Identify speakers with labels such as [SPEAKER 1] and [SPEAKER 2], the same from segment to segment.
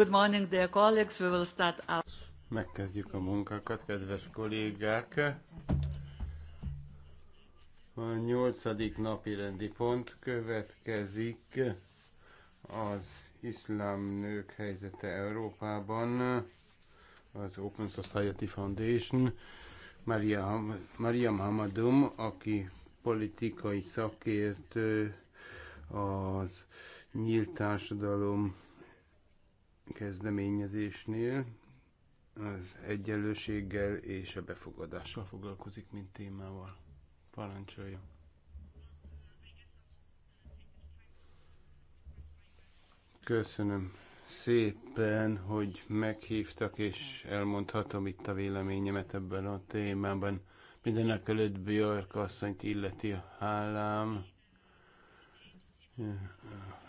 [SPEAKER 1] Good morning, dear colleagues. We will start
[SPEAKER 2] Megkezdjük a munkákat, kedves kollégák. A nyolcadik napi rendi pont következik az iszlám nők helyzete Európában, az Open Society Foundation. Maria, Mariam Hamadum, aki politikai szakértő az nyílt társadalom kezdeményezésnél az egyenlőséggel és a befogadással foglalkozik, mint témával. Parancsolja. Köszönöm szépen, hogy meghívtak, és elmondhatom itt a véleményemet ebben a témában. Mindenek előtt Björk asszonyt illeti a hálám.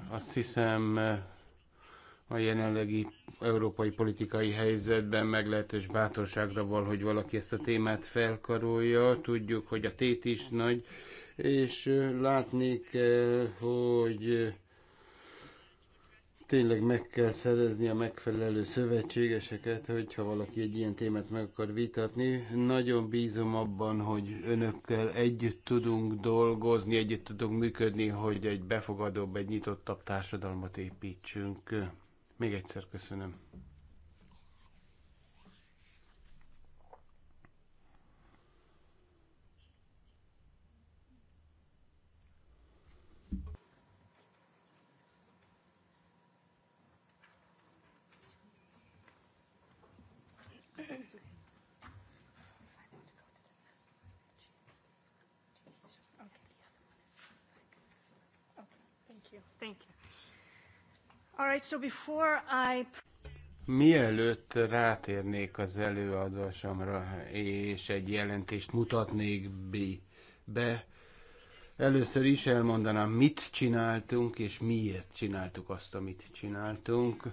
[SPEAKER 2] Azt hiszem, a jelenlegi európai politikai helyzetben meglehetős bátorságra val, hogy valaki ezt a témát felkarolja. Tudjuk, hogy a tét is nagy, és látni kell, hogy tényleg meg kell szerezni a megfelelő szövetségeseket, hogyha valaki egy ilyen témát meg akar vitatni. Nagyon bízom abban, hogy önökkel együtt tudunk dolgozni, együtt tudunk működni, hogy egy befogadóbb, egy nyitottabb társadalmat építsünk. Még egyszer köszönöm. Mielőtt rátérnék az előadásomra, és egy jelentést mutatnék be, először is elmondanám, mit csináltunk, és miért csináltuk azt, amit csináltunk.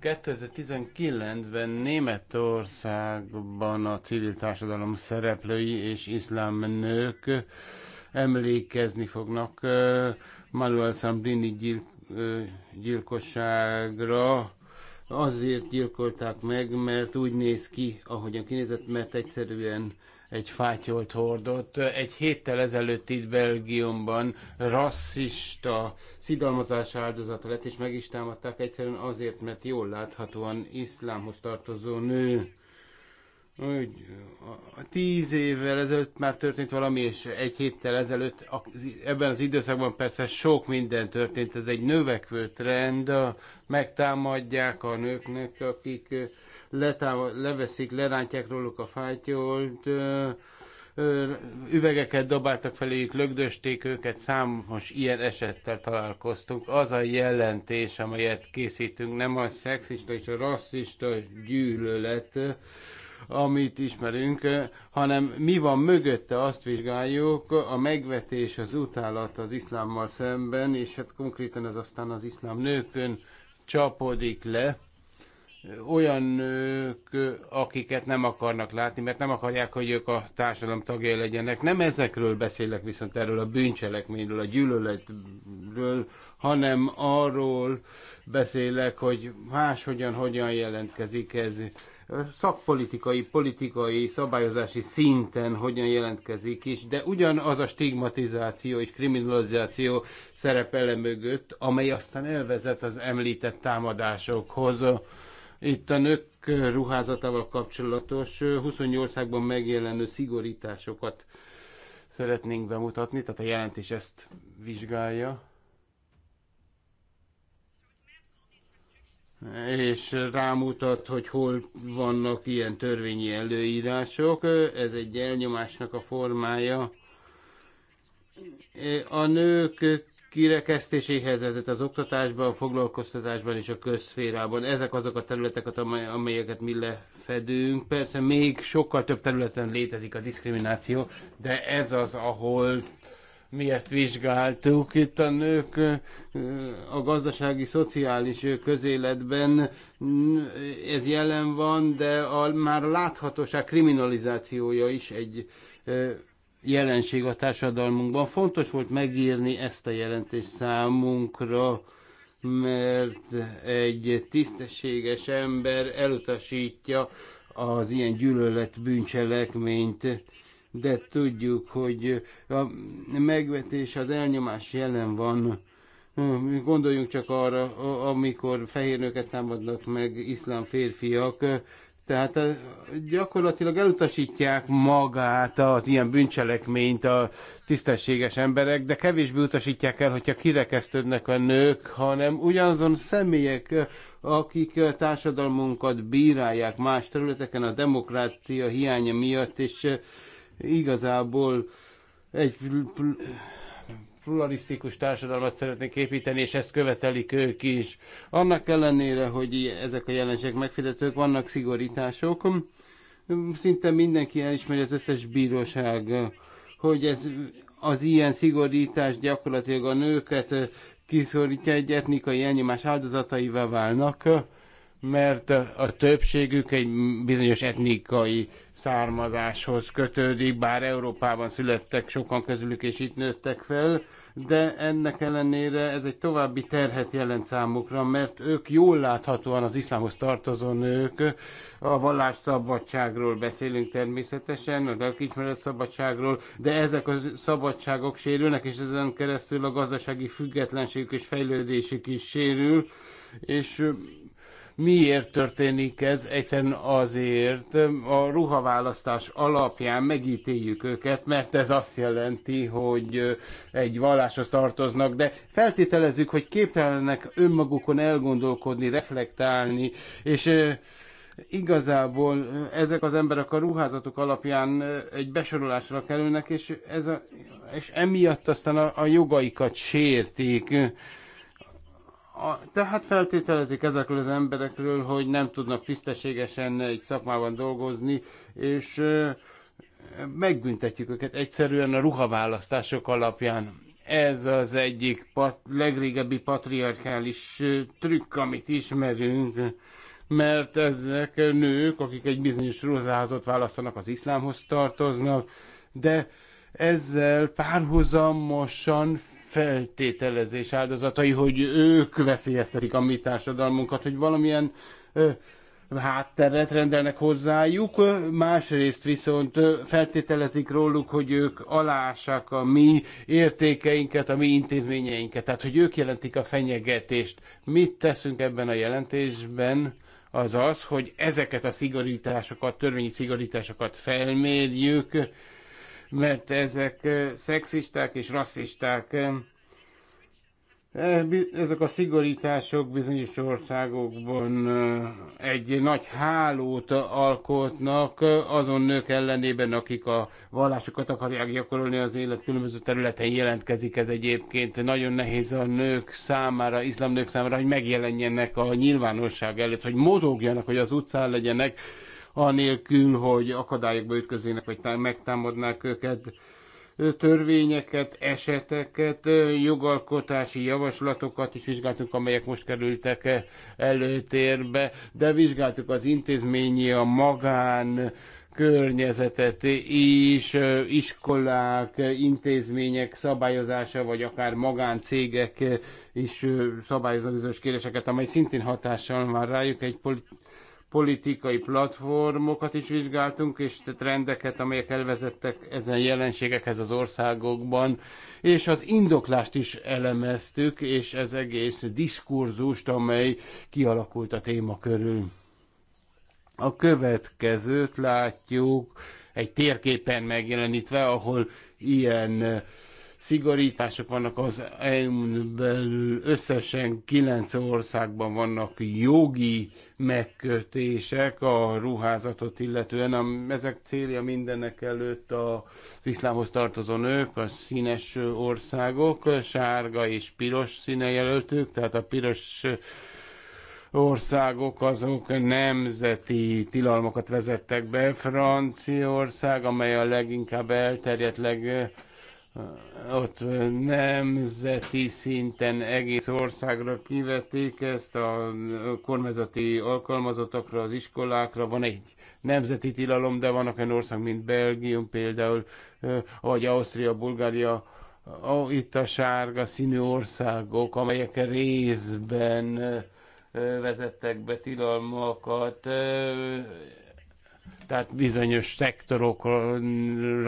[SPEAKER 2] 2019-ben Németországban a civil társadalom szereplői és iszlám nők emlékezni fognak eh, Manuel Sambrini gyilk gyilkosságra azért gyilkolták meg, mert úgy néz ki, ahogyan kinézett, mert egyszerűen egy fátyolt hordott. Egy héttel ezelőtt itt Belgiumban rasszista szidalmazás áldozata lett, és meg is támadták egyszerűen azért, mert jól láthatóan iszlámhoz tartozó nő hogy tíz évvel ezelőtt már történt valami, és egy héttel ezelőtt, ebben az időszakban persze sok minden történt, ez egy növekvő trend, megtámadják a nőknek, akik letávol, leveszik, lerántják róluk a fátyolt, üvegeket dobáltak feléjük, lögdösték őket, számos ilyen esettel találkoztunk. Az a jelentés, amelyet készítünk, nem a szexista és a rasszista gyűlölet, amit ismerünk, hanem mi van mögötte, azt vizsgáljuk, a megvetés, az utálat az iszlámmal szemben, és hát konkrétan ez aztán az iszlám nőkön csapodik le, olyan nők, akiket nem akarnak látni, mert nem akarják, hogy ők a társadalom tagjai legyenek. Nem ezekről beszélek viszont erről a bűncselekményről, a gyűlöletről, hanem arról beszélek, hogy máshogyan, hogyan, hogyan jelentkezik ez szakpolitikai, politikai, szabályozási szinten hogyan jelentkezik is, de ugyanaz a stigmatizáció és kriminalizáció szerepele mögött, amely aztán elvezet az említett támadásokhoz. Itt a nők ruházatával kapcsolatos 28-ban megjelenő szigorításokat szeretnénk bemutatni, tehát a jelentés ezt vizsgálja és rámutat, hogy hol vannak ilyen törvényi előírások. Ez egy elnyomásnak a formája. A nők kirekesztéséhez vezet az oktatásban, a foglalkoztatásban és a közszférában. Ezek azok a területek, amelyeket mi lefedünk. Persze még sokkal több területen létezik a diszkrimináció, de ez az, ahol mi ezt vizsgáltuk. Itt a nők a gazdasági, szociális közéletben ez jelen van, de a, már a láthatóság kriminalizációja is egy jelenség a társadalmunkban. Fontos volt megírni ezt a jelentést számunkra, mert egy tisztességes ember elutasítja az ilyen gyűlölet bűncselekményt de tudjuk, hogy a megvetés, az elnyomás jelen van. Gondoljunk csak arra, amikor fehérnőket támadnak meg iszlám férfiak, tehát eh, gyakorlatilag elutasítják magát az ilyen bűncselekményt a tisztességes emberek, de kevésbé utasítják el, hogyha kirekesztődnek a nők, hanem ugyanazon személyek, akik eh, társadalmunkat bírálják más területeken a demokrácia hiánya miatt, és eh, Igazából egy pluralisztikus társadalmat szeretnék építeni, és ezt követelik ők is. Annak ellenére, hogy ezek a jelenségek megfizetők, vannak szigorítások. Szinte mindenki elismeri, az összes bíróság, hogy ez az ilyen szigorítás gyakorlatilag a nőket kiszorítja, egy etnikai elnyomás áldozataival válnak mert a többségük egy bizonyos etnikai származáshoz kötődik, bár Európában születtek sokan közülük, és itt nőttek fel, de ennek ellenére ez egy további terhet jelent számukra, mert ők jól láthatóan az iszlámhoz tartozó nők, a vallásszabadságról beszélünk természetesen, a lelkiismeret szabadságról, de ezek a szabadságok sérülnek, és ezen keresztül a gazdasági függetlenségük és fejlődésük is sérül, és Miért történik ez? Egyszerűen azért a ruhaválasztás alapján megítéljük őket, mert ez azt jelenti, hogy egy valláshoz tartoznak, de feltételezzük, hogy képtelenek önmagukon elgondolkodni, reflektálni, és igazából ezek az emberek a ruházatok alapján egy besorolásra kerülnek, és, ez a, és emiatt aztán a, a jogaikat sértik a, tehát feltételezik ezekről az emberekről, hogy nem tudnak tisztességesen egy szakmában dolgozni, és ö, megbüntetjük őket egyszerűen a ruhaválasztások alapján. Ez az egyik pat, legrégebbi patriarchális trükk, amit ismerünk, mert ezek nők, akik egy bizonyos ruházat választanak, az iszlámhoz tartoznak, de ezzel párhuzamosan feltételezés áldozatai, hogy ők veszélyeztetik a mi társadalmunkat, hogy valamilyen ö, hátteret rendelnek hozzájuk, másrészt viszont feltételezik róluk, hogy ők alássák a mi értékeinket, a mi intézményeinket, tehát hogy ők jelentik a fenyegetést. Mit teszünk ebben a jelentésben? Az az, hogy ezeket a szigorításokat, törvényi szigorításokat felmérjük, mert ezek szexisták és rasszisták. Ezek a szigorítások bizonyos országokban egy nagy hálót alkotnak azon nők ellenében, akik a vallásokat akarják gyakorolni az élet különböző területen jelentkezik ez egyébként. Nagyon nehéz a nők számára, iszlám nők számára, hogy megjelenjenek a nyilvánosság előtt, hogy mozogjanak, hogy az utcán legyenek anélkül, hogy akadályokba ütközének, vagy megtámadnák őket törvényeket, eseteket, jogalkotási javaslatokat is vizsgáltunk, amelyek most kerültek előtérbe, de vizsgáltuk az intézményi, a magán környezetet is, iskolák, intézmények szabályozása, vagy akár magáncégek is szabályozó bizonyos kérdéseket, amely szintén hatással van rájuk egy politi- politikai platformokat is vizsgáltunk, és trendeket, amelyek elvezettek ezen jelenségekhez az országokban, és az indoklást is elemeztük, és ez egész diskurzust, amely kialakult a téma körül. A következőt látjuk egy térképen megjelenítve, ahol ilyen szigorítások vannak az EU-n belül, összesen kilenc országban vannak jogi megkötések a ruházatot illetően. A, ezek célja mindenek előtt az iszlámhoz tartozó nők, a színes országok, sárga és piros színe jelöltük, tehát a piros országok azok nemzeti tilalmakat vezettek be. Franciaország, amely a leginkább elterjedt, leg ott nemzeti szinten egész országra kivették ezt a kormányzati alkalmazottakra, az iskolákra. Van egy nemzeti tilalom, de vannak olyan ország, mint Belgium például, vagy Ausztria, Bulgária, itt a sárga színű országok, amelyek részben vezettek be tilalmakat tehát bizonyos szektorokra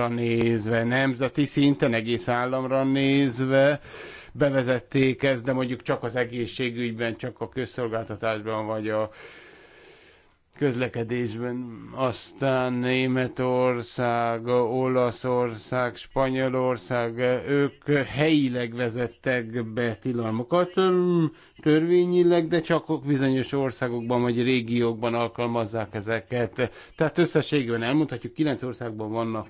[SPEAKER 2] nézve, nemzeti szinten, egész államra nézve bevezették ezt, de mondjuk csak az egészségügyben, csak a közszolgáltatásban, vagy a közlekedésben. Aztán Németország, Olaszország, Spanyolország, ők helyileg vezettek be tilalmakat, törvényileg, de csak bizonyos országokban vagy régiókban alkalmazzák ezeket. Tehát összességében elmondhatjuk, kilenc országban vannak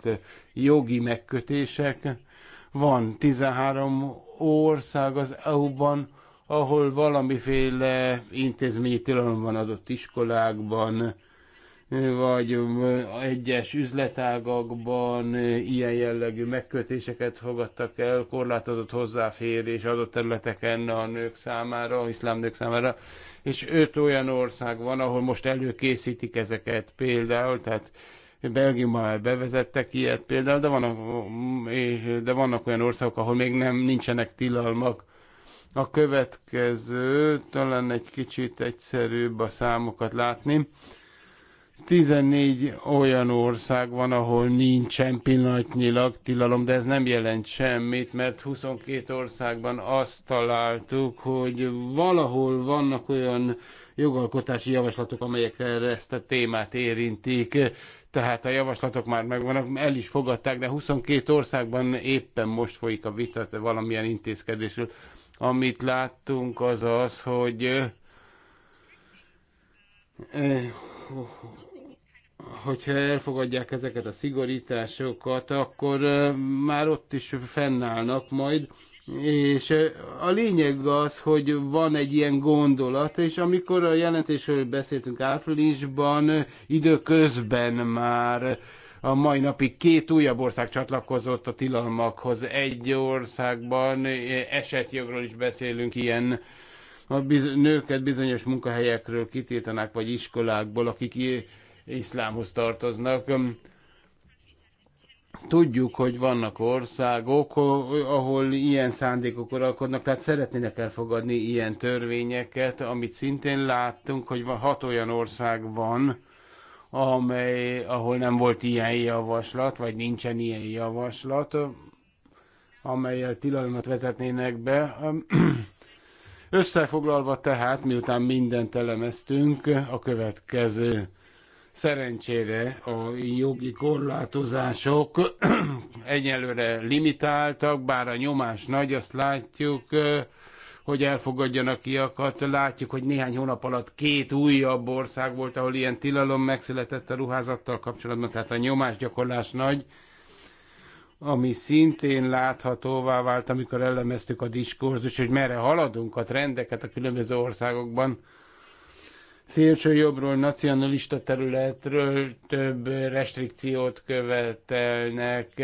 [SPEAKER 2] jogi megkötések, van 13 ország az EU-ban, ahol valamiféle intézményi tilalom van adott iskolákban, vagy egyes üzletágakban ilyen jellegű megkötéseket fogadtak el, korlátozott hozzáférés adott területeken a nők számára, a iszlám nők számára, és öt olyan ország van, ahol most előkészítik ezeket például, tehát Belgium már bevezettek ilyet például, de vannak, de vannak olyan országok, ahol még nem nincsenek tilalmak, a következő talán egy kicsit egyszerűbb a számokat látni. 14 olyan ország van, ahol nincsen pillanatnyilag tilalom, de ez nem jelent semmit, mert 22 országban azt találtuk, hogy valahol vannak olyan jogalkotási javaslatok, amelyek erre ezt a témát érintik, tehát a javaslatok már megvannak, el is fogadták, de 22 országban éppen most folyik a vita valamilyen intézkedésről. Amit láttunk az az, hogy hogyha elfogadják ezeket a szigorításokat, akkor már ott is fennállnak majd. És a lényeg az, hogy van egy ilyen gondolat, és amikor a jelentésről beszéltünk áprilisban, időközben már a mai napig két újabb ország csatlakozott a tilalmakhoz. Egy országban esetjogról is beszélünk ilyen a biz- nőket bizonyos munkahelyekről kitiltanák, vagy iskolákból, akik iszlámhoz tartoznak. Tudjuk, hogy vannak országok, ahol ilyen szándékok uralkodnak, tehát szeretnének elfogadni ilyen törvényeket, amit szintén láttunk, hogy hat olyan ország van, amely, ahol nem volt ilyen javaslat, vagy nincsen ilyen javaslat, amelyel tilalmat vezetnének be. Összefoglalva tehát, miután mindent elemeztünk, a következő szerencsére a jogi korlátozások egyelőre limitáltak, bár a nyomás nagy, azt látjuk, hogy elfogadjanak kiakat. Látjuk, hogy néhány hónap alatt két újabb ország volt, ahol ilyen tilalom megszületett a ruházattal kapcsolatban, tehát a nyomásgyakorlás nagy ami szintén láthatóvá vált, amikor elemeztük a diskurzus, hogy merre haladunk a trendeket a különböző országokban. Szélső jobbról, nacionalista területről több restrikciót követelnek,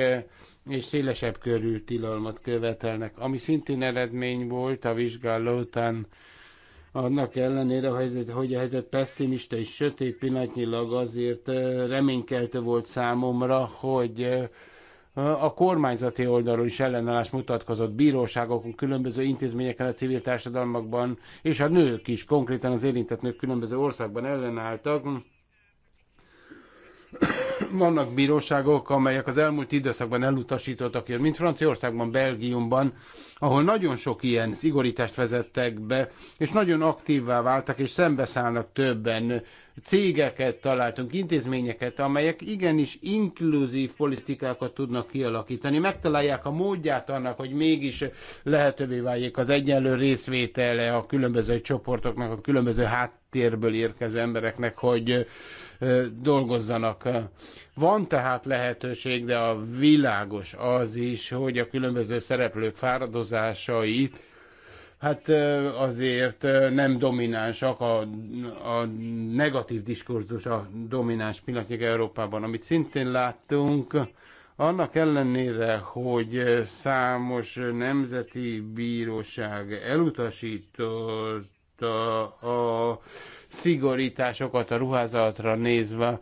[SPEAKER 2] és szélesebb körű tilalmat követelnek, ami szintén eredmény volt a vizsgáló után, annak ellenére, a hogy a helyzet pessimista és sötét pillanatnyilag azért reménykeltő volt számomra, hogy a kormányzati oldalról is ellenállás mutatkozott bíróságokon, különböző intézményeken, a civil társadalmakban, és a nők is, konkrétan az érintett nők különböző országban ellenálltak vannak bíróságok, amelyek az elmúlt időszakban elutasítottak ilyen, mint Franciaországban, Belgiumban, ahol nagyon sok ilyen szigorítást vezettek be, és nagyon aktívvá váltak, és szembeszállnak többen. Cégeket találtunk, intézményeket, amelyek igenis inkluzív politikákat tudnak kialakítani. Megtalálják a módját annak, hogy mégis lehetővé váljék az egyenlő részvétele a különböző csoportoknak, a különböző háttérből érkező embereknek, hogy dolgozzanak. Van tehát lehetőség, de a világos az is, hogy a különböző szereplők fáradozásait hát azért nem dominánsak a, a negatív diskurzus a domináns pillanatnyilag Európában, amit szintén láttunk, annak ellenére, hogy számos nemzeti bíróság elutasított a, a szigorításokat a ruházatra nézve,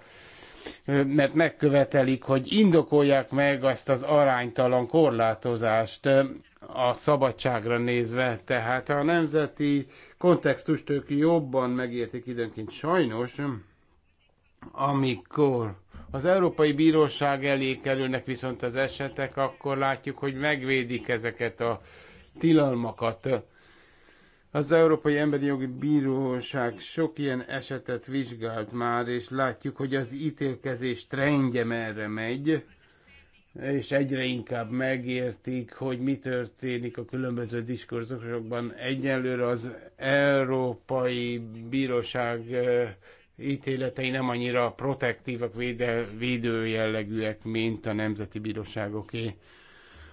[SPEAKER 2] mert megkövetelik, hogy indokolják meg azt az aránytalan korlátozást a szabadságra nézve. Tehát a nemzeti kontextust ők jobban megértik időnként. Sajnos, amikor az Európai Bíróság elé kerülnek viszont az esetek, akkor látjuk, hogy megvédik ezeket a tilalmakat. Az Európai Emberi Jogi Bíróság sok ilyen esetet vizsgált már, és látjuk, hogy az ítélkezés trendje merre megy, és egyre inkább megértik, hogy mi történik a különböző diskurzusokban. Egyelőre az Európai Bíróság ítéletei nem annyira protektívak, védő jellegűek, mint a nemzeti bíróságoké.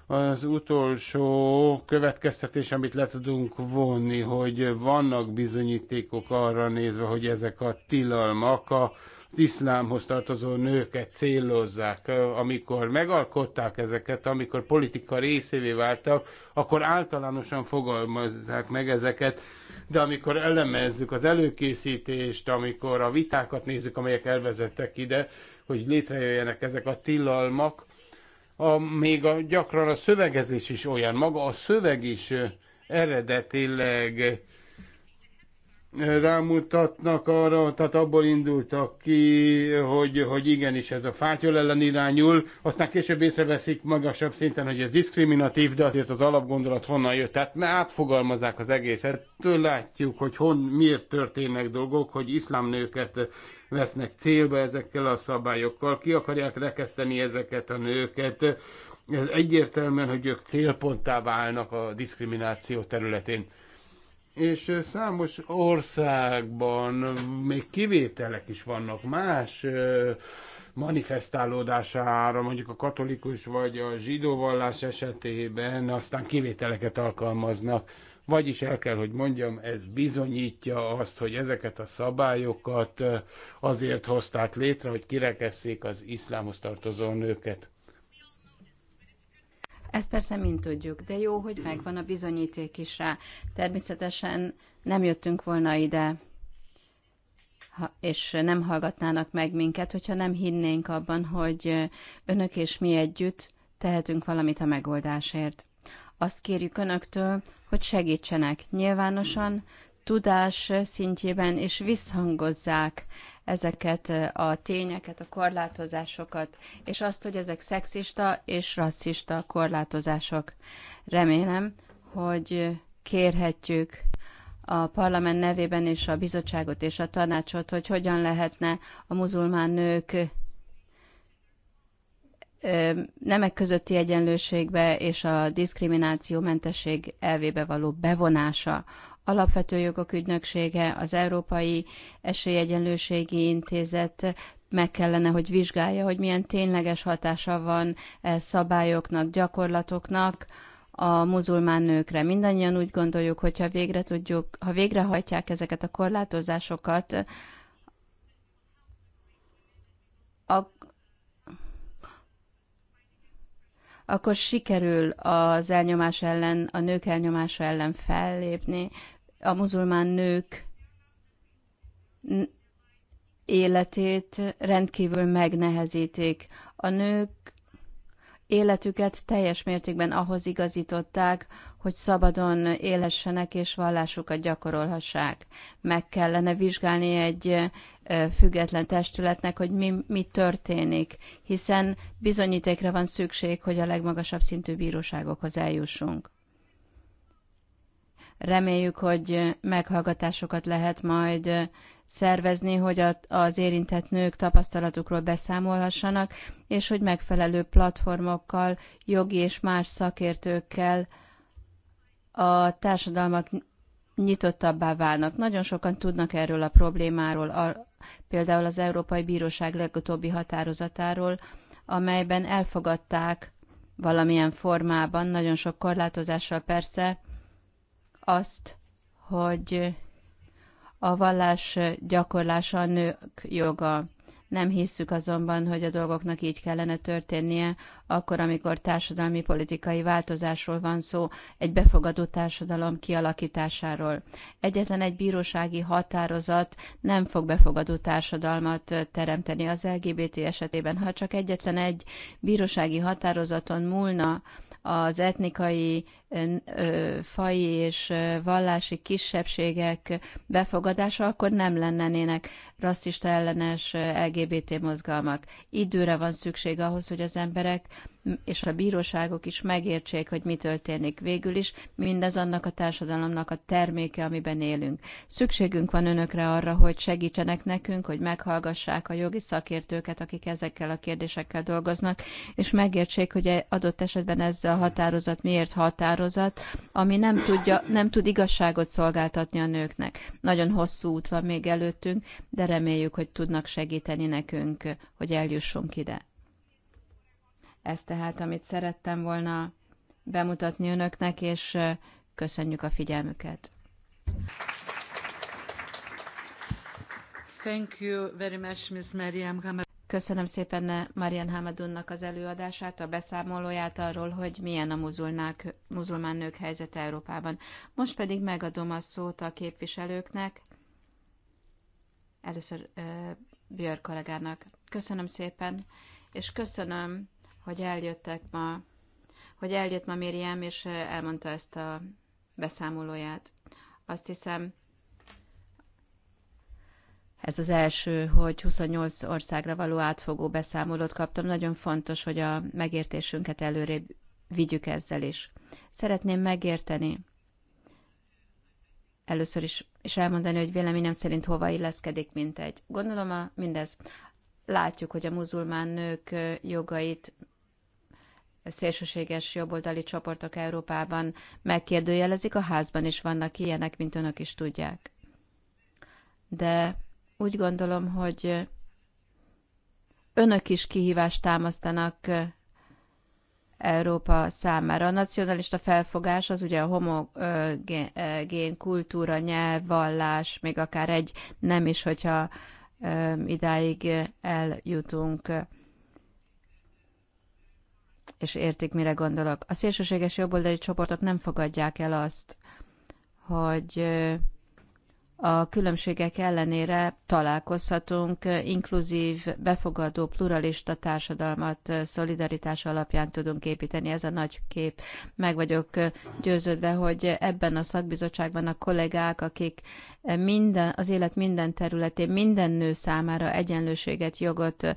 [SPEAKER 2] Az utolsó következtetés, amit le tudunk vonni, hogy vannak bizonyítékok arra nézve, hogy ezek a tilalmak a az iszlámhoz tartozó nőket célozzák, amikor megalkották ezeket, amikor politika részévé váltak, akkor általánosan fogalmazzák meg ezeket, de amikor elemezzük az előkészítést, amikor a vitákat nézzük, amelyek elvezettek ide, hogy létrejöjjenek ezek a tilalmak, a, még a, gyakran a szövegezés is olyan, maga a szöveg is eredetileg rámutatnak arra, tehát abból indultak ki, hogy, hogy igenis ez a fátyol ellen irányul, aztán később észreveszik magasabb szinten, hogy ez diszkriminatív, de azért az alapgondolat honnan jött. Tehát átfogalmazzák az egészet, től látjuk, hogy hon, miért történnek dolgok, hogy iszlám nőket vesznek célba ezekkel a szabályokkal, ki akarják rekeszteni ezeket a nőket. Ez egyértelműen, hogy ők célponttá válnak a diszkrimináció területén. És számos országban még kivételek is vannak, más manifestálódására, mondjuk a katolikus vagy a zsidó vallás esetében, aztán kivételeket alkalmaznak vagyis el kell, hogy mondjam, ez bizonyítja azt, hogy ezeket a szabályokat azért hozták létre, hogy kirekesszék az iszlámhoz tartozó nőket.
[SPEAKER 1] Ezt persze mind tudjuk, de jó, hogy megvan a bizonyíték is rá. Természetesen nem jöttünk volna ide, és nem hallgatnának meg minket, hogyha nem hinnénk abban, hogy önök és mi együtt tehetünk valamit a megoldásért. Azt kérjük önöktől, hogy segítsenek nyilvánosan, tudás szintjében, és visszhangozzák ezeket eh, a tényeket, a korlátozásokat, és azt, hogy ezek szexista és rasszista korlátozások. Remélem, hogy kérhetjük a parlament nevében és a bizottságot és a tanácsot, hogy hogyan lehetne a muzulmán nők nemek közötti egyenlőségbe és a diszkriminációmentesség elvébe való bevonása. Alapvető jogok ügynöksége, az Európai Esélyegyenlőségi Intézet meg kellene, hogy vizsgálja, hogy milyen tényleges hatása van e szabályoknak, gyakorlatoknak a muzulmán nőkre. Mindannyian úgy gondoljuk, hogyha végre tudjuk, ha végrehajtják ezeket a korlátozásokat, akkor sikerül az elnyomás ellen, a nők elnyomása ellen fellépni. A muzulmán nők életét rendkívül megnehezítik. A nők életüket teljes mértékben ahhoz igazították, hogy szabadon élhessenek és vallásukat gyakorolhassák. Meg kellene vizsgálni egy független testületnek, hogy mi, mi történik, hiszen bizonyítékra van szükség, hogy a legmagasabb szintű bíróságokhoz eljussunk. Reméljük, hogy meghallgatásokat lehet majd szervezni, hogy az érintett nők tapasztalatukról beszámolhassanak, és hogy megfelelő platformokkal, jogi és más szakértőkkel a társadalmak nyitottabbá válnak. Nagyon sokan tudnak erről a problémáról, a, például az Európai Bíróság legutóbbi határozatáról, amelyben elfogadták valamilyen formában, nagyon sok korlátozással persze, azt, hogy a vallás gyakorlása a nők joga. Nem hisszük azonban, hogy a dolgoknak így kellene történnie, akkor, amikor társadalmi politikai változásról van szó, egy befogadó társadalom kialakításáról. Egyetlen egy bírósági határozat nem fog befogadó társadalmat teremteni az LGBT esetében. Ha csak egyetlen egy bírósági határozaton múlna az etnikai faji és vallási kisebbségek befogadása, akkor nem lennének rasszista ellenes LGBT mozgalmak. Időre van szükség ahhoz, hogy az emberek és a bíróságok is megértsék, hogy mi történik végül is, mindez annak a társadalomnak a terméke, amiben élünk. Szükségünk van önökre arra, hogy segítsenek nekünk, hogy meghallgassák a jogi szakértőket, akik ezekkel a kérdésekkel dolgoznak, és megértsék, hogy e adott esetben ezzel a határozat miért határ határozat, ami nem, tudja, nem tud igazságot szolgáltatni a nőknek. Nagyon hosszú út van még előttünk, de reméljük, hogy tudnak segíteni nekünk, hogy eljussunk ide. Ez tehát, amit szerettem volna bemutatni önöknek, és köszönjük a figyelmüket. Thank you very much, Ms. Mariam Köszönöm szépen eh, Marian Hamadunnak az előadását, a beszámolóját arról, hogy milyen a muzulnák, muzulmán nők helyzete Európában. Most pedig megadom a szót a képviselőknek. Először uh, Björk kollégának. Köszönöm szépen, és köszönöm, hogy eljöttek ma, hogy eljött ma Miriam, és eh, elmondta ezt a beszámolóját. Azt hiszem, ez az első, hogy 28 országra való átfogó beszámolót kaptam. Nagyon fontos, hogy a megértésünket előrébb vigyük ezzel is. Szeretném megérteni először is, és elmondani, hogy véleményem szerint hova illeszkedik mint egy. Gondolom a, mindez. Látjuk, hogy a muzulmán nők jogait szélsőséges jobboldali csoportok Európában megkérdőjelezik, a házban is vannak ilyenek, mint önök is tudják. De úgy gondolom, hogy önök is kihívást támasztanak Európa számára. A nacionalista felfogás az ugye a homogén kultúra, nyelv, vallás, még akár egy nem is, hogyha idáig eljutunk és értik, mire gondolok. A szélsőséges jobboldali csoportok nem fogadják el azt, hogy a különbségek ellenére találkozhatunk, inkluzív, befogadó, pluralista társadalmat szolidaritás alapján tudunk építeni. Ez a nagy kép. Meg vagyok győződve, hogy ebben a szakbizottságban a kollégák, akik minden, az élet minden területén minden nő számára egyenlőséget, jogot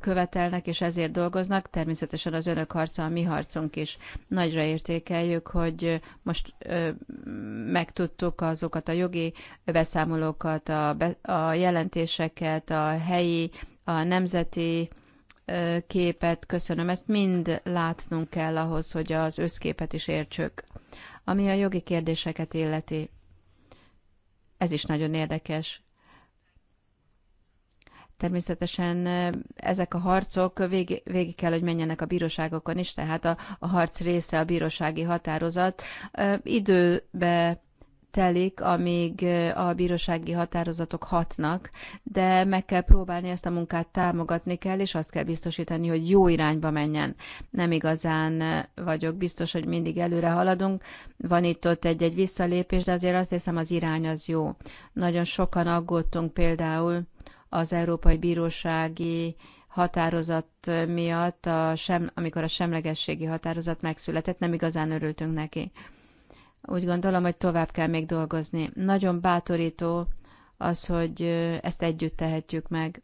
[SPEAKER 1] követelnek, és ezért dolgoznak. Természetesen az önök harca a mi harcunk is. Nagyra értékeljük, hogy most megtudtuk azokat a jogi beszámolókat, a, a jelentéseket, a helyi, a nemzeti képet, köszönöm, ezt mind látnunk kell ahhoz, hogy az összképet is értsük. Ami a jogi kérdéseket illeti, ez is nagyon érdekes. Természetesen ezek a harcok végig, végig kell, hogy menjenek a bíróságokon is, tehát a, a harc része a bírósági határozat. Időbe telik, amíg a bírósági határozatok hatnak, de meg kell próbálni ezt a munkát támogatni kell, és azt kell biztosítani, hogy jó irányba menjen. Nem igazán vagyok biztos, hogy mindig előre haladunk. Van itt-ott egy-egy visszalépés, de azért azt hiszem az irány az jó. Nagyon sokan aggódtunk például az Európai Bírósági határozat miatt, a sem, amikor a semlegességi határozat megszületett, nem igazán örültünk neki úgy gondolom, hogy tovább kell még dolgozni. Nagyon bátorító az, hogy ezt együtt tehetjük meg.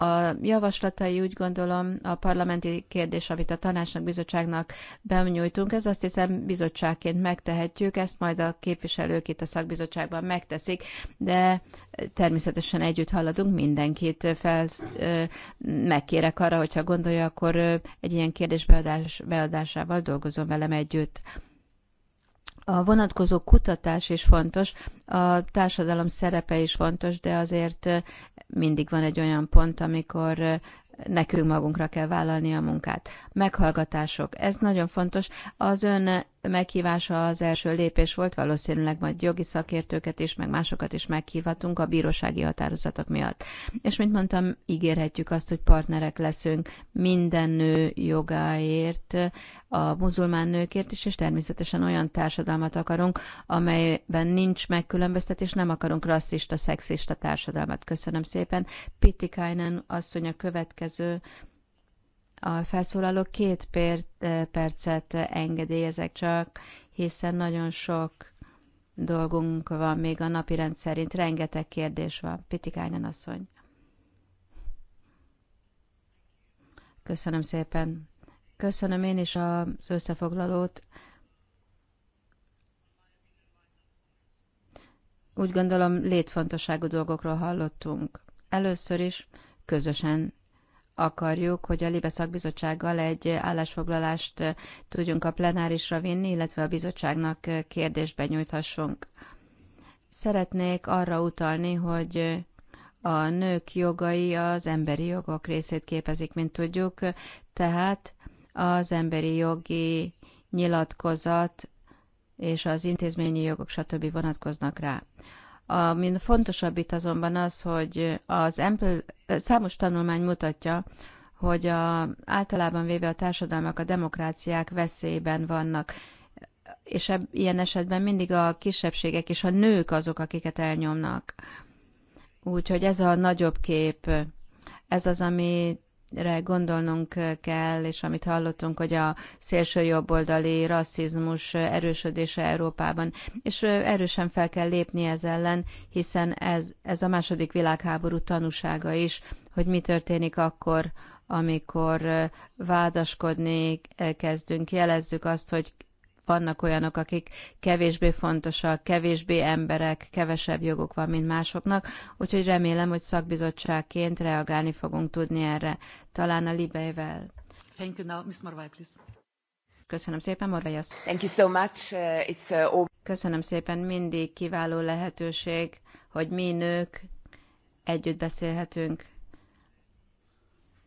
[SPEAKER 1] A javaslatai úgy gondolom a parlamenti kérdés, amit a tanácsnak, bizottságnak benyújtunk, ez azt hiszem bizottságként megtehetjük, ezt majd a képviselők itt a szakbizottságban megteszik, de természetesen együtt haladunk mindenkit. Fel, megkérek arra, hogyha gondolja, akkor egy ilyen kérdés beadás, beadásával dolgozom velem együtt a vonatkozó kutatás is fontos, a társadalom szerepe is fontos, de azért eh, mindig van egy olyan pont, amikor eh, nekünk magunkra kell vállalni a munkát. Meghallgatások, ez nagyon fontos. Az ön meghívása az első lépés volt, valószínűleg majd jogi szakértőket is, meg másokat is meghívhatunk a bírósági határozatok miatt. És mint mondtam, ígérhetjük azt, hogy partnerek leszünk minden nő jogáért, a muzulmán nőkért is, és természetesen olyan társadalmat akarunk, amelyben nincs megkülönböztetés, nem akarunk rasszista, szexista társadalmat. Köszönöm szépen. Pitikainen asszony a következő a felszólaló két eh, percet engedélyezek csak, hiszen nagyon sok dolgunk van még a napi rend szerint. Rengeteg kérdés van. Pitikányan asszony. Köszönöm szépen. Köszönöm én is az összefoglalót. Úgy gondolom létfontosságú dolgokról hallottunk. Először is közösen akarjuk, hogy a Libe szakbizottsággal egy állásfoglalást eh, tudjunk a plenárisra vinni, illetve a bizottságnak eh, kérdésbe nyújthassunk. Szeretnék arra utalni, hogy eh, a nők jogai az emberi jogok részét képezik, mint tudjuk, tehát az emberi jogi nyilatkozat és az intézményi jogok, stb. vonatkoznak rá. Amin fontosabb itt azonban az, hogy az Ample, számos tanulmány mutatja, hogy a, általában véve a társadalmak, a demokráciák veszélyben vannak, és eb, ilyen esetben mindig a kisebbségek és a nők azok, akiket elnyomnak. Úgyhogy ez a nagyobb kép, ez az, amit gondolnunk kell, és amit hallottunk, hogy a szélső jobboldali rasszizmus erősödése Európában, és erősen fel kell lépni ez ellen, hiszen ez, ez a második világháború tanúsága is, hogy mi történik akkor, amikor vádaskodni kezdünk, jelezzük azt, hogy vannak olyanok, akik kevésbé fontosak, kevésbé emberek, kevesebb joguk van, mint másoknak, úgyhogy remélem, hogy szakbizottságként reagálni fogunk tudni erre, talán a libeivel. Thank you now, Marvai, please. Köszönöm szépen, Morvai Thank you so much. Uh, it's all... Uh, Köszönöm szépen, mindig kiváló lehetőség, hogy mi nők együtt beszélhetünk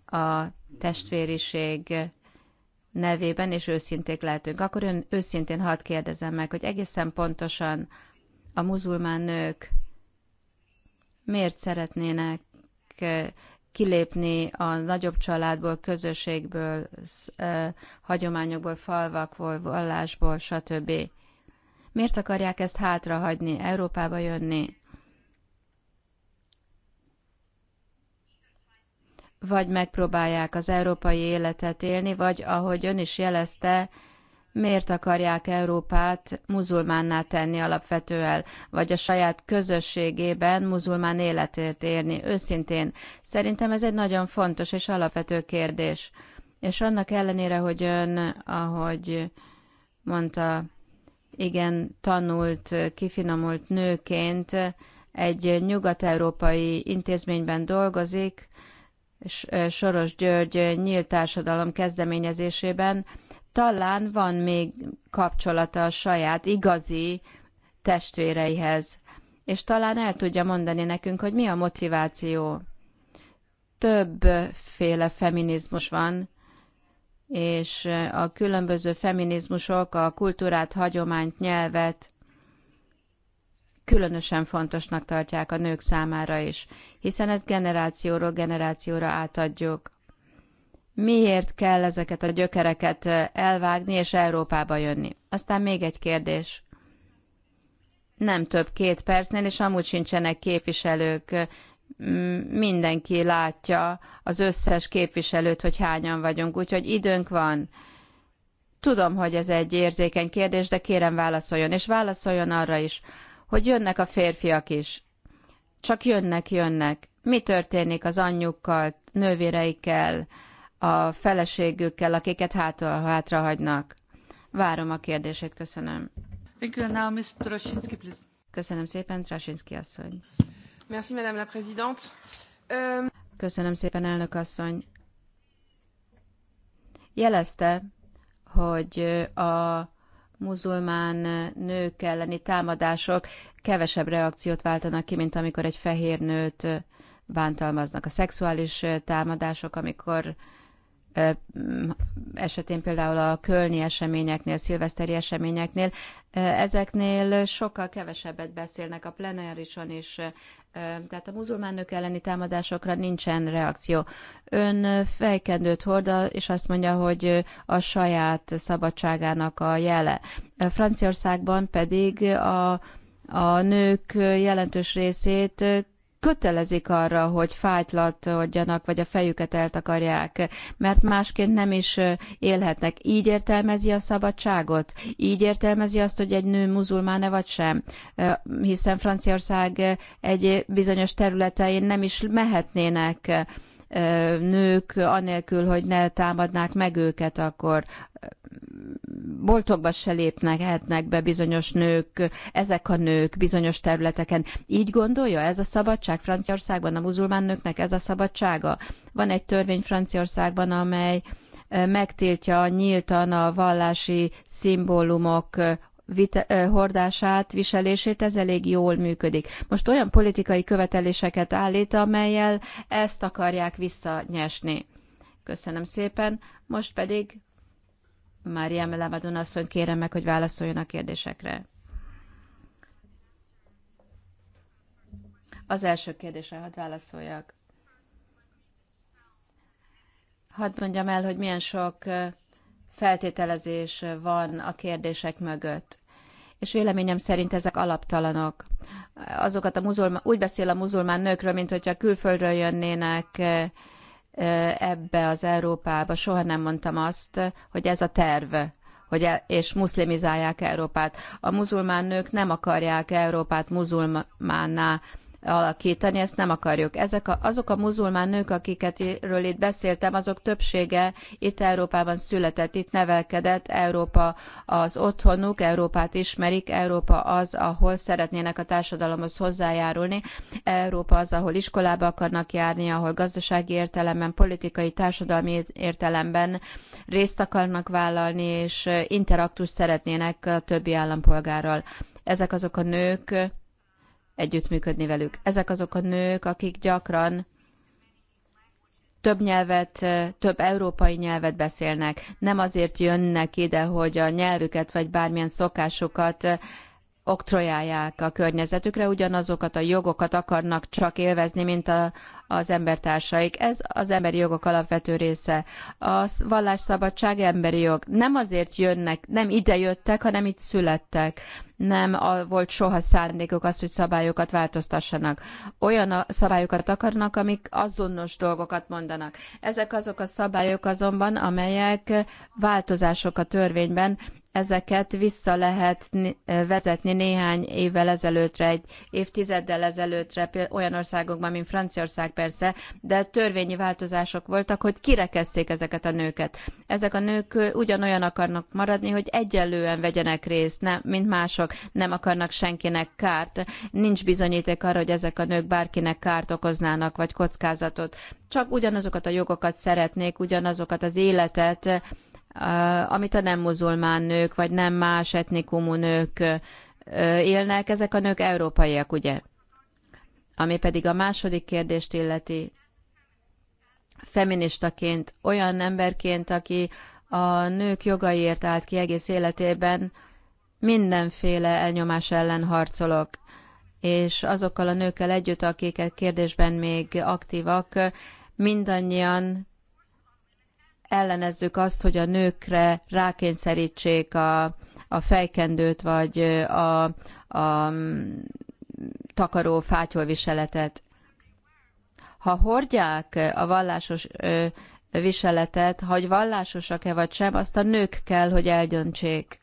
[SPEAKER 1] a testvériség nevében, és őszinték lehetünk. Akkor ön őszintén hadd kérdezem meg, hogy egészen pontosan a muzulmán nők miért szeretnének eh, kilépni a nagyobb családból, közösségből, eh, hagyományokból, falvakból, vallásból, stb. Miért akarják ezt hátrahagyni, Európába jönni? vagy megpróbálják az európai életet élni, vagy ahogy ön is jelezte, miért akarják Európát muzulmánná tenni alapvetően, vagy a saját közösségében muzulmán életért érni. Őszintén, szerintem ez egy nagyon fontos és alapvető kérdés. És annak ellenére, hogy ön, ahogy mondta, igen, tanult, kifinomult nőként egy nyugat-európai intézményben dolgozik, Soros György nyílt társadalom kezdeményezésében talán van még kapcsolata a saját igazi testvéreihez, és talán el tudja mondani nekünk, hogy mi a motiváció. Többféle feminizmus van, és a különböző feminizmusok a kultúrát, hagyományt, nyelvet, különösen fontosnak tartják a nők számára is, hiszen ezt generációról generációra átadjuk. Miért kell ezeket a gyökereket eh, elvágni és Európába jönni? Aztán még egy kérdés. Nem több két percnél, és amúgy sincsenek képviselők. Eh, mindenki látja az összes képviselőt, hogy hányan vagyunk, úgyhogy időnk van. Tudom, hogy ez egy érzékeny kérdés, de kérem válaszoljon, és válaszoljon arra is, hogy jönnek a férfiak is. Csak jönnek, jönnek. Mi történik az anyjukkal, nővéreikkel, a feleségükkel, akiket hátra, hagynak? Várom a kérdését, köszönöm. Köszönöm szépen, Trasinski asszony.
[SPEAKER 3] Merci, Madame la Présidente. Um...
[SPEAKER 1] Köszönöm szépen, elnök asszony. Jelezte, hogy a muzulmán nők elleni támadások kevesebb reakciót váltanak ki, mint amikor egy fehér nőt bántalmaznak. A szexuális támadások, amikor esetén például a kölni eseményeknél, szilveszteri eseményeknél, ezeknél sokkal kevesebbet beszélnek a plenárison, is tehát a muzulmánok elleni támadásokra nincsen reakció. Ön fejkendőt hordal, és azt mondja, hogy a saját szabadságának a jele. Franciaországban pedig a, a nők jelentős részét kötelezik arra, hogy fájtlat vagy a fejüket eltakarják, mert másként nem is élhetnek. Így értelmezi a szabadságot, így értelmezi azt, hogy egy nő muzulmán-e vagy sem, hiszen Franciaország egy bizonyos területein nem is mehetnének nők, anélkül, hogy ne támadnák meg őket, akkor boltokba se lépnek, lehetnek be bizonyos nők, ezek a nők bizonyos területeken. Így gondolja ez a szabadság Franciaországban, a muzulmán nőknek ez a szabadsága? Van egy törvény Franciaországban, amely megtiltja nyíltan a vallási szimbólumok vite, hordását, viselését, ez elég jól működik. Most olyan politikai követeléseket állít, amelyel ezt akarják visszanyesni. Köszönöm szépen. Most pedig Mária Melávadon asszony, kérem meg, hogy válaszoljon a kérdésekre. Az első kérdésre hadd válaszoljak. Hadd mondjam el, hogy milyen sok feltételezés van a kérdések mögött és véleményem szerint ezek alaptalanok. Azokat a muzulmán, úgy beszél a muzulmán nőkről, mint hogyha külföldről jönnének eh, eh, ebbe az Európába. Soha nem mondtam azt, hogy ez a terv hogy e- és muszlimizálják Európát. A muzulmán nők nem akarják Európát muzulmánná alakítani, ezt nem akarjuk. Ezek a, azok a muzulmán nők, akikről itt beszéltem, azok többsége itt Európában született, itt nevelkedett, Európa az otthonuk, Európát ismerik, Európa az, ahol szeretnének a társadalomhoz hozzájárulni, Európa az, ahol iskolába akarnak járni, ahol gazdasági értelemben, politikai, társadalmi értelemben részt akarnak vállalni, és interaktus szeretnének a többi állampolgárral. Ezek azok a nők, együttműködni velük. Ezek azok a nők, akik gyakran több nyelvet, több európai nyelvet beszélnek. Nem azért jönnek ide, hogy a nyelvüket vagy bármilyen szokásokat oktrojálják a környezetükre, ugyanazokat a jogokat akarnak csak élvezni, mint a, az embertársaik. Ez az emberi jogok alapvető része. A vallásszabadság emberi jog. Nem azért jönnek, nem ide jöttek, hanem itt születtek. Nem a, volt soha szándékuk az, hogy szabályokat változtassanak. Olyan szabályokat akarnak, amik azonos dolgokat mondanak. Ezek azok a szabályok azonban, amelyek változások a törvényben, ezeket vissza lehet vezetni néhány évvel ezelőttre, egy évtizeddel ezelőttre, olyan országokban, mint Franciaország persze, de törvényi változások voltak, hogy kirekezték ezeket a nőket. Ezek a nők ugyanolyan akarnak maradni, hogy egyenlően vegyenek részt, nem, mint mások, nem akarnak senkinek kárt. Nincs bizonyíték arra, hogy ezek a nők bárkinek kárt okoznának, vagy kockázatot. Csak ugyanazokat a jogokat szeretnék, ugyanazokat az életet, amit a nem muzulmán nők, vagy nem más etnikumú nők élnek, ezek a nők európaiak, ugye? Ami pedig a második kérdést illeti, feministaként, olyan emberként, aki a nők jogaiért állt ki egész életében, mindenféle elnyomás ellen harcolok. És azokkal a nőkkel együtt, akik a kérdésben még aktívak, mindannyian ellenezzük azt, hogy a nőkre rákényszerítsék a, a fejkendőt, vagy a, a mm, takaró fátyolviseletet. Ha hordják a vallásos viseletet, hogy vallásosak-e vagy sem, azt a nők kell, hogy eldöntsék.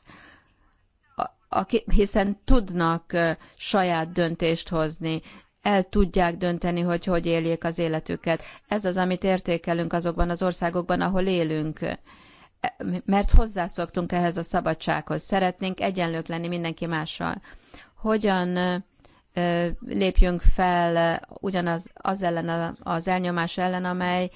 [SPEAKER 1] Aki, hiszen tudnak saját döntést hozni el tudják dönteni, hogy hogy éljék az életüket. Ez az, amit értékelünk azokban az országokban, ahol élünk mert hozzászoktunk ehhez a szabadsághoz, szeretnénk egyenlők lenni mindenki mással. Hogyan lépjünk fel ugyanaz az ellen, az elnyomás ellen, amely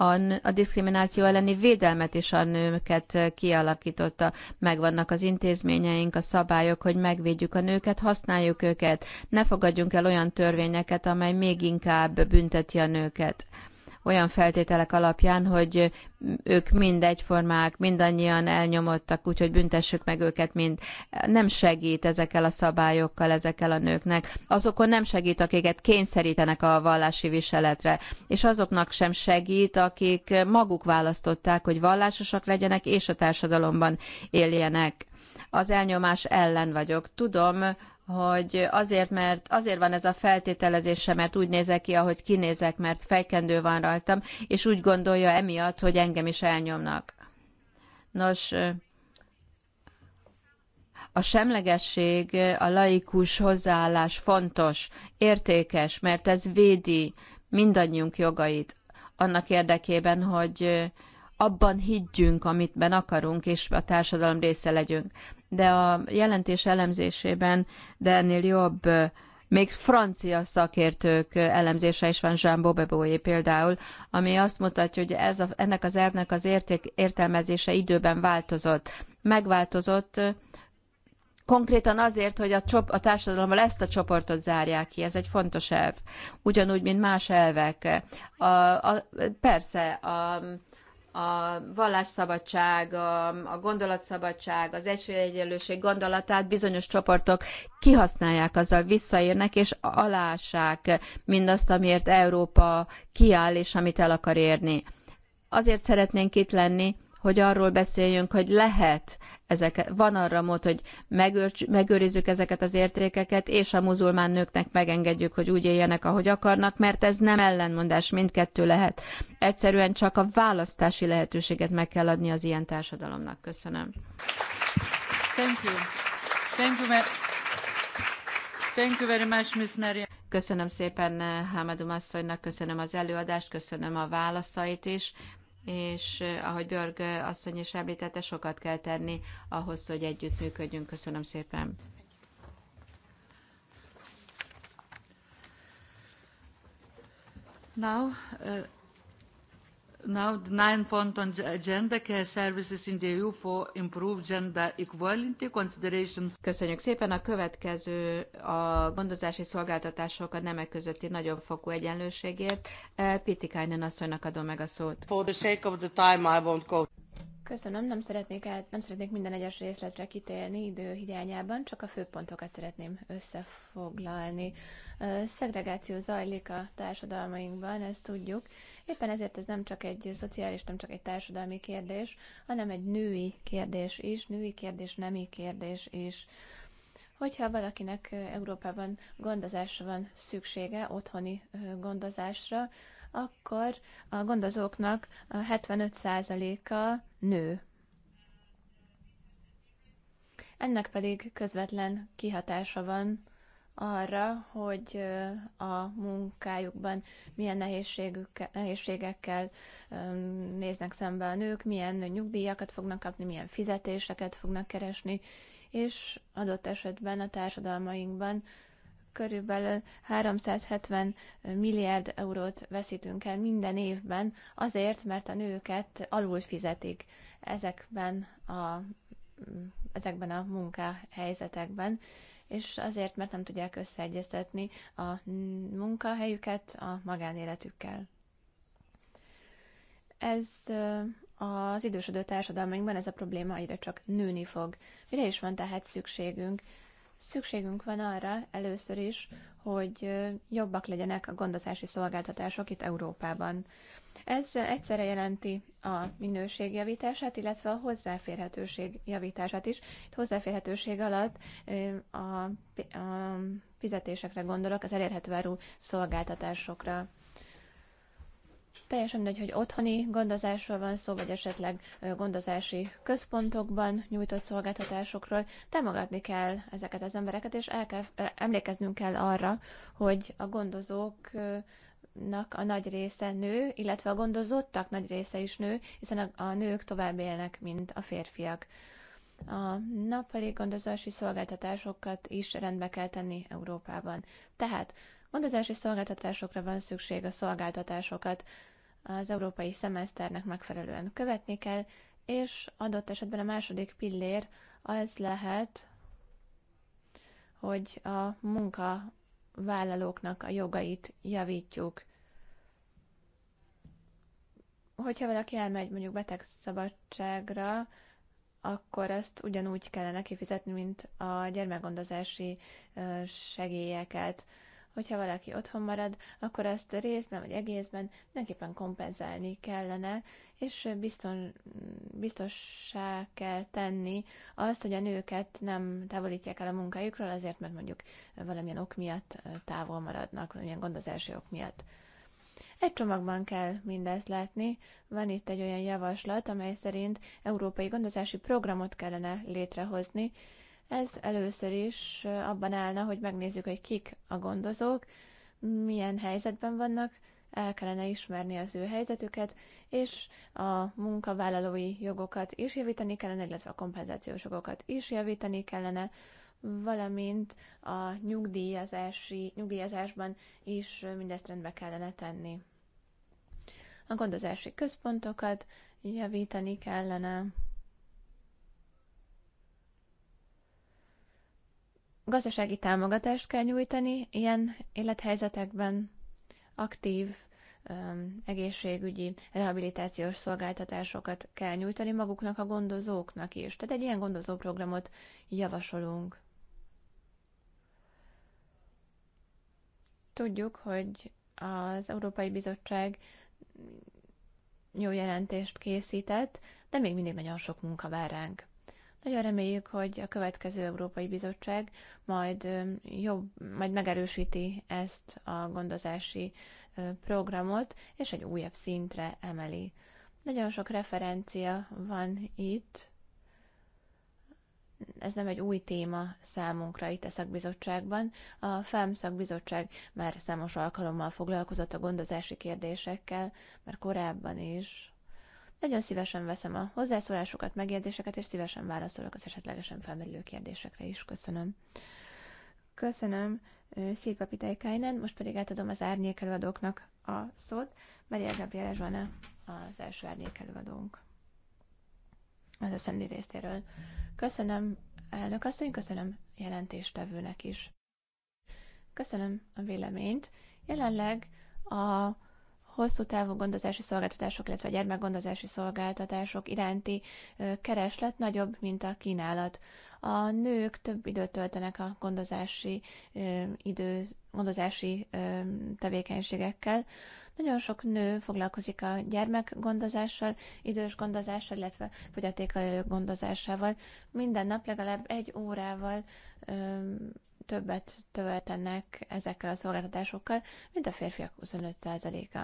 [SPEAKER 1] a, a diszkrimináció elleni védelmet is a nőket eh, kialakította. Megvannak az intézményeink, a szabályok, hogy megvédjük a nőket, használjuk őket. Ne fogadjunk el olyan törvényeket, amely még inkább bünteti a nőket olyan feltételek alapján, hogy ők mind egyformák, mindannyian elnyomottak, úgyhogy büntessük meg őket mind. Nem segít ezekkel a szabályokkal, ezekkel a nőknek. Azokon nem segít, akiket kényszerítenek a vallási viseletre, és azoknak sem segít, akik maguk választották, hogy vallásosak legyenek és a társadalomban éljenek. Az elnyomás ellen vagyok. Tudom, hogy azért, mert azért van ez a feltételezése, mert úgy nézek ki, ahogy kinézek, mert fejkendő van rajtam, és úgy gondolja emiatt, hogy engem is elnyomnak. Nos, a semlegesség, a laikus hozzáállás fontos, értékes, mert ez védi mindannyiunk jogait annak érdekében, hogy abban higgyünk, amitben akarunk, és a társadalom része legyünk de a jelentés elemzésében, de ennél jobb még francia szakértők elemzése is van, Jean Bobebóé például, ami azt mutatja, hogy ez a, ennek az elvnek az érték, értelmezése időben változott. Megváltozott konkrétan azért, hogy a, csop, a társadalommal ezt a csoportot zárják ki, ez egy fontos elv. Ugyanúgy, mint más elvek. A, a, persze, a, a vallásszabadság, a, a gondolatszabadság, az esélyegyenlőség gondolatát bizonyos csoportok kihasználják, azzal visszaérnek és alássák mindazt, amiért Európa kiáll és amit el akar érni. Azért szeretnénk itt lenni, hogy arról beszéljünk, hogy lehet ezeket, van arra mód, hogy megőr, megőrizzük ezeket az értékeket, és a muzulmán nőknek megengedjük, hogy úgy éljenek, ahogy akarnak, mert ez nem ellenmondás, mindkettő lehet. Egyszerűen csak a választási lehetőséget meg kell adni az ilyen társadalomnak. Köszönöm. Thank you. Thank you, Thank you very much, Ms. Köszönöm szépen Hamadum eh, asszonynak, köszönöm az előadást, köszönöm a válaszait is és eh, ahogy Björg eh, asszony is említette, sokat kell tenni ahhoz, hogy együttműködjünk. Köszönöm szépen. Now, uh... Now, the ninth point on the agenda, care services in the EU for improved gender equality consideration. Köszönjük szépen. A következő a gondozási szolgáltatások a nemek közötti nagyobb fokú egyenlőségért. Eh, Piti Kajnen asszonynak adom meg a szót. For the sake of the time, I won't go. Köszönöm, nem szeretnék, át, nem szeretnék minden egyes részletre
[SPEAKER 3] kitérni idő hiányában, csak a főpontokat szeretném összefoglalni. Szegregáció zajlik a társadalmainkban, ezt tudjuk. Éppen ezért ez nem csak egy szociális, nem csak egy társadalmi kérdés, hanem egy női kérdés is, női kérdés, nemi kérdés is. Hogyha valakinek Európában gondozásra van szüksége, otthoni gondozásra, akkor a gondozóknak a 75%-a nő. Ennek pedig közvetlen kihatása van arra, hogy a munkájukban milyen nehézségekkel néznek szembe a nők, milyen nyugdíjakat fognak kapni, milyen fizetéseket fognak keresni, és adott esetben a társadalmainkban körülbelül 370 milliárd eurót veszítünk el minden évben, azért, mert a nőket alul fizetik ezekben a, ezekben a munkahelyzetekben, és azért, mert nem tudják összeegyeztetni a munkahelyüket a magánéletükkel. Ez az idősödő társadalmainkban ez a probléma egyre csak nőni fog. Mire is van tehát szükségünk? Szükségünk van arra először is, hogy jobbak legyenek a gondozási szolgáltatások itt Európában. Ez egyszerre jelenti a minőség javítását, illetve a hozzáférhetőség javítását is. Itt hozzáférhetőség alatt a, fizetésekre gondolok, az elérhető áru szolgáltatásokra. Teljesen mindegy, hogy otthoni gondozásról van szó, vagy esetleg gondozási központokban nyújtott szolgáltatásokról. Támogatni kell ezeket az embereket, és el kell, emlékeznünk kell arra, hogy a gondozók nak a nagy része nő, illetve a gondozottak nagy része is nő, hiszen a, a nők tovább élnek, mint a férfiak. A nappali gondozási szolgáltatásokat is rendbe kell tenni Európában. Tehát Gondozási szolgáltatásokra van szükség, a szolgáltatásokat az európai szemeszternek megfelelően követni kell, és adott esetben a második pillér az lehet, hogy a munkavállalóknak a jogait javítjuk. Hogyha valaki elmegy mondjuk betegszabadságra, akkor azt ugyanúgy kellene kifizetni, mint a gyermekgondozási segélyeket hogyha valaki otthon marad, akkor azt részben vagy egészben mindenképpen kompenzálni kellene, és bizton, biztossá kell tenni azt, hogy a nőket nem távolítják el a munkájukról azért, mert mondjuk valamilyen ok miatt távol maradnak, valamilyen gondozási ok miatt. Egy csomagban kell mindezt látni. Van itt egy olyan javaslat, amely szerint európai gondozási programot kellene létrehozni, ez először is abban állna, hogy megnézzük, hogy kik a gondozók, milyen helyzetben vannak, el kellene ismerni az ő helyzetüket, és a munkavállalói jogokat is javítani kellene, illetve a kompenzációs jogokat is javítani kellene, valamint a nyugdíjazási, nyugdíjazásban is mindezt rendbe kellene tenni. A gondozási központokat javítani kellene. Gazdasági támogatást kell nyújtani ilyen élethelyzetekben, aktív egészségügyi, rehabilitációs szolgáltatásokat kell nyújtani maguknak a gondozóknak is. Tehát egy ilyen gondozóprogramot javasolunk. Tudjuk, hogy az Európai Bizottság jó jelentést készített, de még mindig nagyon sok munka vár ránk. Nagyon reméljük, hogy a következő Európai Bizottság majd jobb, majd megerősíti ezt a gondozási programot, és egy újabb szintre emeli. Nagyon sok referencia van itt. Ez nem egy új téma számunkra itt a szakbizottságban. A FEM szakbizottság már számos alkalommal foglalkozott a gondozási kérdésekkel, mert korábban is nagyon szívesen veszem a hozzászólásokat, megjegyzéseket, és szívesen válaszolok az esetlegesen felmerülő kérdésekre is. Köszönöm. Köszönöm szép Pitejkájnen, most pedig átadom az árnyékelőadóknak a szót. Maria Gabriela Zsana az első árnyékelőadónk. Az az szendi részéről. Köszönöm elnök asszony, köszönöm jelentéstevőnek is. Köszönöm a véleményt. Jelenleg a hosszú távú gondozási szolgáltatások, illetve gyermekgondozási szolgáltatások iránti kereslet nagyobb, mint a kínálat. A nők több időt töltenek a gondozási idő, gondozási tevékenységekkel. Nagyon sok nő foglalkozik a gyermekgondozással, idős gondozással, illetve fogyatékkal gondozásával. Minden nap legalább egy órával többet töltenek ezekkel a szolgáltatásokkal, mint a férfiak 25%-a.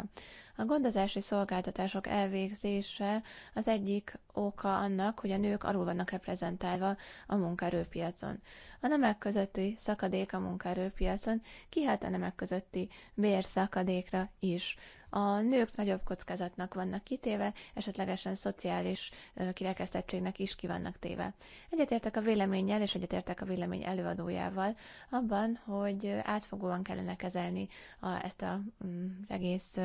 [SPEAKER 3] A gondozási szolgáltatások elvégzése az egyik oka annak, hogy a nők alul vannak reprezentálva a munkaerőpiacon. A nemek közötti szakadék a munkaerőpiacon kihat a nemek közötti bérszakadékra is. A nők nagyobb kockázatnak vannak kitéve, esetlegesen szociális kirekesztettségnek is ki vannak téve. Egyetértek a véleménnyel, és egyetértek a vélemény előadójával abban, hogy átfogóan kellene kezelni a, ezt a, mm, az egész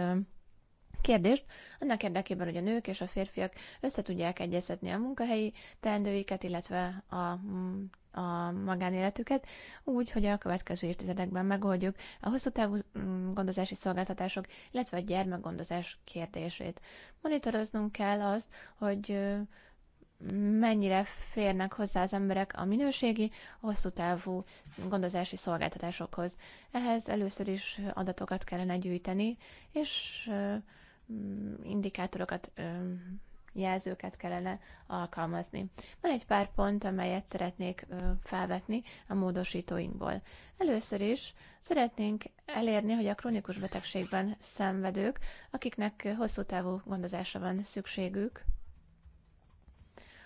[SPEAKER 3] kérdést, annak érdekében, hogy a nők és a férfiak összetudják egyeztetni a munkahelyi teendőiket, illetve a mm, a magánéletüket, úgy, hogy a következő évtizedekben megoldjuk a hosszú távú mm, gondozási szolgáltatások, illetve a gyermekgondozás kérdését. Monitoroznunk kell azt, hogy mennyire férnek hozzá az emberek a minőségi, hosszú távú gondozási szolgáltatásokhoz. Ehhez először is adatokat kellene gyűjteni, és mm, indikátorokat jelzőket kellene alkalmazni. Van egy pár pont, amelyet szeretnék felvetni a módosítóinkból. Először is szeretnénk elérni, hogy a krónikus betegségben szenvedők, akiknek hosszú távú gondozásra van szükségük,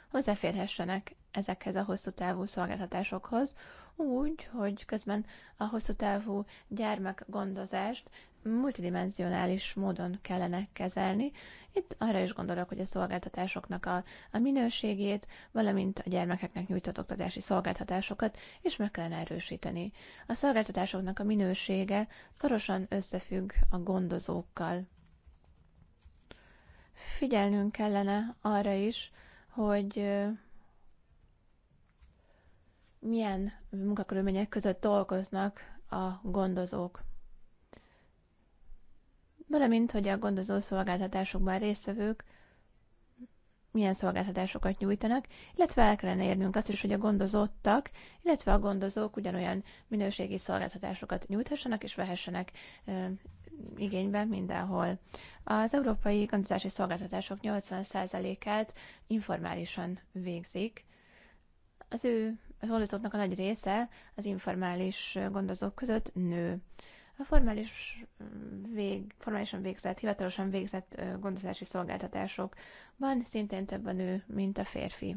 [SPEAKER 3] hozzáférhessenek ezekhez a hosszú távú szolgáltatásokhoz, úgy, hogy közben a hosszú távú gyermekgondozást multidimensionális módon kellene kezelni. Itt arra is gondolok, hogy a szolgáltatásoknak a, a minőségét, valamint a gyermekeknek nyújtott oktatási szolgáltatásokat is meg kellene erősíteni. A szolgáltatásoknak a minősége szorosan összefügg a gondozókkal. Figyelnünk kellene arra is, hogy milyen munkakörülmények között dolgoznak a gondozók valamint hogy a gondozó szolgáltatásokban résztvevők milyen szolgáltatásokat nyújtanak, illetve el kellene érnünk azt is, hogy a gondozottak, illetve a gondozók ugyanolyan minőségi szolgáltatásokat nyújthassanak és vehessenek e, igénybe mindenhol. Az európai gondozási szolgáltatások 80%-át informálisan végzik. Az ő az gondozóknak a nagy része az informális gondozók között nő. A formális mm, vég, formálisan végzett, hivatalosan végzett gondozási szolgáltatásokban szintén több a nő, mint a férfi.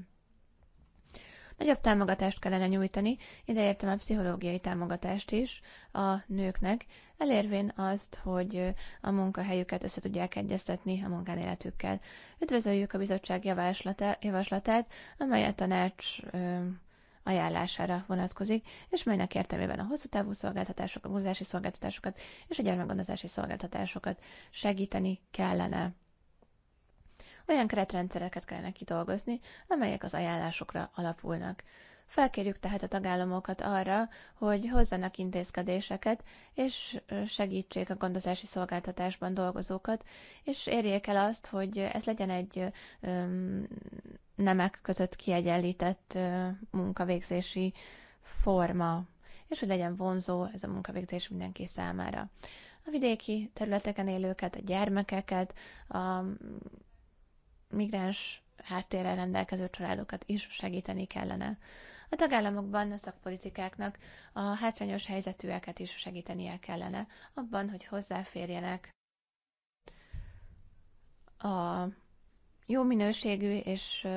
[SPEAKER 3] Nagyobb támogatást kellene nyújtani, ideértem a pszichológiai támogatást is a nőknek, elérvén azt, hogy a munkahelyüket össze tudják egyeztetni a munkánéletükkel. Üdvözöljük a bizottság javaslatát, amely a tanács ajánlására vonatkozik, és melynek értelmében a hosszú távú szolgáltatások, a mozási szolgáltatásokat és a gyermekgondozási szolgáltatásokat segíteni kellene. Olyan keretrendszereket kellene kidolgozni, amelyek az ajánlásokra alapulnak. Felkérjük tehát a tagállamokat arra, hogy hozzanak intézkedéseket, és segítsék a gondozási szolgáltatásban dolgozókat, és érjék el azt, hogy ez legyen egy nemek között kiegyenlített munkavégzési forma, és hogy legyen vonzó ez a munkavégzés mindenki számára. A vidéki területeken élőket, a gyermekeket, a migráns háttérrel rendelkező családokat is segíteni kellene a tagállamokban a szakpolitikáknak a hátrányos helyzetűeket is segítenie kellene abban, hogy hozzáférjenek a jó minőségű és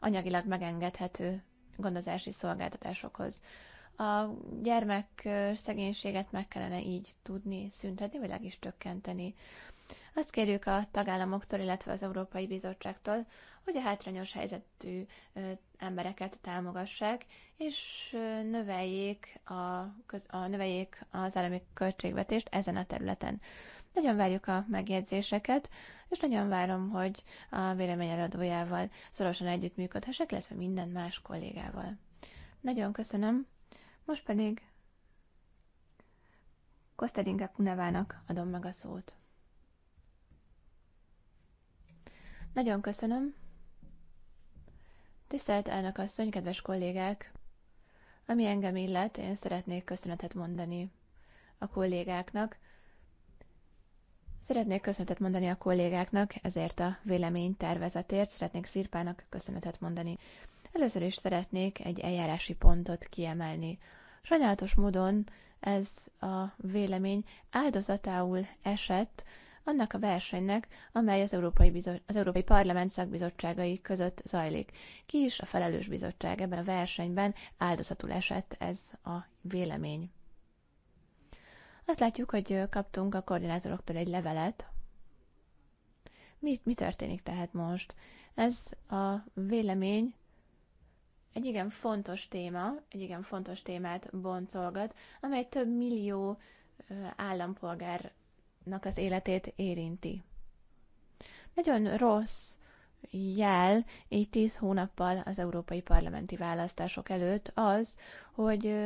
[SPEAKER 3] anyagilag megengedhető gondozási szolgáltatásokhoz. A gyermek szegénységet meg kellene így tudni szüntetni, vagy legis csökkenteni. Azt kérjük a tagállamoktól, illetve az Európai Bizottságtól, hogy a hátrányos helyzetű embereket támogassák, és növeljék, a, a, növeljék az állami költségvetést ezen a területen. Nagyon várjuk a megjegyzéseket, és nagyon várom, hogy a eladójával szorosan együttműködhessek, illetve minden más kollégával. Nagyon köszönöm. Most pedig Kostadinka Kunevának adom meg a szót. Nagyon köszönöm. Tisztelt elnök asszony, kedves kollégák! Ami engem illet, én szeretnék köszönetet mondani a kollégáknak. Szeretnék köszönetet mondani a kollégáknak ezért a vélemény tervezetért, szeretnék Szirpának köszönetet mondani. Először is szeretnék egy eljárási pontot kiemelni. Sajnálatos módon ez a vélemény áldozatául esett annak a versenynek, amely az Európai, Bizot- az Európai Parlament szakbizottságai között zajlik. Ki is a felelős bizottság ebben a versenyben áldozatul esett ez a vélemény. Azt látjuk, hogy kaptunk a koordinátoroktól egy levelet. Mi, mi történik tehát most? Ez a vélemény egy igen fontos téma, egy igen fontos témát boncolgat, amely több millió állampolgár az életét érinti. Nagyon rossz jel, így tíz hónappal az európai parlamenti választások előtt az, hogy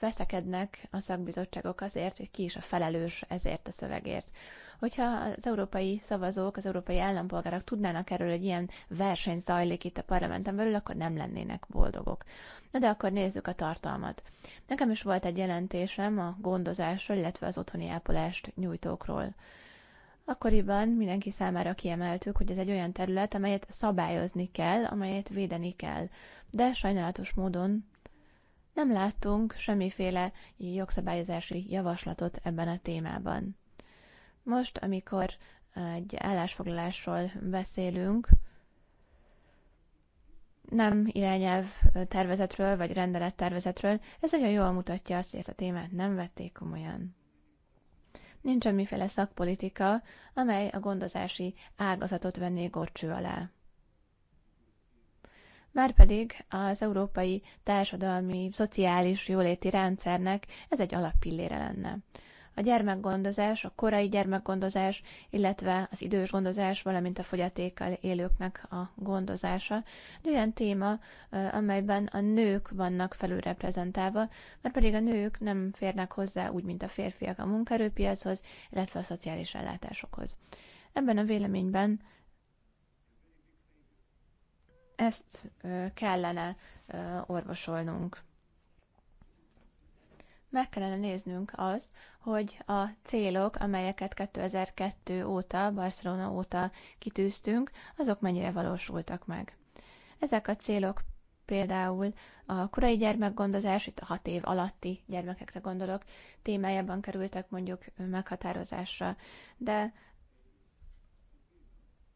[SPEAKER 3] veszekednek a szakbizottságok azért, hogy ki is a felelős ezért a szövegért. Hogyha az európai szavazók, az európai állampolgárok tudnának erről, hogy ilyen verseny zajlik itt a parlamenten belül, akkor nem lennének boldogok. Na de akkor nézzük a tartalmat. Nekem is volt egy jelentésem a gondozásról, illetve az otthoni ápolást nyújtókról. Akkoriban mindenki számára kiemeltük, hogy ez egy olyan terület, amelyet szabályozni kell, amelyet védeni kell, de sajnálatos módon nem láttunk semmiféle jogszabályozási javaslatot ebben a témában. Most, amikor egy állásfoglalásról beszélünk, nem irányelv tervezetről vagy rendelet tervezetről, ez nagyon jól mutatja azt, hogy ezt a témát nem vették komolyan. Nincs semmiféle szakpolitika, amely a gondozási ágazatot venné gorcső alá. Márpedig az európai társadalmi, szociális jóléti rendszernek ez egy alappillére lenne. A gyermekgondozás, a korai gyermekgondozás, illetve az idős gondozás, valamint a fogyatékkal élőknek a gondozása egy olyan téma, amelyben a nők vannak felülreprezentálva, mert pedig a nők nem férnek hozzá úgy, mint a férfiak a munkerőpiachoz, illetve a szociális ellátásokhoz. Ebben a véleményben ezt kellene orvosolnunk. Meg kellene néznünk azt, hogy a célok, amelyeket 2002 óta, Barcelona óta kitűztünk, azok mennyire valósultak meg. Ezek a célok például a korai gyermekgondozás, itt a hat év alatti gyermekekre gondolok, témájában kerültek mondjuk meghatározásra, de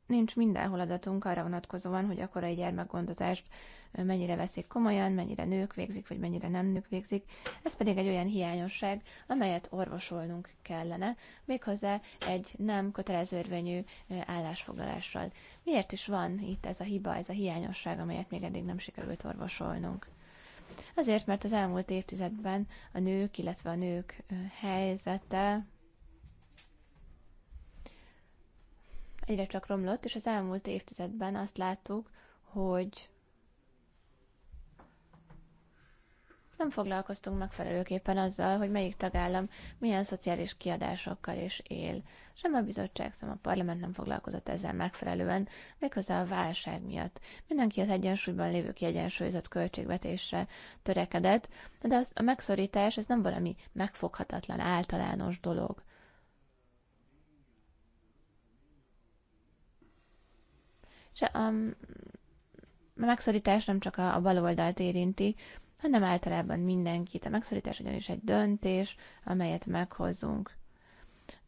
[SPEAKER 3] nincs mindenhol adatunk arra vonatkozóan, hogy a korai gyermekgondozást mennyire veszik komolyan, mennyire nők végzik, vagy mennyire nem nők végzik. Ez pedig egy olyan hiányosság, amelyet orvosolnunk kellene, méghozzá egy nem kötelezőrvényű állásfoglalással. Miért is van itt ez a hiba, ez a hiányosság, amelyet még eddig nem sikerült orvosolnunk? Azért, mert az elmúlt évtizedben a nők, illetve a nők helyzete egyre csak romlott, és az elmúlt évtizedben azt láttuk, hogy nem foglalkoztunk megfelelőképpen azzal, hogy melyik tagállam milyen szociális kiadásokkal is él. Sem a bizottság, sem a parlament nem foglalkozott ezzel megfelelően, méghozzá a válság miatt. Mindenki az egyensúlyban lévő kiegyensúlyozott költségvetésre törekedett, de az, a megszorítás ez nem valami megfoghatatlan általános dolog. és a, a megszorítás nem csak a, a oldalt érinti, hanem általában mindenkit. A megszorítás ugyanis egy döntés, amelyet meghozunk.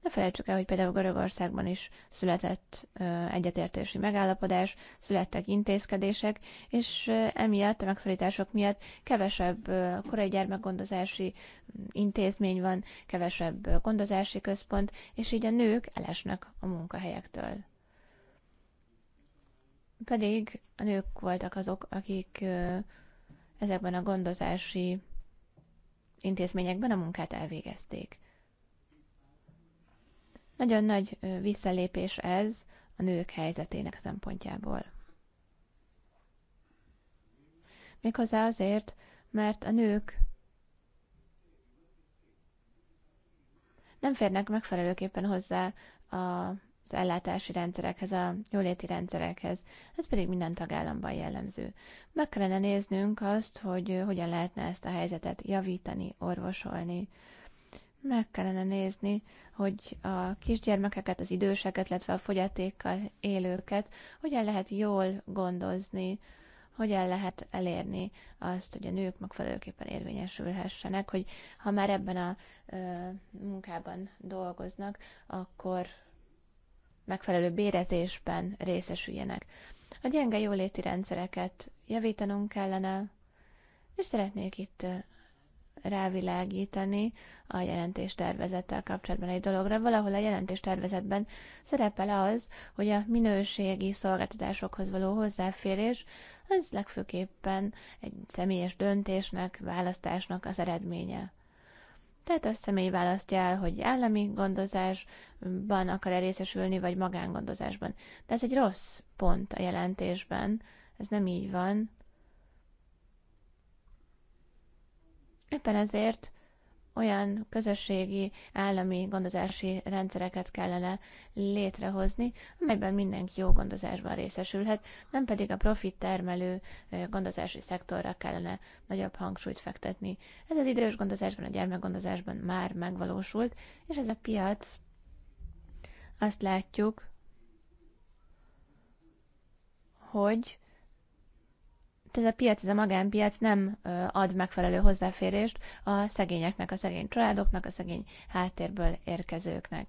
[SPEAKER 3] Ne felejtsük el, hogy például Görögországban is született egyetértési megállapodás, születtek intézkedések, és emiatt a megszorítások miatt kevesebb korai gyermekgondozási intézmény van, kevesebb gondozási központ, és így a nők elesnek a munkahelyektől pedig a nők voltak azok, akik ezekben a gondozási intézményekben a munkát elvégezték. Nagyon nagy visszalépés ez a nők helyzetének szempontjából. Méghozzá azért, mert a nők nem férnek megfelelőképpen hozzá a az ellátási rendszerekhez, a jóléti rendszerekhez. Ez pedig minden tagállamban jellemző. Meg kellene néznünk azt, hogy eh, hogyan lehetne ezt a helyzetet javítani, orvosolni. Meg kellene nézni, hogy a kisgyermekeket, az időseket, illetve a fogyatékkal élőket hogyan lehet jól gondozni, hogyan lehet elérni azt, hogy a nők megfelelőképpen érvényesülhessenek, hogy ha már ebben a ö, eh, munkában dolgoznak, akkor megfelelő bérezésben részesüljenek. A gyenge jóléti rendszereket javítanunk kellene, és szeretnék itt rávilágítani a jelentéstervezettel kapcsolatban egy dologra. Valahol a jelentéstervezetben szerepel az, hogy a minőségi szolgáltatásokhoz való hozzáférés az legfőképpen egy személyes döntésnek, választásnak az eredménye tehát a személy választja el, hogy állami gondozásban akar-e részesülni, vagy magángondozásban. De ez egy rossz pont a jelentésben, ez nem így van. Éppen ezért olyan közösségi, állami gondozási rendszereket kellene létrehozni, amelyben mindenki jó gondozásban részesülhet, nem pedig a profit termelő gondozási szektorra kellene nagyobb hangsúlyt fektetni. Ez az idős gondozásban, a gyermekgondozásban már megvalósult, és ez a piac azt látjuk, hogy ez a piac, ez a magánpiac nem ad megfelelő hozzáférést a szegényeknek, a szegény családoknak, a szegény háttérből érkezőknek.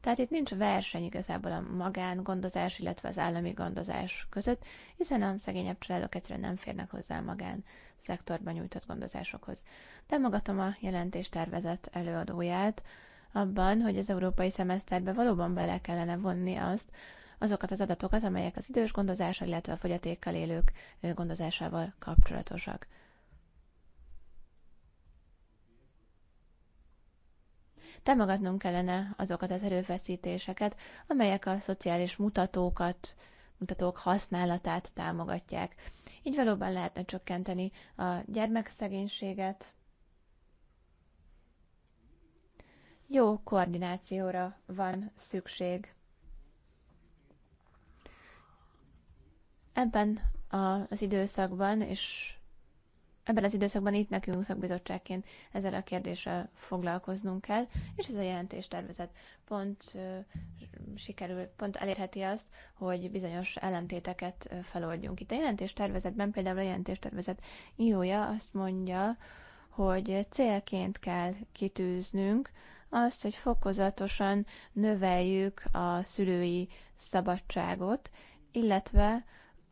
[SPEAKER 3] Tehát itt nincs verseny igazából a magángondozás, illetve az állami gondozás között, hiszen a szegényebb családok egyszerűen nem férnek hozzá a magán szektorban nyújtott gondozásokhoz. Támogatom a jelentéstervezet előadóját abban, hogy az európai szemeszterbe valóban bele kellene vonni azt, azokat az adatokat, amelyek az idős gondozással, illetve a fogyatékkal élők gondozásával kapcsolatosak. Támogatnunk kellene azokat az erőfeszítéseket, amelyek a szociális mutatókat, mutatók használatát támogatják. Így valóban lehetne csökkenteni a gyermekszegénységet, jó koordinációra van szükség Ebben az időszakban, és ebben az időszakban itt nekünk szakbizottságként ezzel a kérdéssel foglalkoznunk kell, és ez a jelentéstervezet pont sikerül, pont elérheti azt, hogy bizonyos ellentéteket feloldjunk. Itt a jelentéstervezetben például a jelentéstervezet írója azt mondja, hogy célként kell kitűznünk azt, hogy fokozatosan növeljük a szülői szabadságot, illetve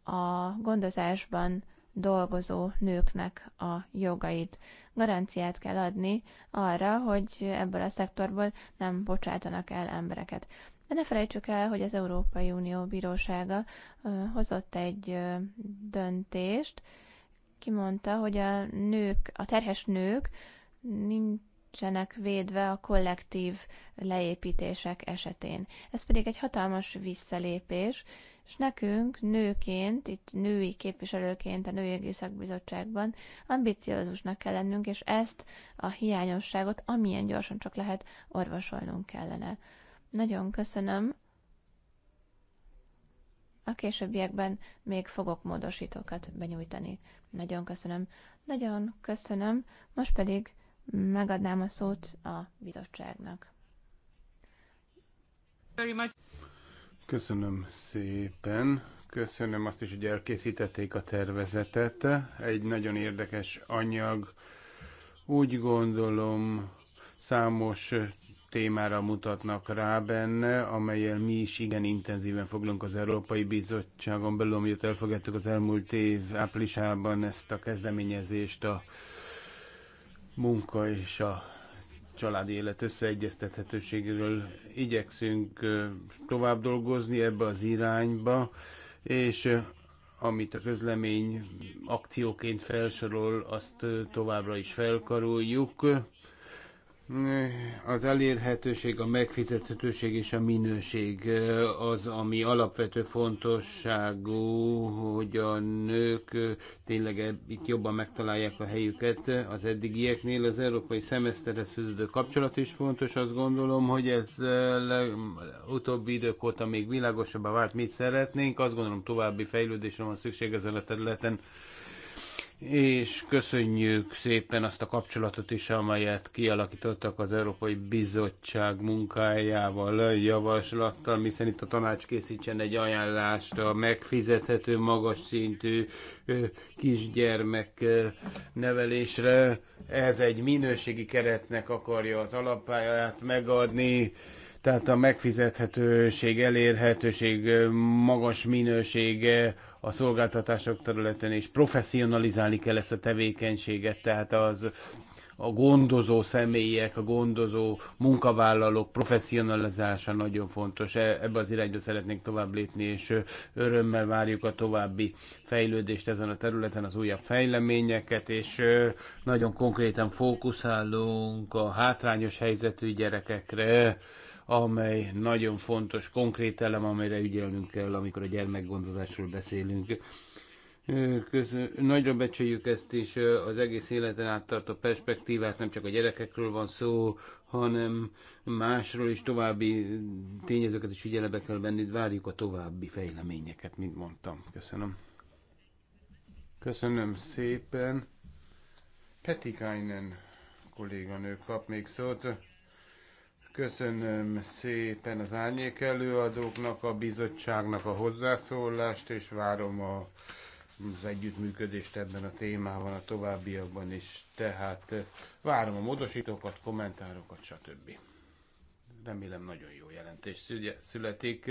[SPEAKER 3] a gondozásban dolgozó nőknek a jogait. Garanciát kell adni arra, hogy ebből a szektorból nem bocsátanak el embereket. De ne felejtsük el, hogy az Európai Unió Bírósága hozott egy döntést, kimondta, hogy a nők, a terhes nők nincsenek védve a kollektív leépítések esetén. Ez pedig egy hatalmas visszalépés, és nekünk nőként, itt női képviselőként a Női Egészek Bizottságban ambiciózusnak kell lennünk, és ezt a hiányosságot amilyen gyorsan csak lehet orvosolnunk kellene. Nagyon köszönöm. A későbbiekben még fogok módosítókat benyújtani. Nagyon köszönöm. Nagyon köszönöm. Most pedig megadnám a szót a bizottságnak.
[SPEAKER 2] Very much. Köszönöm szépen. Köszönöm azt is, hogy elkészítették a tervezetet. Egy nagyon érdekes anyag. Úgy gondolom, számos témára mutatnak rá benne, amelyel mi is igen intenzíven foglunk az Európai Bizottságon belül, amit elfogadtuk az elmúlt év áprilisában ezt a kezdeményezést a munka és a családi élet összeegyeztethetőségéről igyekszünk tovább dolgozni ebbe az irányba, és amit a közlemény akcióként felsorol, azt továbbra is felkaroljuk az elérhetőség, a megfizethetőség és a minőség az, ami alapvető fontosságú, hogy a nők tényleg e- itt jobban megtalálják a helyüket az eddigieknél. Az európai szemeszterhez fűződő kapcsolat is fontos, azt gondolom, hogy ez utóbbi idők óta még világosabbá vált, mit szeretnénk. Azt gondolom további fejlődésre van szükség ezen a területen és köszönjük szépen azt a kapcsolatot is, amelyet kialakítottak az Európai Bizottság munkájával, javaslattal, hiszen itt a tanács készítsen egy ajánlást a megfizethető, magas szintű kisgyermek nevelésre. Ez egy minőségi keretnek akarja az alapáját megadni, tehát a megfizethetőség, elérhetőség, magas minősége a szolgáltatások területén, és professzionalizálni kell ezt a tevékenységet, tehát az a gondozó személyek, a gondozó munkavállalók professzionalizálása nagyon fontos. E, ebbe az irányba szeretnénk tovább lépni, és örömmel várjuk a további fejlődést ezen a területen, az újabb fejleményeket, és nagyon konkrétan fókuszálunk a hátrányos helyzetű gyerekekre, amely nagyon fontos, konkrét elem, amelyre ügyelnünk kell, amikor a gyermekgondozásról beszélünk. Közül, nagyra becsüljük ezt is, az egész életen áttartó perspektívát, nem csak a gyerekekről van szó, hanem másról is további tényezőket is figyelembe kell venni, várjuk a további fejleményeket, mint mondtam. Köszönöm. Köszönöm szépen. Petikainen kolléganő kap még szót. Köszönöm szépen az árnyék előadóknak, a bizottságnak a hozzászólást, és várom a, az együttműködést ebben a témában a továbbiakban is. Tehát eh, várom a módosítókat, kommentárokat, stb. Remélem nagyon jó jelentés születik.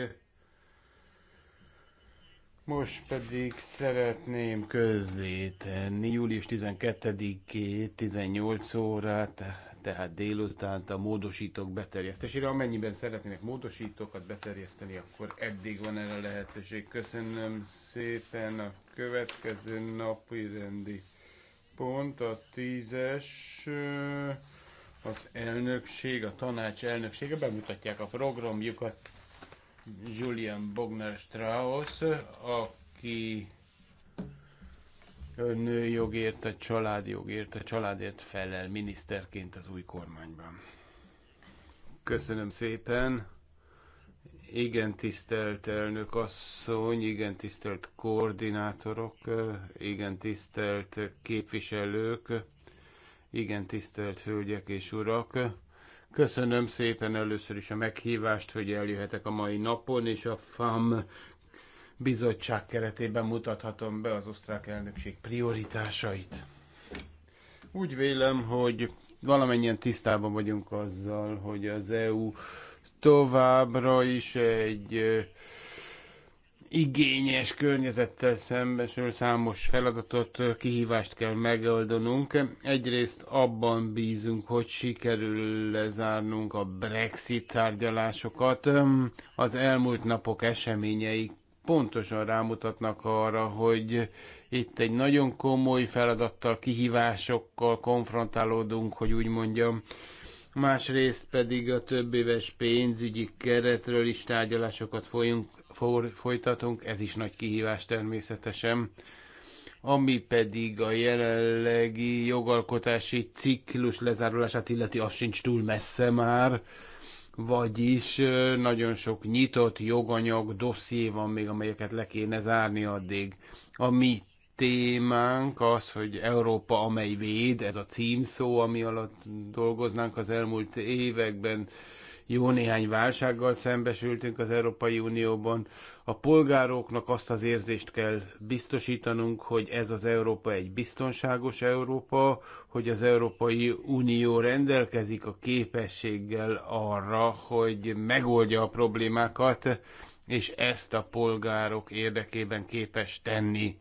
[SPEAKER 2] Most pedig szeretném közzétenni július 12-ét 18 órát tehát délután a módosítók beterjesztésére. Amennyiben szeretnének módosítókat beterjeszteni, akkor eddig van erre lehetőség. Köszönöm szépen a következő napi rendi pont, a tízes, az elnökség, a tanács elnöksége, bemutatják a programjukat. Julian Bogner Strauss, aki nőjogért, a családjogért, a családért felel miniszterként az új kormányban. Köszönöm szépen. Igen, tisztelt elnök asszony, igen, tisztelt koordinátorok, igen, tisztelt képviselők, igen, tisztelt hölgyek és urak. Köszönöm szépen először is a meghívást, hogy eljöhetek a mai napon, és a FAM bizottság keretében mutathatom be az osztrák elnökség prioritásait. Úgy vélem, hogy valamennyien tisztában vagyunk azzal, hogy az EU továbbra is egy igényes környezettel szembesül számos feladatot, kihívást kell megoldanunk. Egyrészt abban bízunk, hogy sikerül lezárnunk a Brexit tárgyalásokat. Az elmúlt napok eseményei pontosan rámutatnak arra, hogy itt egy nagyon komoly feladattal, kihívásokkal konfrontálódunk, hogy úgy mondjam. Másrészt pedig a több éves pénzügyi keretről is tárgyalásokat folyunk, folytatunk, ez is nagy kihívás természetesen. Ami pedig a jelenlegi jogalkotási ciklus lezárulását illeti, az sincs túl messze már vagyis nagyon sok nyitott joganyag, dosszié van még, amelyeket le kéne zárni addig. A mi témánk az, hogy Európa, amely véd, ez a címszó, ami alatt dolgoznánk az elmúlt években, jó néhány válsággal szembesültünk az Európai Unióban. A polgároknak azt az érzést kell biztosítanunk, hogy ez az Európa egy biztonságos Európa, hogy az Európai Unió rendelkezik a képességgel arra, hogy megoldja a problémákat, és ezt a polgárok érdekében képes tenni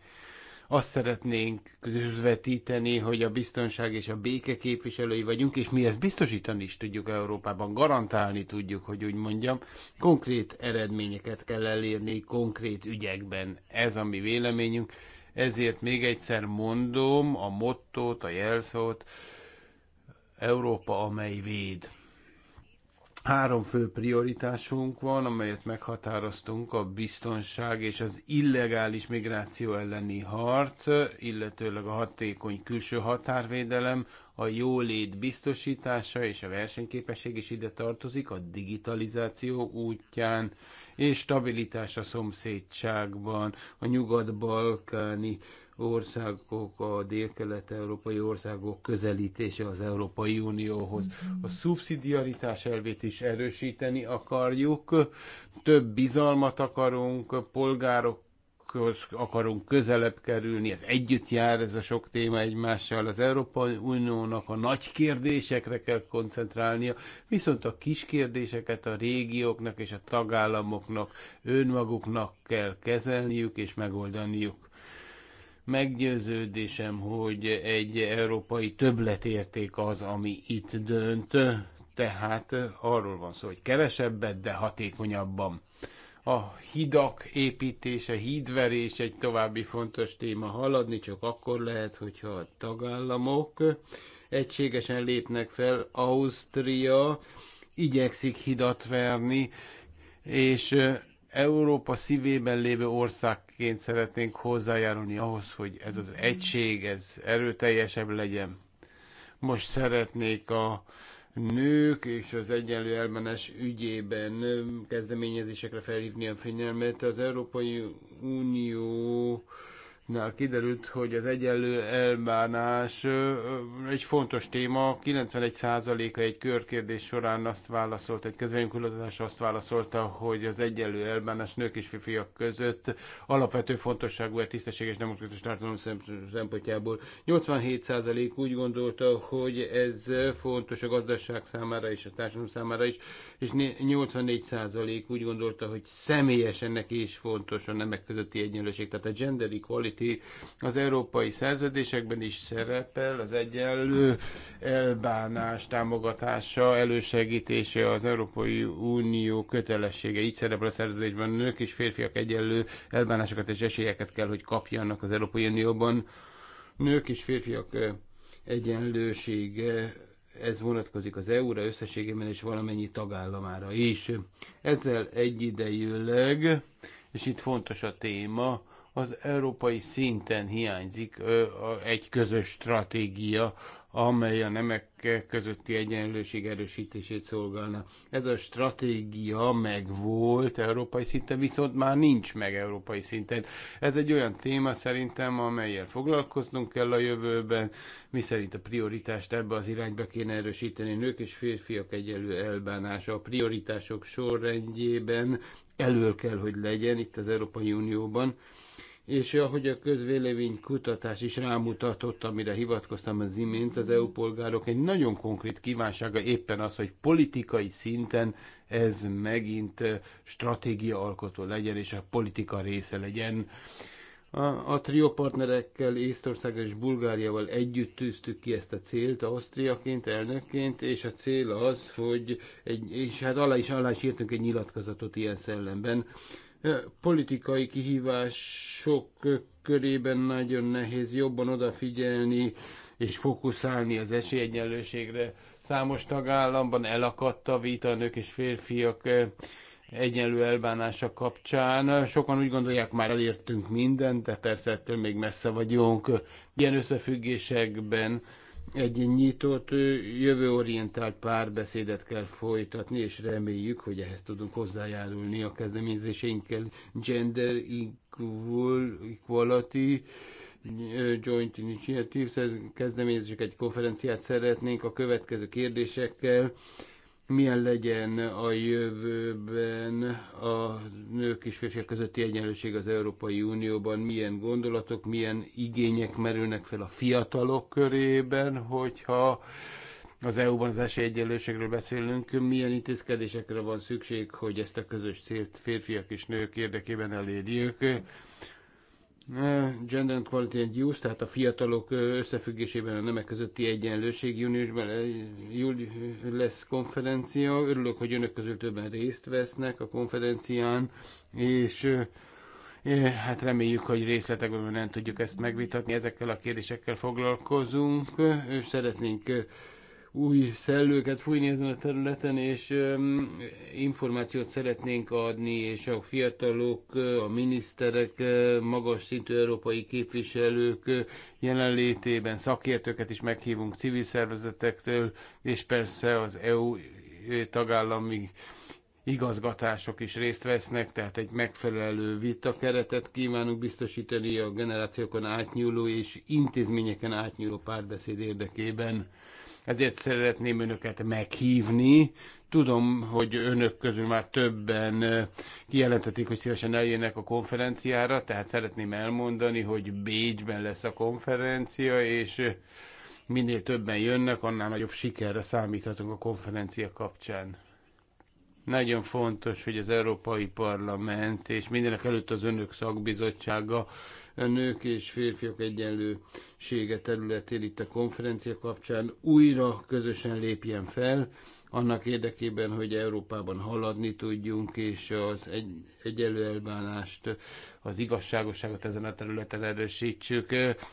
[SPEAKER 2] azt szeretnénk közvetíteni, hogy a biztonság és a béke képviselői vagyunk, és mi ezt biztosítani is tudjuk Európában, garantálni tudjuk, hogy úgy mondjam. Konkrét eredményeket kell elérni konkrét ügyekben. Ez a mi véleményünk. Ezért még egyszer mondom a mottót, a jelszót, Európa, amely véd. Három fő prioritásunk van, amelyet meghatároztunk, a biztonság és az illegális migráció elleni harc, illetőleg a hatékony külső határvédelem, a jólét biztosítása és a versenyképesség is ide tartozik, a digitalizáció útján, és stabilitás a szomszédságban, a nyugat-balkáni országok, a dél-kelet-európai országok közelítése az Európai Unióhoz. A szubszidiaritás elvét is erősíteni akarjuk, több bizalmat akarunk, polgárok akarunk közelebb kerülni, ez együtt jár, ez a sok téma egymással, az Európai Uniónak a nagy kérdésekre kell koncentrálnia, viszont a kis kérdéseket a régióknak és a tagállamoknak önmaguknak kell kezelniük és megoldaniuk Meggyőződésem, hogy egy európai többletérték az, ami itt dönt, tehát arról van szó, hogy kevesebbet, de hatékonyabban. A hidak építése, hídverés egy további fontos téma. Haladni csak akkor lehet, hogyha a tagállamok egységesen lépnek fel. Ausztria igyekszik hidat verni, és Európa szívében lévő országként szeretnénk hozzájárulni ahhoz, hogy ez az mhm. egység, ez erőteljesebb legyen. Most szeretnék a nők és az egyenlő elmenes ügyében kezdeményezésekre felhívni a figyelmet. Az Európai Unió nál kiderült, hogy az egyenlő elbánás egy fontos téma. 91%-a egy körkérdés során azt válaszolt, egy közvénykutatás azt válaszolta, hogy az egyenlő elbánás nők és férfiak között alapvető fontosságú a tisztességes demokratikus tartalom szempontjából. 87% úgy gondolta, hogy ez fontos a gazdaság számára és a társadalom számára is, és 84% úgy gondolta, hogy személyesen neki is fontos a nemek közötti egyenlőség, tehát a gender equality illeti. Az európai szerződésekben is szerepel az egyenlő elbánás támogatása, elősegítése az Európai Unió kötelessége. Így szerepel a szerződésben nők és férfiak egyenlő elbánásokat és esélyeket kell, hogy kapjanak az Európai Unióban. Nők és férfiak egyenlősége ez vonatkozik az EU-ra összességében és valamennyi tagállamára is. Ezzel egyidejűleg, és itt fontos a téma, az európai szinten hiányzik egy közös stratégia, amely a nemek közötti egyenlőség erősítését szolgálna. Ez a stratégia megvolt európai szinten, viszont már nincs meg európai szinten. Ez egy olyan téma szerintem, amelyel foglalkoznunk kell a jövőben, mi szerint a prioritást ebbe az irányba kéne erősíteni. Nők és férfiak egyenlő elbánása a prioritások sorrendjében elől kell, hogy legyen itt az Európai Unióban és ahogy a közvélemény kutatás is rámutatott, amire hivatkoztam az imént, az EU polgárok egy nagyon konkrét kívánsága éppen az, hogy politikai szinten ez megint eh, stratégia alkotó legyen, és a politika része legyen. A, a trió partnerekkel, Észtországgal és Bulgáriával együtt tűztük ki ezt a célt, Ausztriaként, elnökként, és a cél az, hogy, egy, és hát alá is, alá is írtunk egy nyilatkozatot ilyen szellemben, politikai kihívások körében nagyon nehéz jobban odafigyelni és fókuszálni az esélyegyenlőségre. Számos tagállamban elakadt a vita a nők és férfiak egyenlő elbánása kapcsán. Sokan úgy gondolják, már elértünk mindent, de persze ettől még messze vagyunk. Ilyen összefüggésekben egy nyitott, jövőorientált párbeszédet kell folytatni, és reméljük, hogy ehhez tudunk hozzájárulni a kezdeményezéseinkkel. Gender Equality Joint Initiatives kezdeményezések egy konferenciát szeretnénk a következő kérdésekkel milyen legyen a jövőben a nők és férfiak közötti egyenlőség az Európai Unióban, milyen gondolatok, milyen igények merülnek fel a fiatalok körében, hogyha az EU-ban az esélyegyenlőségről beszélünk, milyen intézkedésekre van szükség, hogy ezt a közös célt férfiak és nők érdekében elérjük. Gender and Quality and Youth, tehát a fiatalok összefüggésében a nemek közötti egyenlőség júniusban lesz konferencia. Örülök, hogy önök közül többen részt vesznek a konferencián, és hát reméljük, hogy részletekben nem tudjuk ezt megvitatni. Ezekkel a kérdésekkel foglalkozunk, és szeretnénk új szellőket fújni ezen a területen, és um, információt szeretnénk adni, és a fiatalok, a miniszterek, magas szintű európai képviselők jelenlétében szakértőket is meghívunk civil szervezetektől, és persze az EU tagállami igazgatások is részt vesznek, tehát egy megfelelő vita keretet kívánunk biztosítani a generációkon átnyúló és intézményeken átnyúló párbeszéd érdekében ezért szeretném önöket meghívni. Tudom, hogy önök közül már többen kijelentették, hogy szívesen eljönnek a konferenciára, tehát szeretném elmondani, hogy Bécsben lesz a konferencia, és minél többen jönnek, annál nagyobb sikerre számíthatunk a konferencia kapcsán. Nagyon fontos, hogy az Európai Parlament és mindenek előtt az önök szakbizottsága a nők és férfiak egyenlősége területén itt a konferencia kapcsán újra közösen lépjen fel, annak érdekében, hogy Európában haladni tudjunk, és az egy, egyenlő elbánást, az igazságosságot ezen a területen erősítsük.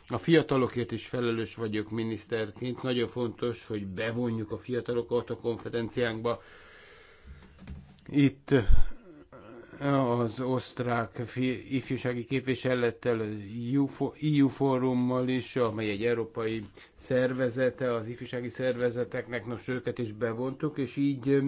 [SPEAKER 2] A fiatalokért is felelős vagyok miniszterként. Nagyon fontos, hogy bevonjuk a fiatalokat a konferenciánkba. Itt az osztrák ifjúsági képviselettel, az EU fórummal is, amely egy európai szervezete, az ifjúsági szervezeteknek, most őket is bevontuk, és így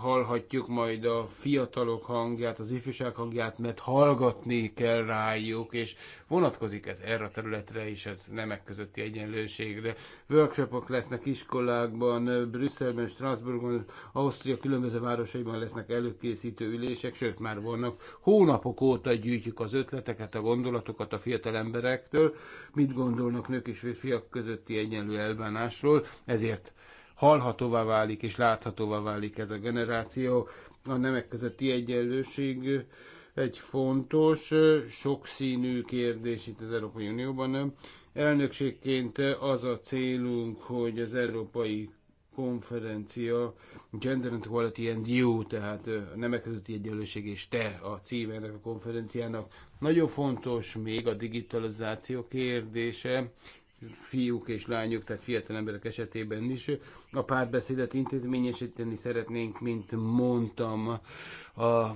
[SPEAKER 2] hallhatjuk majd a fiatalok hangját, az ifjúság hangját, mert hallgatni kell rájuk, és Vonatkozik ez erre a területre is, ez nemek közötti egyenlőségre. Workshopok lesznek iskolákban, Brüsszelben, Strasbourgban, Ausztria különböző városaiban lesznek előkészítő ülések, sőt már vannak. Hónapok óta gyűjtjük az ötleteket, a gondolatokat a fiatal emberektől, mit gondolnak nők és fiak közötti egyenlő elbánásról, ezért hallhatóvá válik és láthatóvá válik ez a generáció. A nemek közötti egyenlőség egy fontos, sokszínű kérdés itt az Európai Unióban. Elnökségként az a célunk, hogy az Európai konferencia Gender and Quality and You, tehát a nemek közötti egyenlőség és te a cím ennek a konferenciának. Nagyon fontos még a digitalizáció kérdése, fiúk és lányok, tehát fiatal emberek esetében is. A párbeszédet intézményesíteni szeretnénk, mint mondtam, a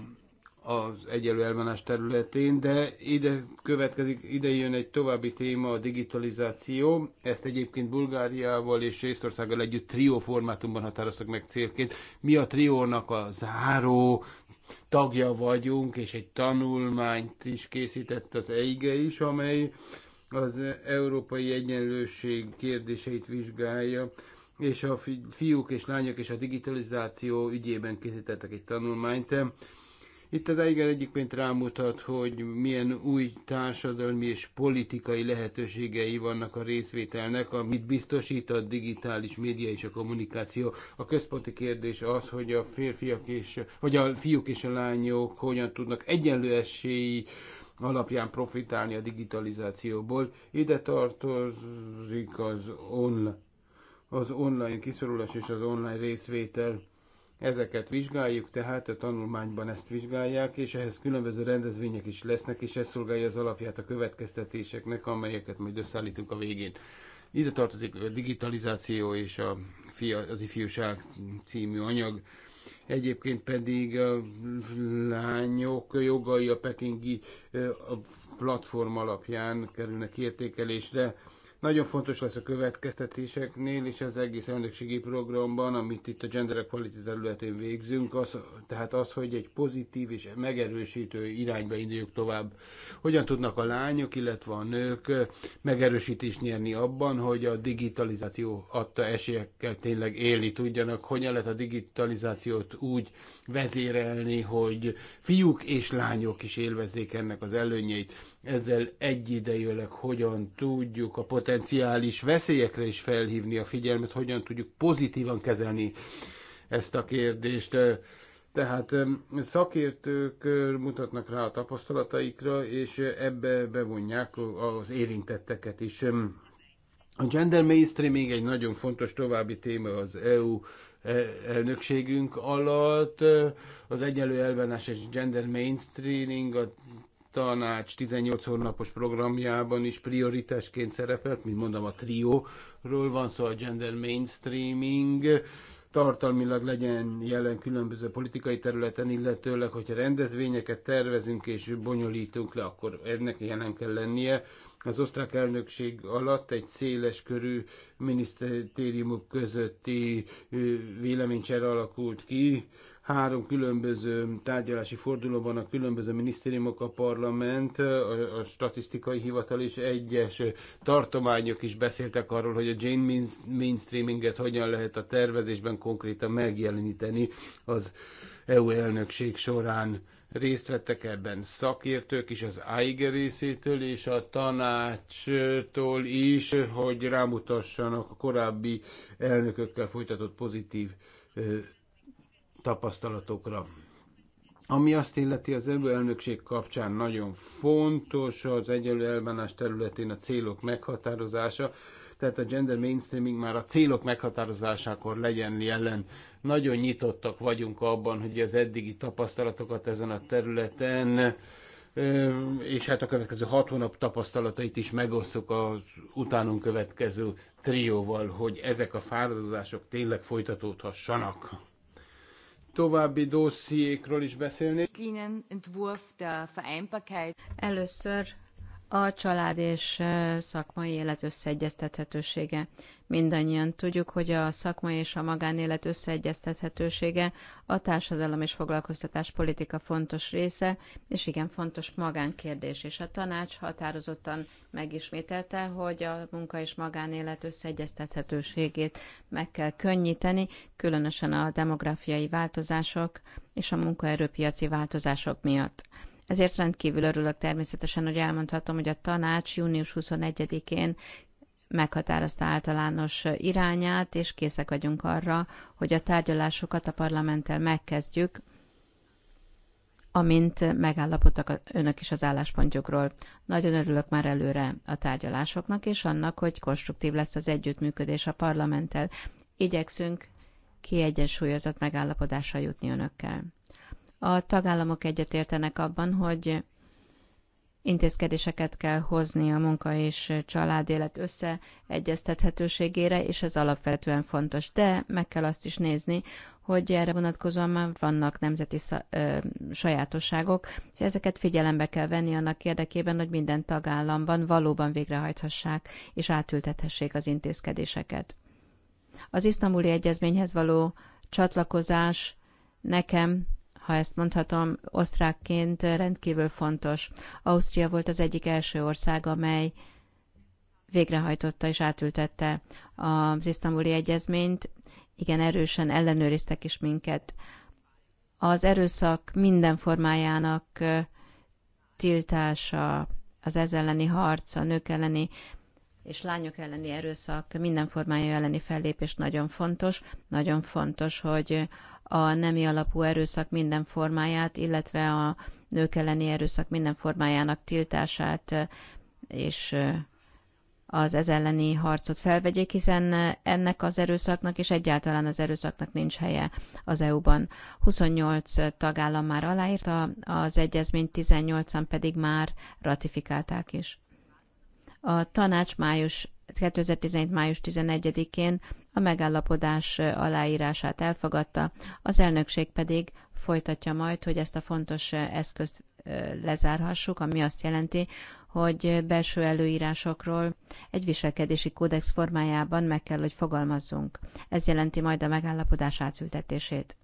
[SPEAKER 2] az egyelő elvonás területén, de ide következik, ide jön egy további téma, a digitalizáció. Ezt egyébként Bulgáriával és Észtországgal együtt trió formátumban határoztak meg célként. Mi a triónak a záró tagja vagyunk, és egy tanulmányt is készített az EIGE is, amely az európai egyenlőség kérdéseit vizsgálja és a fiúk és lányok és a digitalizáció ügyében készítettek egy tanulmányt. Itt az Eiger egyébként rámutat, hogy milyen új társadalmi és politikai lehetőségei vannak a részvételnek, amit biztosít a digitális média és a kommunikáció. A központi kérdés az, hogy a férfiak és, vagy a fiúk és a lányok hogyan tudnak egyenlő esélyi alapján profitálni a digitalizációból. Ide tartozik az online az online kiszorulás és az online részvétel. Ezeket vizsgáljuk, tehát a tanulmányban ezt vizsgálják, és ehhez különböző rendezvények is lesznek, és ez szolgálja az alapját a következtetéseknek, amelyeket majd összeállítunk a végén. Ide tartozik a digitalizáció és a fia, az ifjúság című anyag. Egyébként pedig a lányok jogai a pekingi a platform alapján kerülnek értékelésre nagyon fontos lesz a következtetéseknél és az egész elnökségi programban, amit itt a gender equality területén végzünk, az, tehát az, hogy egy pozitív és megerősítő irányba induljuk tovább. Hogyan tudnak a lányok, illetve a nők megerősítést nyerni abban, hogy a digitalizáció adta esélyekkel tényleg élni tudjanak, hogyan lehet a digitalizációt úgy vezérelni, hogy fiúk és lányok is élvezzék ennek az előnyeit ezzel egyidejűleg hogyan tudjuk a potenciális veszélyekre is felhívni a figyelmet, hogyan tudjuk pozitívan kezelni ezt a kérdést. Tehát szakértők mutatnak rá a tapasztalataikra, és ebbe bevonják az érintetteket is. A gender mainstream még egy nagyon fontos további téma az EU e, elnökségünk alatt. Az egyenlő elvenás és gender mainstreaming a tanács 18 hónapos programjában is prioritásként szerepelt, mint mondom a trióról van szó, a gender mainstreaming, tartalmilag legyen jelen különböző politikai területen, illetőleg, hogyha rendezvényeket tervezünk és bonyolítunk le, akkor ennek jelen kell lennie. Az osztrák elnökség alatt egy széles körű minisztériumok közötti véleménycsere alakult ki, Három különböző tárgyalási fordulóban a különböző minisztériumok, a parlament, a statisztikai hivatal és egyes tartományok is beszéltek arról, hogy a Jane mainstreaminget hogyan lehet a tervezésben konkrétan megjeleníteni az EU elnökség során részt vettek ebben szakértők is az AIG részétől és a tanácstól is, hogy rámutassanak a korábbi elnökökkel folytatott pozitív tapasztalatokra. Ami azt illeti az EU elnökség kapcsán nagyon fontos az egyenlő elbánás területén a célok meghatározása, tehát a gender mainstreaming már a célok meghatározásakor legyen jelen. Nagyon nyitottak vagyunk abban, hogy az eddigi tapasztalatokat ezen a területen és hát a következő hat hónap tapasztalatait is megosszuk az utánunk következő trióval, hogy ezek a fáradozások tényleg folytatódhassanak további dossziékról is beszélnék.
[SPEAKER 1] Először a család és szakmai élet összeegyeztethetősége. Mindannyian tudjuk, hogy a szakmai és a magánélet összeegyeztethetősége a társadalom és foglalkoztatás politika fontos része, és igen fontos magánkérdés. És a tanács határozottan megismételte, hogy a munka és magánélet összeegyeztethetőségét meg kell könnyíteni, különösen a demográfiai változások és a munkaerőpiaci változások miatt. Ezért rendkívül örülök természetesen, hogy elmondhatom, hogy a tanács június 21-én meghatározta általános irányát, és készek vagyunk arra, hogy a tárgyalásokat a parlamenttel megkezdjük, amint megállapodtak önök is az álláspontjukról. Nagyon örülök már előre a tárgyalásoknak, és annak, hogy konstruktív lesz az együttműködés a parlamenttel. Igyekszünk kiegyensúlyozott megállapodásra jutni önökkel. A tagállamok egyetértenek abban, hogy intézkedéseket kell hozni a munka és családélet összeegyeztethetőségére, és ez alapvetően fontos. De meg kell azt is nézni, hogy erre vonatkozóan már vannak nemzeti sajátosságok, és ezeket figyelembe kell venni annak érdekében, hogy minden tagállamban valóban végrehajthassák és átültethessék az intézkedéseket. Az isztambuli egyezményhez való csatlakozás nekem ha ezt mondhatom, osztrákként rendkívül fontos. Ausztria volt az egyik első ország, amely végrehajtotta és átültette az isztambuli egyezményt. Igen, erősen ellenőriztek is minket. Az erőszak minden formájának tiltása, az ez elleni harc, a nők elleni és lányok elleni erőszak minden formája elleni fellépés nagyon fontos. Nagyon fontos, hogy a nemi alapú erőszak minden formáját, illetve a nők elleni erőszak minden formájának tiltását és az ez elleni harcot felvegyék, hiszen ennek az erőszaknak és egyáltalán az erőszaknak nincs helye az EU-ban. 28 tagállam már aláírta az egyezményt, 18-an pedig már ratifikálták is. A tanács május 2017. május 11-én a megállapodás aláírását elfogadta, az elnökség pedig folytatja majd, hogy ezt a fontos eszközt lezárhassuk, ami azt jelenti, hogy belső előírásokról egy viselkedési kódex formájában meg kell, hogy fogalmazzunk. Ez jelenti majd a megállapodás átültetését.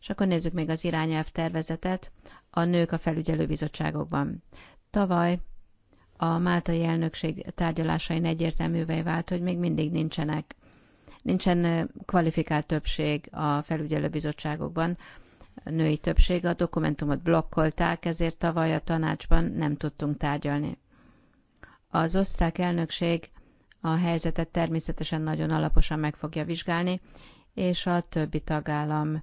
[SPEAKER 1] És akkor nézzük még az irányelv tervezetet a nők a felügyelőbizottságokban. Tavaly a máltai elnökség tárgyalásain egyértelművé vált, hogy még mindig nincsenek nincsen kvalifikált többség a felügyelőbizottságokban, női többség, a dokumentumot blokkolták, ezért tavaly a tanácsban nem tudtunk tárgyalni. Az osztrák elnökség a helyzetet természetesen nagyon alaposan meg fogja vizsgálni, és a többi tagállam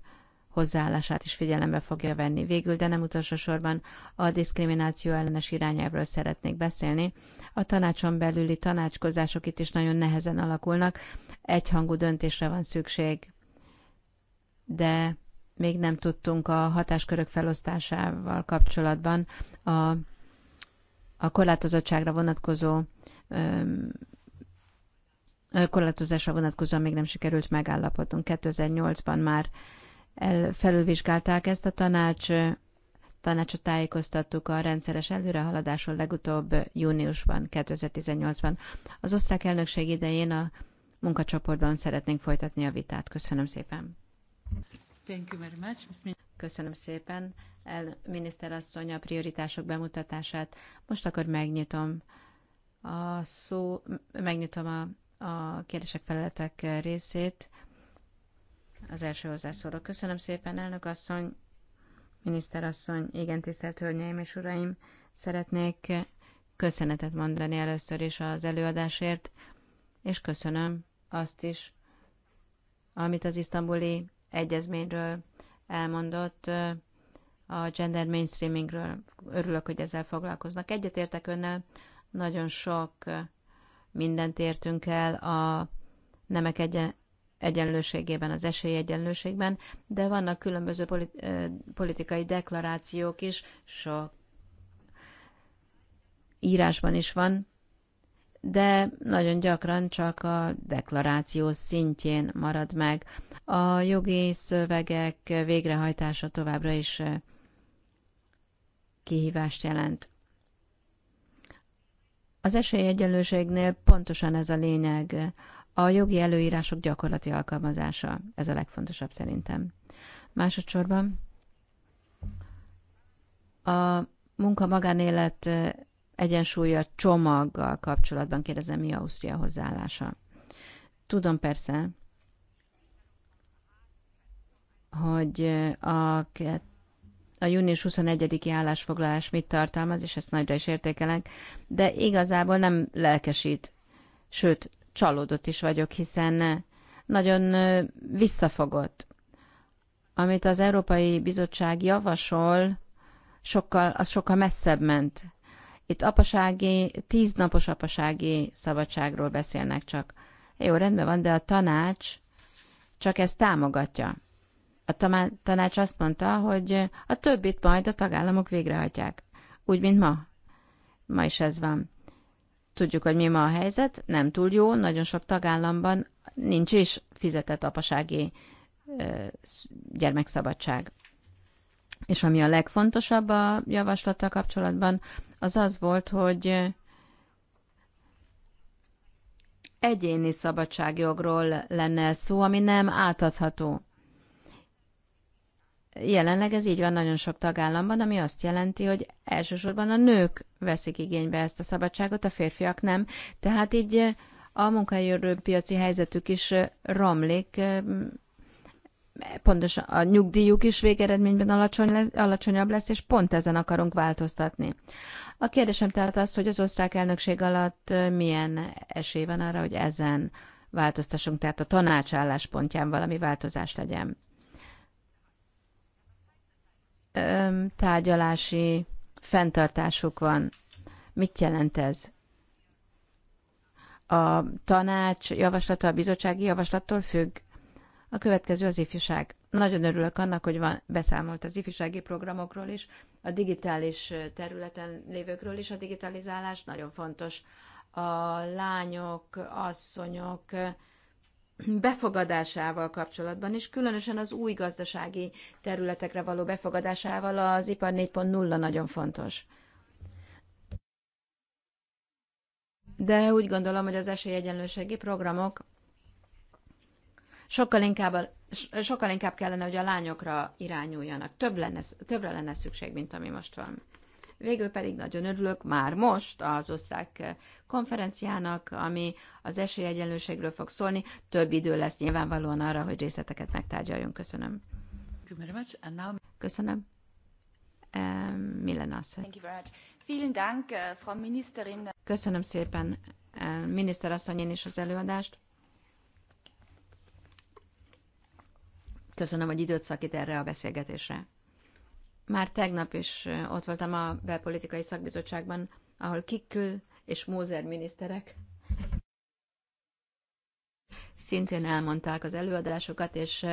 [SPEAKER 1] hozzáállását is figyelembe fogja venni. Végül, de nem utolsó sorban a diszkrimináció ellenes irányelvről szeretnék beszélni. A tanácson belüli tanácskozások itt is nagyon nehezen alakulnak, egyhangú döntésre van szükség, de még nem tudtunk a hatáskörök felosztásával kapcsolatban a, a korlátozottságra vonatkozó öm, korlátozásra vonatkozóan még nem sikerült megállapodnunk. 2008-ban már el, felülvizsgálták ezt a tanács, tanácsot tájékoztattuk a rendszeres előrehaladásról legutóbb júniusban, 2018-ban. Az osztrák elnökség idején a munkacsoportban szeretnénk folytatni a vitát. Köszönöm szépen. Thank you very much. Köszönöm szépen. El, miniszter asszony a prioritások bemutatását. Most akkor megnyitom a szó, megnyitom a, a kérdések feleletek részét az első hozzászóló. Köszönöm szépen, elnök asszony, miniszterasszony, igen, tisztelt hölgyeim és uraim, szeretnék köszönetet mondani először is az előadásért, és köszönöm azt is, amit az isztambuli egyezményről elmondott, a gender mainstreamingről. Örülök, hogy ezzel foglalkoznak. Egyetértek önnel, nagyon sok mindent értünk el a nemek egyen, egyenlőségében, az esélyegyenlőségben, de vannak különböző politikai deklarációk is, sok írásban is van, de nagyon gyakran csak a deklaráció szintjén marad meg. A jogi szövegek végrehajtása továbbra is kihívást jelent. Az esélyegyenlőségnél pontosan ez a lényeg. A jogi előírások gyakorlati alkalmazása, ez a legfontosabb szerintem. Másodszorban a munka magánélet egyensúlya csomaggal kapcsolatban kérdezem, mi Ausztria hozzáállása. Tudom persze, hogy a, a június 21-i állásfoglalás mit tartalmaz, és ezt nagyra is értékelek, de igazából nem lelkesít, sőt, csalódott is vagyok, hiszen eh, nagyon eh, visszafogott. Amit az Európai Bizottság javasol, sokkal, az sokkal messzebb ment. Itt apasági, tíznapos apasági szabadságról beszélnek csak. Jó, rendben van, de a tanács csak ezt támogatja. A tanács azt mondta, hogy a többit majd a tagállamok végrehajtják. Úgy, mint ma. Ma is ez van. Tudjuk, hogy mi ma a helyzet, nem túl jó, nagyon sok tagállamban nincs is fizetett apasági gyermekszabadság. És ami a legfontosabb a javaslattal kapcsolatban, az az volt, hogy egyéni szabadságjogról lenne szó, ami nem átadható. Jelenleg ez így van nagyon sok tagállamban, ami azt jelenti, hogy elsősorban a nők veszik igénybe ezt a szabadságot, a férfiak nem. Tehát így a munkahelyőrpiaci helyzetük is romlik, pontosan a nyugdíjuk is végeredményben alacsony alacsonyabb lesz, és pont ezen akarunk változtatni. A kérdésem tehát az, hogy az osztrák elnökség alatt milyen esély van arra, hogy ezen változtassunk, tehát a tanács álláspontján valami változás legyen tárgyalási fenntartásuk van. Mit jelent ez? A tanács javaslata, a bizottsági javaslattól függ? A következő az ifjúság. Nagyon örülök annak, hogy van, beszámolt az ifjúsági programokról is, a digitális területen lévőkről is. A digitalizálás nagyon fontos. A lányok, asszonyok, befogadásával kapcsolatban is, különösen az új gazdasági területekre való befogadásával az ipar 4.0 nagyon fontos. De úgy gondolom, hogy az esélyegyenlőségi programok sokkal inkább, sokkal inkább kellene, hogy a lányokra irányuljanak. Több lenne, többre lenne szükség, mint ami most van. Végül pedig nagyon örülök már most az osztrák konferenciának, ami az esélyegyenlőségről fog szólni. Több idő lesz nyilvánvalóan arra, hogy részleteket megtárgyaljon. Köszönöm. Köszönöm. Millen asszony. Eh, Köszönöm szépen, eh, miniszter asszony, én is az előadást. Köszönöm, hogy időt szakít erre a beszélgetésre. Már tegnap is ott voltam a belpolitikai szakbizottságban, ahol Kikül és Mózer miniszterek szintén elmondták az előadásokat, és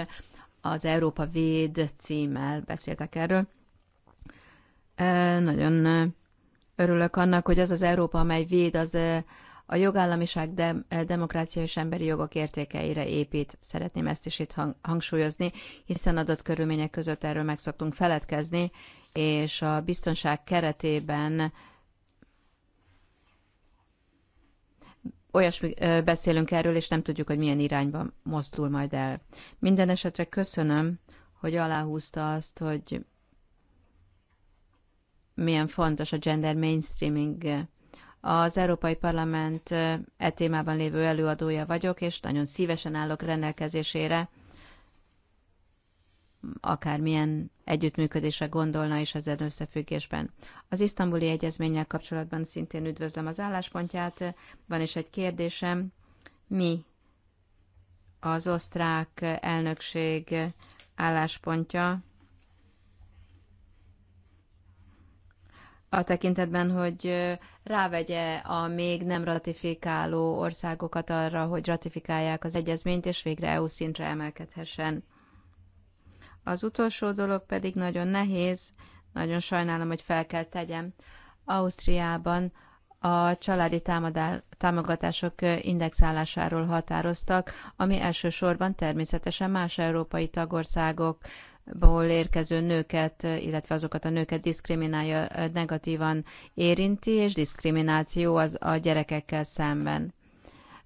[SPEAKER 1] az Európa Véd címmel beszéltek erről. Nagyon örülök annak, hogy az az Európa, amely véd, az a jogállamiság, dem, eh, demokrácia és emberi jogok értékeire épít. Szeretném ezt is itt hang, hangsúlyozni, hiszen adott körülmények között erről meg szoktunk feledkezni, és a biztonság keretében olyasmi eh, beszélünk erről, és nem tudjuk, hogy milyen irányba mozdul majd el. Minden esetre köszönöm, hogy aláhúzta azt, hogy milyen fontos a gender mainstreaming eh, az Európai Parlament e témában lévő előadója vagyok, és nagyon szívesen állok rendelkezésére, akármilyen együttműködésre gondolna is ezzel összefüggésben. Az isztambuli egyezménnyel kapcsolatban szintén üdvözlöm az álláspontját. Van is egy kérdésem, mi az osztrák elnökség álláspontja a tekintetben, hogy rávegye a még nem ratifikáló országokat arra, hogy ratifikálják az egyezményt, és végre EU szintre emelkedhessen. Az utolsó dolog pedig nagyon nehéz, nagyon sajnálom, hogy fel kell tegyem. Ausztriában a családi támadá- támogatások indexálásáról határoztak, ami elsősorban természetesen más európai tagországok ból érkező nőket, illetve azokat a nőket diszkriminálja, negatívan érinti, és diszkrimináció az a gyerekekkel szemben.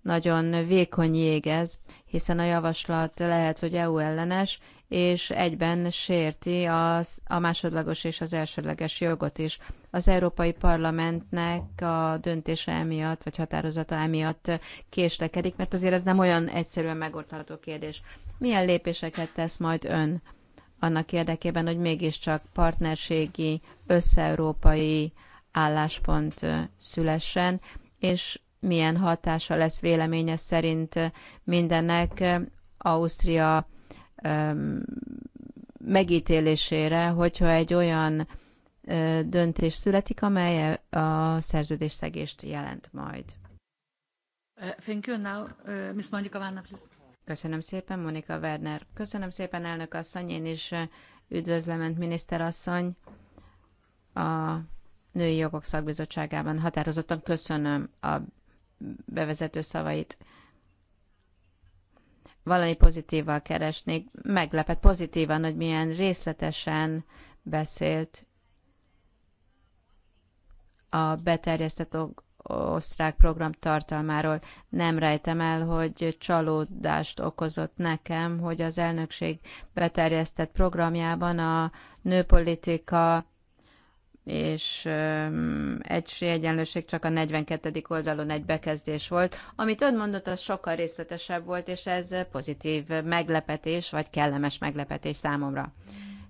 [SPEAKER 1] Nagyon vékony jég ez, hiszen a javaslat lehet, hogy EU ellenes, és egyben sérti az, a másodlagos és az elsődleges jogot is. Az Európai Parlamentnek a döntése emiatt, vagy határozata emiatt késlekedik, mert azért ez nem olyan egyszerűen megoldható kérdés. Milyen lépéseket tesz majd ön? annak érdekében, hogy mégiscsak partnerségi, összeurópai álláspont szülessen, és milyen hatása lesz véleménye szerint mindennek Ausztria megítélésére, hogyha egy olyan döntés születik, amely a szegést jelent majd. Uh, thank you. Now, uh, Ms. Monika Vanna, please. Köszönöm szépen, Monika Werner. Köszönöm szépen, elnök asszony. Én is eh, üdvözlöm, miniszter asszony, A Női Jogok Szakbizottságában határozottan köszönöm a bevezető szavait. Valami pozitívval keresnék. Meglepett pozitívan, hogy milyen részletesen beszélt a beterjesztett osztrák program tartalmáról. Nem rejtem el, hogy csalódást okozott nekem, hogy az elnökség beterjesztett programjában a nőpolitika és egység egyenlőség csak a 42. oldalon egy bekezdés volt. Amit ön mondott, az sokkal részletesebb volt, és ez pozitív meglepetés, vagy kellemes meglepetés számomra.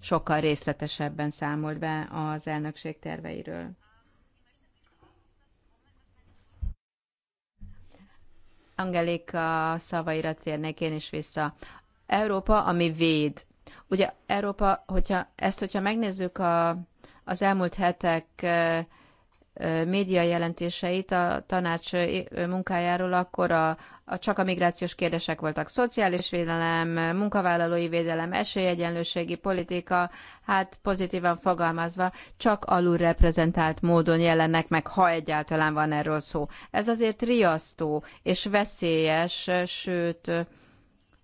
[SPEAKER 1] Sokkal részletesebben számolt be az elnökség terveiről. Angelika szavaira térnék én is vissza. Európa, ami véd. Ugye Európa, hogyha ezt, hogyha megnézzük a, az elmúlt hetek eh, média jelentéseit a tanács munkájáról, akkor a, a csak a migrációs kérdések voltak. Szociális védelem, munkavállalói védelem, esélyegyenlőségi politika, hát pozitívan fogalmazva, csak alulreprezentált módon jelennek meg, ha egyáltalán van erről szó. Ez azért riasztó és veszélyes, sőt,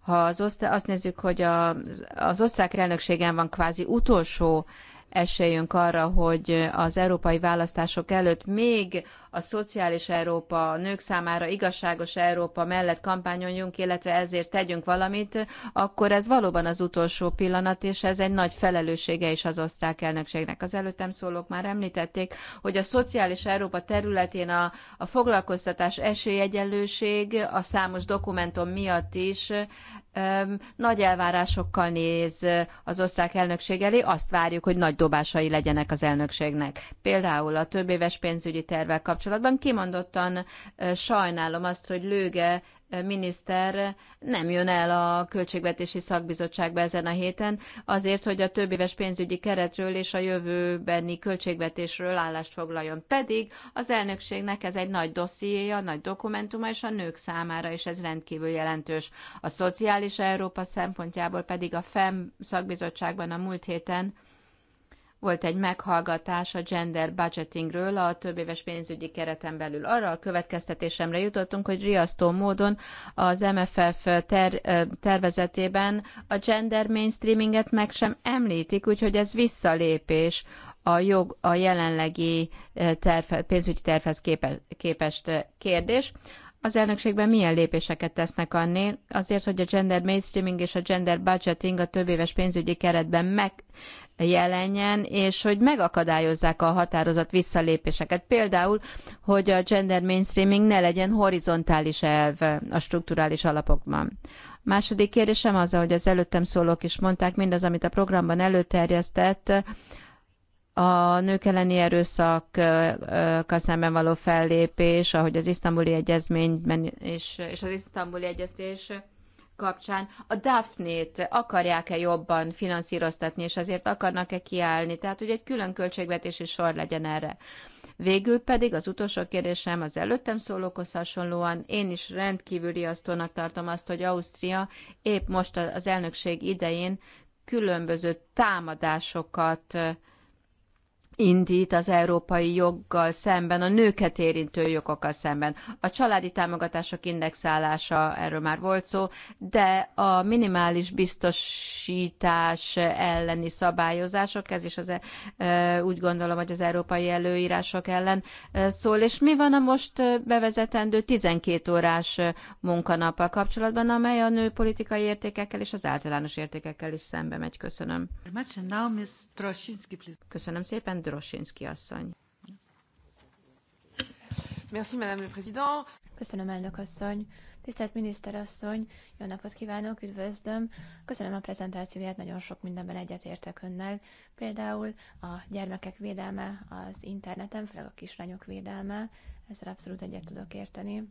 [SPEAKER 1] ha az osztá- azt nézzük, hogy a az osztrák elnökségen van kvázi utolsó esélyünk arra, hogy az európai választások előtt még a szociális Európa, a nők számára igazságos Európa mellett kampányoljunk, illetve ezért tegyünk valamit, akkor ez valóban az utolsó pillanat, és ez egy nagy felelőssége is az osztrák elnökségnek. Az előttem szólók már említették, hogy a szociális Európa területén a, a foglalkoztatás esélyegyenlőség a számos dokumentum miatt is nagy elvárásokkal néz az osztrák elnökség elé, azt várjuk, hogy nagy dobásai legyenek az elnökségnek. Például a több éves pénzügyi tervvel kapcsolatban kimondottan sajnálom azt, hogy Lőge miniszter nem jön el a Költségvetési Szakbizottságba ezen a héten, azért, hogy a több éves pénzügyi keretről és a jövőbeni költségvetésről állást foglaljon. Pedig az elnökségnek ez egy nagy dossziéja, nagy dokumentuma, és a nők számára is ez rendkívül jelentős. A Szociális Európa szempontjából pedig a FEM szakbizottságban a múlt héten volt egy meghallgatás a gender budgetingről a több éves pénzügyi kereten belül. Arra a következtetésemre jutottunk, hogy riasztó módon az MFF ter, tervezetében a gender mainstreaminget meg sem említik, úgyhogy ez visszalépés a jog a jelenlegi terv, pénzügyi tervhez képe, képest kérdés. Az elnökségben milyen lépéseket tesznek annél azért, hogy a gender mainstreaming és a gender budgeting a több éves pénzügyi keretben meg jelenjen, és hogy megakadályozzák a határozat visszalépéseket. Például, hogy a gender mainstreaming ne legyen horizontális elv a strukturális alapokban. Második kérdésem az, ahogy az előttem szólók is mondták, mindaz, amit a programban előterjesztett, a nők elleni erőszakkal szemben való fellépés, ahogy az isztambuli egyezmény és, és az isztambuli egyeztés kapcsán a Daphne-t akarják-e jobban finanszíroztatni, és azért akarnak-e kiállni. Tehát, hogy egy külön költségvetési sor legyen erre. Végül pedig az utolsó kérdésem az előttem szólókhoz hasonlóan, én is rendkívül riasztónak tartom azt, hogy Ausztria épp most az elnökség idején különböző támadásokat indít az európai joggal szemben, a nőket érintő jogokkal szemben. A családi támogatások indexálása, erről már volt szó, de a minimális biztosítás elleni szabályozások, ez is az, e, e, úgy gondolom, hogy az európai előírások ellen e, szól. És mi van a most bevezetendő 12 órás munkanappal kapcsolatban, amely a nő politikai értékekkel és az általános értékekkel is szembe megy? Köszönöm. Köszönöm szépen. Köszönöm, Drosinski asszony.
[SPEAKER 3] Merci, Madame le Président. Köszönöm, elnök asszony. Tisztelt miniszter asszony, jó napot kívánok, üdvözlöm. Köszönöm a prezentációját, nagyon sok mindenben egyetértek önnel. Például a gyermekek védelme az interneten, főleg a kislányok védelme, ezzel abszolút egyet tudok érteni.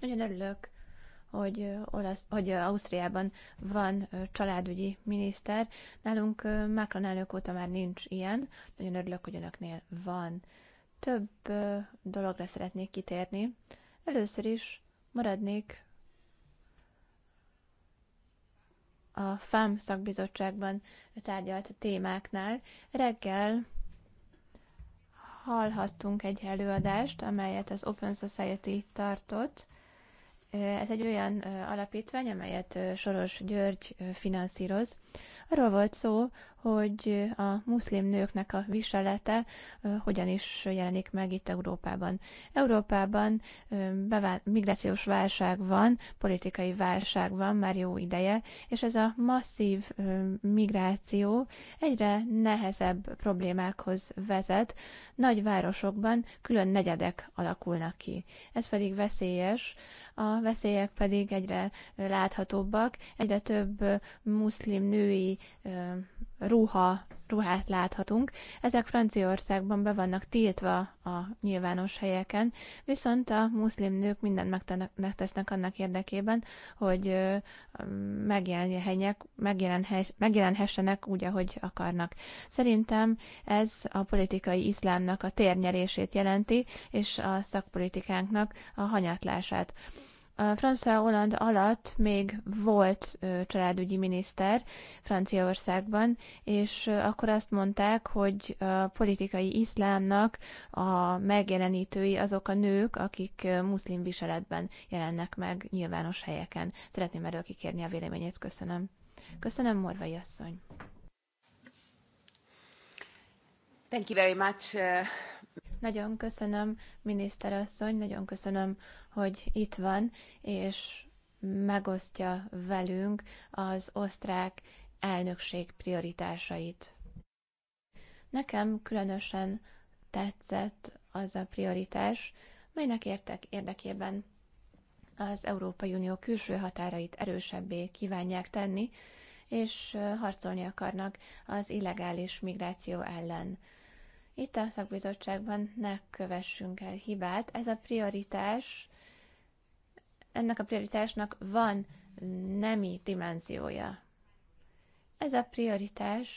[SPEAKER 3] Nagyon örülök hogy, olasz, hogy Ausztriában van családügyi miniszter. Nálunk Macron elnök óta már nincs ilyen. Nagyon örülök, hogy önöknél van. Több dologra szeretnék kitérni. Először is maradnék a FAM szakbizottságban tárgyalt témáknál. Reggel hallhattunk egy előadást, amelyet az Open Society tartott, ez egy olyan alapítvány, amelyet Soros György finanszíroz, Arról volt szó, hogy a muszlim nőknek a viselete hogyan is jelenik meg itt Európában. Európában migrációs válság van, politikai válság van már jó ideje, és ez a masszív migráció egyre nehezebb problémákhoz vezet. Nagy városokban külön negyedek alakulnak ki. Ez pedig veszélyes, a veszélyek pedig egyre láthatóbbak, egyre több muszlim nő női ruha, ruhát láthatunk. Ezek Franciaországban be vannak tiltva a nyilvános helyeken, viszont a muszlim nők mindent megtesznek annak érdekében, hogy megjelenjenek, megjelenhessenek úgy, ahogy akarnak. Szerintem ez a politikai iszlámnak a térnyerését jelenti, és a szakpolitikánknak a hanyatlását. François Hollande alatt még volt családügyi miniszter Franciaországban, és akkor azt mondták, hogy a politikai iszlámnak a megjelenítői azok a nők, akik muszlim viseletben jelennek meg nyilvános helyeken. Szeretném erről kikérni a véleményét. Köszönöm. Köszönöm, Morvai asszony. Thank you very much. Uh, nagyon köszönöm, miniszterasszony, nagyon köszönöm, hogy itt van, és megosztja velünk az osztrák elnökség prioritásait. Nekem különösen tetszett az a prioritás, melynek értek érdekében az Európai Unió külső határait erősebbé kívánják tenni, és harcolni akarnak az illegális migráció ellen. Itt a szakbizottságban ne kövessünk el hibát. Ez a prioritás, ennek a prioritásnak van nemi dimenziója. Ez a prioritás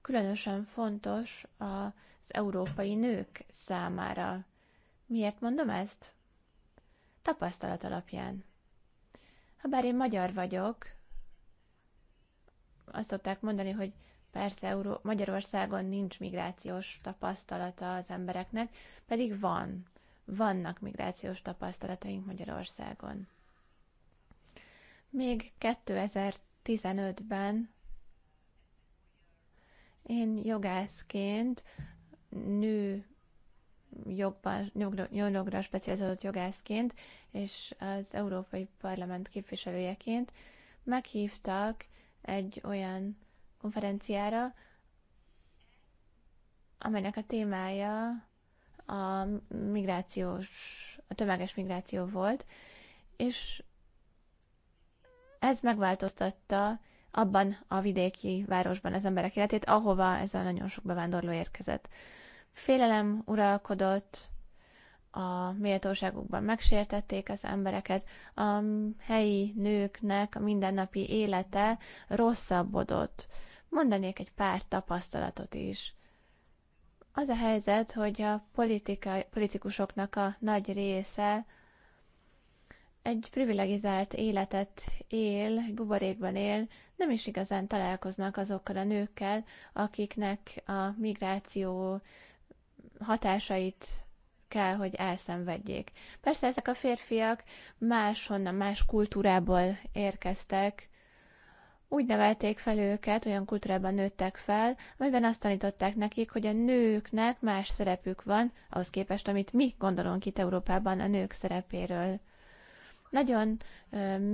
[SPEAKER 3] különösen fontos az európai nők számára. Miért mondom ezt? Tapasztalat alapján. Habár én magyar vagyok, azt szokták mondani, hogy Persze Euró- Magyarországon nincs migrációs tapasztalata az embereknek, pedig van. Vannak migrációs tapasztalataink Magyarországon. Még 2015-ben én jogászként, nő jogban, jogra, jogra jogászként, és az Európai Parlament képviselőjeként meghívtak egy olyan konferenciára, amelynek a témája a migrációs, a tömeges migráció volt, és ez megváltoztatta abban a vidéki városban az emberek életét, ahova ez a nagyon sok bevándorló érkezett. Félelem uralkodott, a méltóságukban megsértették az embereket, a helyi nőknek a mindennapi élete rosszabbodott. Mondanék egy pár tapasztalatot is. Az a helyzet, hogy a politika, politikusoknak a nagy része egy privilegizált életet él, egy buborékban él, nem is igazán találkoznak azokkal a nőkkel, akiknek a migráció hatásait kell, hogy elszenvedjék. Persze ezek a férfiak máshonnan, más kultúrából érkeztek, úgy nevelték fel őket, olyan kultúrában nőttek fel, amiben azt tanították nekik, hogy a nőknek más szerepük van, ahhoz képest, amit mi gondolunk itt Európában a nők szerepéről. Nagyon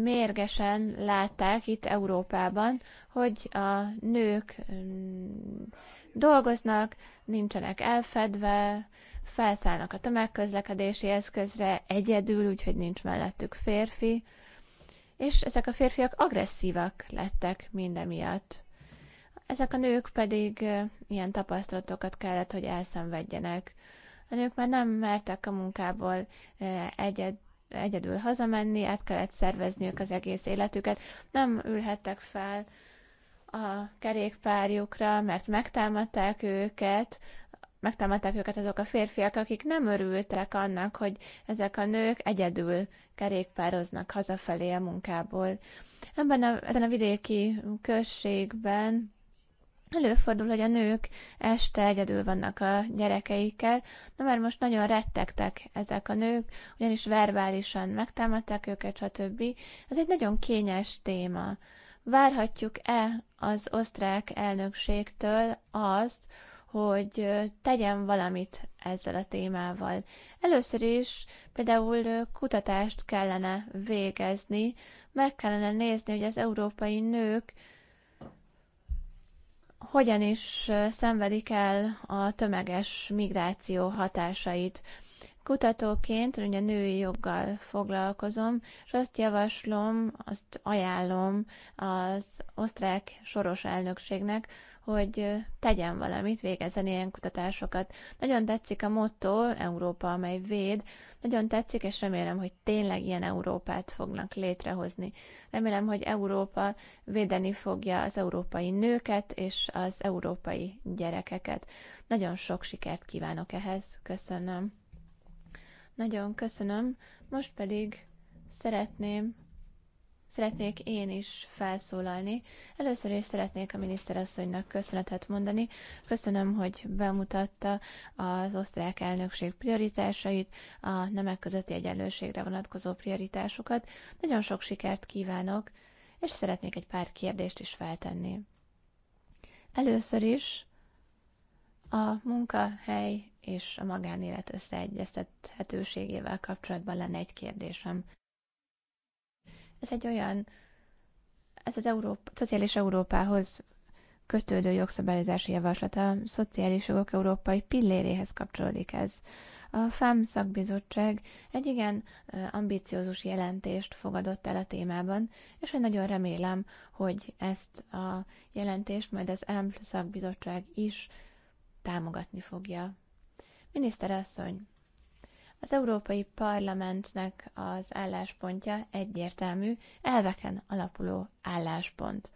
[SPEAKER 3] mérgesen látták itt Európában, hogy a nők dolgoznak, nincsenek elfedve, felszállnak a tömegközlekedési eszközre egyedül, úgyhogy nincs mellettük férfi és ezek a férfiak agresszívak lettek mindemiatt. Ezek a nők pedig ilyen tapasztalatokat kellett, hogy elszenvedjenek. A nők már nem mertek a munkából egyet egyedül hazamenni, át kellett szervezniük az egész életüket, nem ülhettek fel a kerékpárjukra, mert megtámadták őket, megtámadták őket azok a férfiak, akik nem örültek annak, hogy ezek a nők egyedül kerékpároznak hazafelé a munkából. Ebben a, ezen a vidéki községben Előfordul, hogy a nők este egyedül vannak a gyerekeikkel, de már most nagyon rettegtek ezek a nők, ugyanis verbálisan megtámadták őket, stb. Ez egy nagyon kényes téma. Várhatjuk-e az osztrák elnökségtől azt, hogy tegyen valamit ezzel a témával. Először is például kutatást kellene végezni, meg kellene nézni, hogy az európai nők hogyan is szenvedik el a tömeges migráció hatásait. Kutatóként, ugye a női joggal foglalkozom, és azt javaslom, azt ajánlom az osztrák soros elnökségnek, hogy tegyen valamit, végezzen ilyen kutatásokat. Nagyon tetszik a motto, Európa, amely véd, nagyon tetszik, és remélem, hogy tényleg ilyen Európát fognak létrehozni. Remélem, hogy Európa védeni fogja az európai nőket és az európai gyerekeket. Nagyon sok sikert kívánok ehhez, köszönöm. Nagyon köszönöm, most pedig szeretném Szeretnék én is felszólalni. Először is szeretnék a miniszterasszonynak köszönetet mondani. Köszönöm, hogy bemutatta az osztrák elnökség prioritásait, a nemek közötti egyenlőségre vonatkozó prioritásokat. Nagyon sok sikert kívánok, és szeretnék egy pár kérdést is feltenni. Először is a munkahely és a magánélet összeegyeztethetőségével kapcsolatban lenne egy kérdésem. Ez egy olyan, ez az Európa, szociális Európához kötődő jogszabályozási javaslat, a szociális jogok európai pilléréhez kapcsolódik ez. A FEM szakbizottság egy igen ambiciózus jelentést fogadott el a témában, és én nagyon remélem, hogy ezt a jelentést majd az EMPL szakbizottság is támogatni fogja. Miniszterasszony, az Európai Parlamentnek az álláspontja egyértelmű, elveken alapuló álláspont.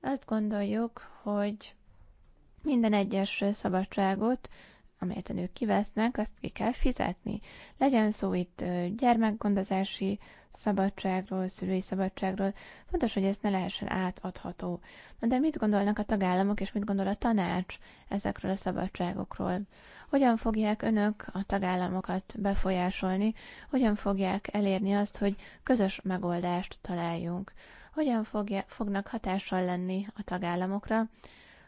[SPEAKER 3] Azt gondoljuk, hogy minden egyes szabadságot, amelyet a nők kivesznek, azt ki kell fizetni. Legyen szó itt gyermekgondozási szabadságról, szülői szabadságról. Fontos, hogy ezt ne lehessen átadható. Na de mit gondolnak a tagállamok, és mit gondol a tanács ezekről a szabadságokról? Hogyan fogják önök a tagállamokat befolyásolni? Hogyan fogják elérni azt, hogy közös megoldást találjunk? Hogyan fogja, fognak hatással lenni a tagállamokra?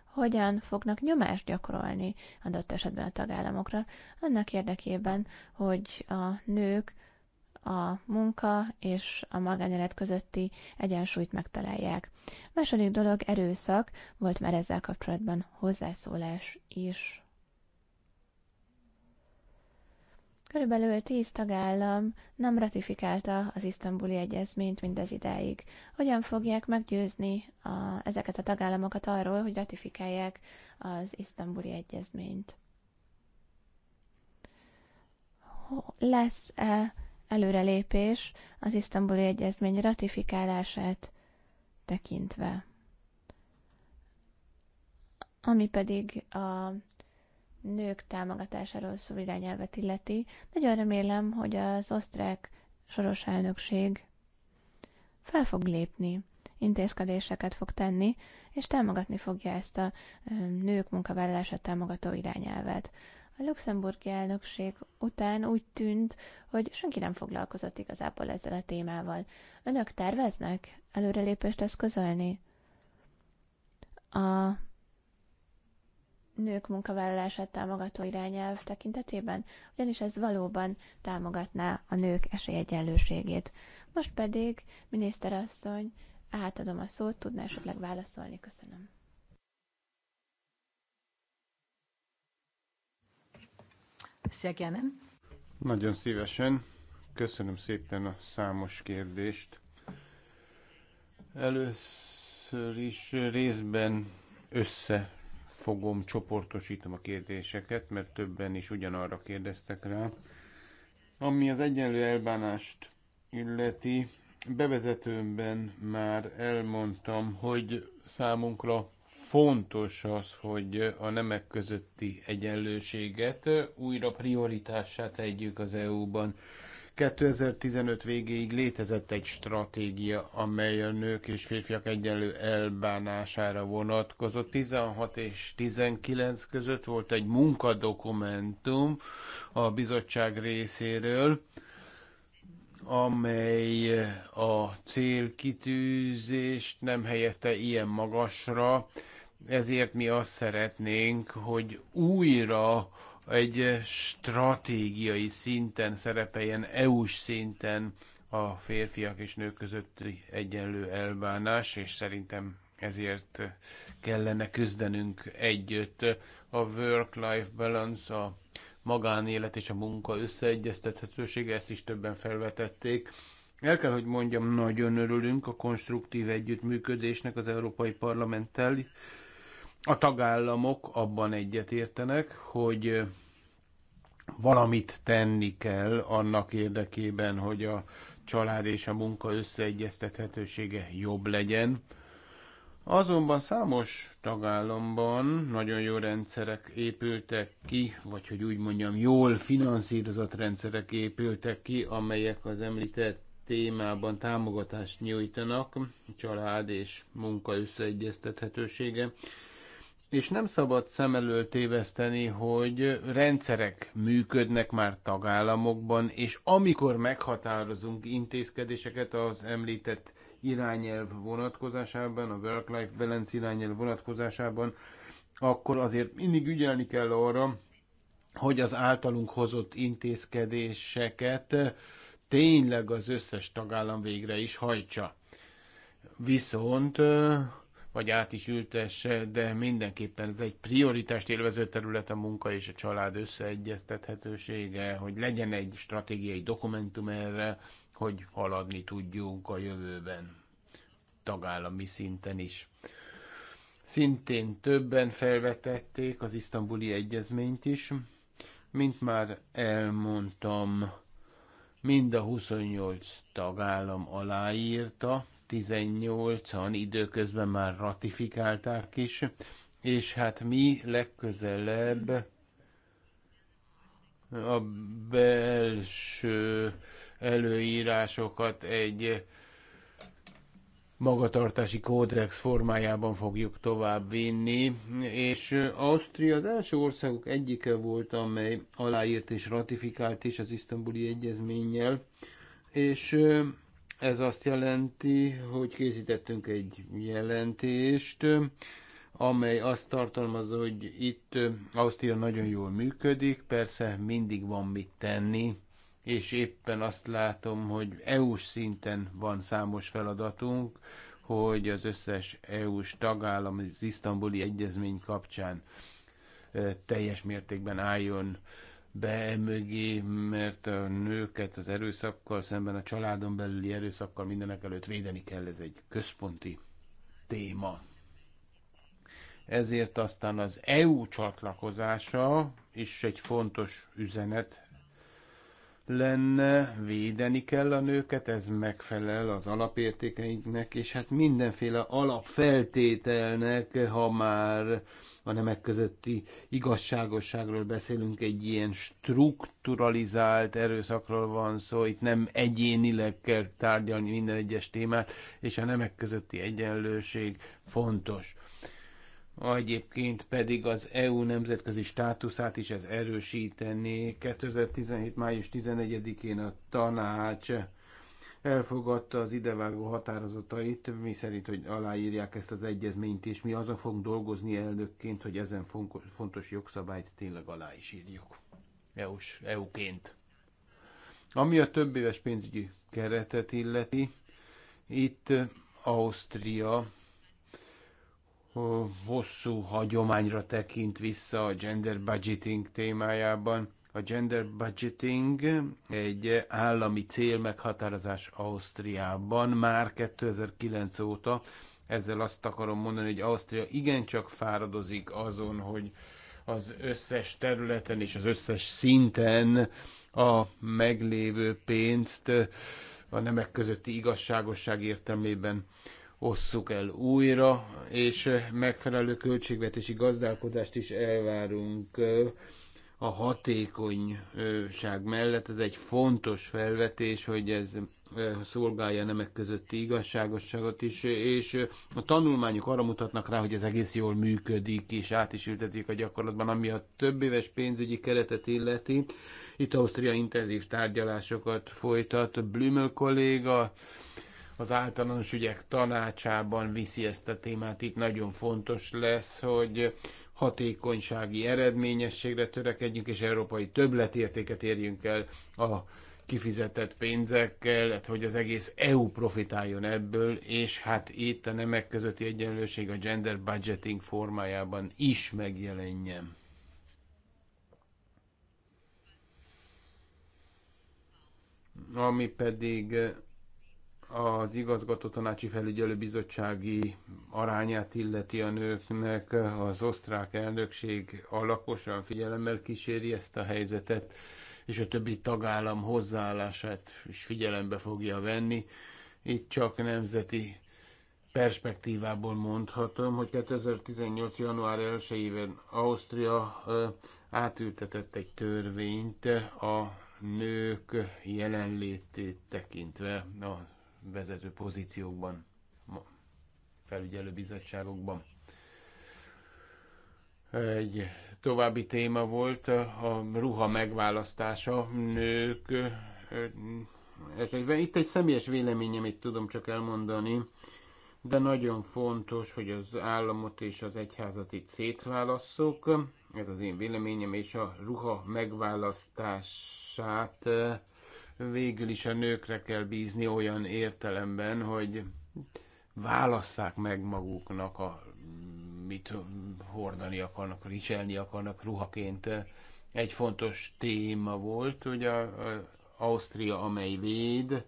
[SPEAKER 3] hogyan fognak nyomást gyakorolni adott esetben a tagállamokra, annak érdekében, hogy a nők a munka és a magánélet közötti egyensúlyt megtalálják. második dolog erőszak, volt már ezzel kapcsolatban hozzászólás is. Körülbelül tíz tagállam nem ratifikálta az isztambuli egyezményt mindez idáig. Hogyan fogják meggyőzni a, ezeket a tagállamokat arról, hogy ratifikálják az isztambuli egyezményt? Lesz-e előrelépés az isztambuli egyezmény ratifikálását tekintve. Ami pedig a nők támogatásáról szól irányelvet illeti, nagyon remélem, hogy az osztrák soros elnökség fel fog lépni, intézkedéseket fog tenni, és támogatni fogja ezt a nők munkavállalását támogató irányelvet. A luxemburgi elnökség után úgy tűnt, hogy senki nem foglalkozott igazából ezzel a témával. Önök terveznek előrelépést eszközölni? A nők munkavállalását támogató irányelv tekintetében, ugyanis ez valóban támogatná a nők esélyegyenlőségét. Most pedig, miniszterasszony, átadom a szót, tudná esetleg válaszolni. Köszönöm.
[SPEAKER 1] Sehr gerne.
[SPEAKER 2] Nagyon szívesen. Köszönöm szépen a számos kérdést. Először is részben összefogom, csoportosítom a kérdéseket, mert többen is ugyanarra kérdeztek rá. Ami az egyenlő elbánást illeti, bevezetőmben már elmondtam, hogy számunkra fontos az, hogy a nemek közötti egyenlőséget újra prioritássá tegyük az EU-ban. 2015 végéig létezett egy stratégia, amely a nők és férfiak egyenlő elbánására vonatkozott. 16 és 19 között volt egy munkadokumentum a bizottság részéről, amely eh, a célkitűzést nem helyezte ilyen magasra, ezért mi azt szeretnénk, hogy újra egy stratégiai szinten szerepeljen, EU-s szinten a férfiak és nők közötti egyenlő elbánás, és szerintem ezért kellene küzdenünk együtt. A work-life balance, a magánélet és a munka összeegyeztethetősége, ezt is többen felvetették. El kell, hogy mondjam, nagyon örülünk a konstruktív együttműködésnek az Európai Parlamenttel. A tagállamok abban egyetértenek, hogy valamit tenni kell annak érdekében, hogy a család és a munka összeegyeztethetősége jobb legyen. Azonban számos tagállamban nagyon jó rendszerek épültek ki, vagy hogy úgy mondjam, jól finanszírozott rendszerek épültek ki, amelyek az említett témában támogatást nyújtanak, család és munka összeegyeztethetősége. És nem szabad szem elől téveszteni, hogy rendszerek működnek már tagállamokban, és amikor meghatározunk intézkedéseket az említett irányelv vonatkozásában, a work-life balance irányelv vonatkozásában, akkor azért mindig ügyelni kell arra, hogy az általunk hozott intézkedéseket tényleg az összes tagállam végre is hajtsa. Viszont, vagy át is ültesse, de mindenképpen ez egy prioritást élvező terület a munka és a család összeegyeztethetősége, hogy legyen egy stratégiai dokumentum erre, hogy haladni tudjunk a jövőben, tagállami szinten is. Szintén többen felvetették az isztambuli egyezményt is, mint már elmondtam, mind a 28 tagállam aláírta, 18-an időközben már ratifikálták is, és hát mi legközelebb a belső előírásokat egy magatartási kódex formájában fogjuk tovább vinni, és Ausztria az első országok egyike volt, amely aláírt és ratifikált is az isztambuli egyezménnyel, és ez azt jelenti, hogy készítettünk egy jelentést, amely azt tartalmazza, hogy itt Ausztria nagyon jól működik, persze mindig van mit tenni, és éppen azt látom, hogy EU-s szinten van számos feladatunk, hogy az összes EU-s tagállam az isztambuli egyezmény kapcsán teljes mértékben álljon be e mögé, mert a nőket az erőszakkal szemben, a családon belüli erőszakkal mindenek előtt védeni kell, ez egy központi téma ezért aztán az EU csatlakozása is egy fontos üzenet lenne, védeni kell a nőket, ez megfelel az alapértékeinknek, és hát mindenféle alapfeltételnek, ha már a nemek közötti igazságosságról beszélünk, egy ilyen strukturalizált erőszakról van szó, itt nem egyénileg kell tárgyalni minden egyes témát, és a nemek közötti egyenlőség fontos. Egyébként pedig az EU nemzetközi státuszát is ez erősítené. 2017. május 11-én a tanács elfogadta az idevágó határozatait, mi szerint, hogy aláírják ezt az egyezményt, és mi azon fogunk dolgozni elnökként, hogy ezen fontos jogszabályt tényleg alá is írjuk. EU-s, EU-ként. Ami a több éves pénzügyi keretet illeti, itt Ausztria hosszú hagyományra tekint vissza a gender budgeting témájában. A gender budgeting egy állami cél meghatározás Ausztriában már 2009 óta. Ezzel azt akarom mondani, hogy Ausztria igencsak fáradozik azon, hogy az összes területen és az összes szinten a meglévő pénzt a nemek közötti igazságosság értelmében osszuk el újra, és eh, megfelelő költségvetési gazdálkodást is elvárunk eh, a hatékonyság mellett. Ez egy fontos felvetés, hogy ez eh, szolgálja nemek közötti igazságosságot is, és a tanulmányok arra mutatnak rá, hogy ez egész jól működik, és át is ültetik a gyakorlatban, ami a több éves pénzügyi keretet illeti. Itt Ausztria intenzív tárgyalásokat folytat, Blümel kolléga, az általános ügyek tanácsában viszi ezt a témát. Itt nagyon fontos lesz, hogy hatékonysági eredményességre törekedjünk, és európai többletértéket érjünk el a kifizetett pénzekkel, hát, hogy az egész EU profitáljon ebből, és hát itt a nemek közötti egyenlőség a gender budgeting formájában is megjelenjen. Ami pedig az igazgató tanácsi felügyelőbizottsági arányát illeti a nőknek, az osztrák elnökség alaposan figyelemmel kíséri ezt a helyzetet, és a többi tagállam hozzáállását is figyelembe fogja venni. Itt csak nemzeti perspektívából mondhatom, hogy 2018. január 1-ével Ausztria átültetett egy törvényt a nők jelenlétét tekintve Na vezető pozíciókban, felügyelő bizottságokban. Egy további téma volt a ruha megválasztása nők Itt egy személyes véleményem, itt tudom csak elmondani, de nagyon fontos, hogy az államot és az egyházat itt szétválasszuk. Ez az én véleményem, és a ruha megválasztását végül is a nőkre kell bízni olyan értelemben, hogy válasszák meg maguknak, a, mit hordani akarnak, ricselni akarnak ruhaként. Egy fontos téma volt, hogy a Ausztria, amely véd,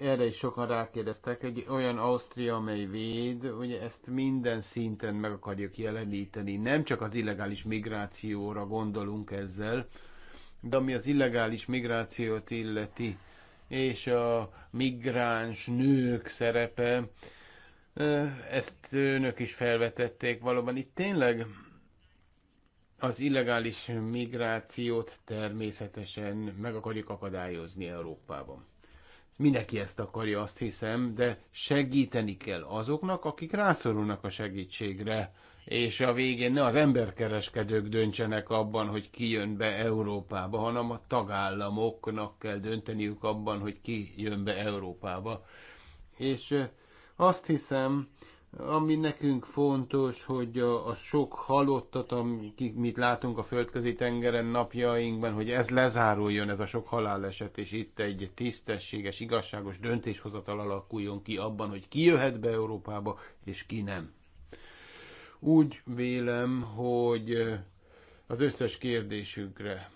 [SPEAKER 2] erre is sokan rákérdeztek, egy olyan Ausztria, amely véd, hogy ezt minden szinten meg akarjuk jeleníteni. Nem csak az illegális migrációra gondolunk ezzel, de ami az illegális migrációt illeti, és a migráns nők szerepe, ezt önök is felvetették valóban. Itt tényleg az illegális migrációt természetesen meg akarjuk akadályozni Európában. Mindenki ezt akarja, azt hiszem, de segíteni kell azoknak, akik rászorulnak a segítségre és a végén ne az emberkereskedők döntsenek abban, hogy ki jön be Európába, hanem a tagállamoknak kell dönteniük abban, hogy ki jön be Európába. És azt hiszem, ami nekünk fontos, hogy a, a sok halottat, amit látunk a földközi tengeren napjainkban, hogy ez lezáruljon, ez a sok haláleset, és itt egy tisztességes, igazságos döntéshozatal alakuljon ki abban, hogy ki jöhet be Európába, és ki nem. Úgy vélem, hogy eh, az összes kérdésükre.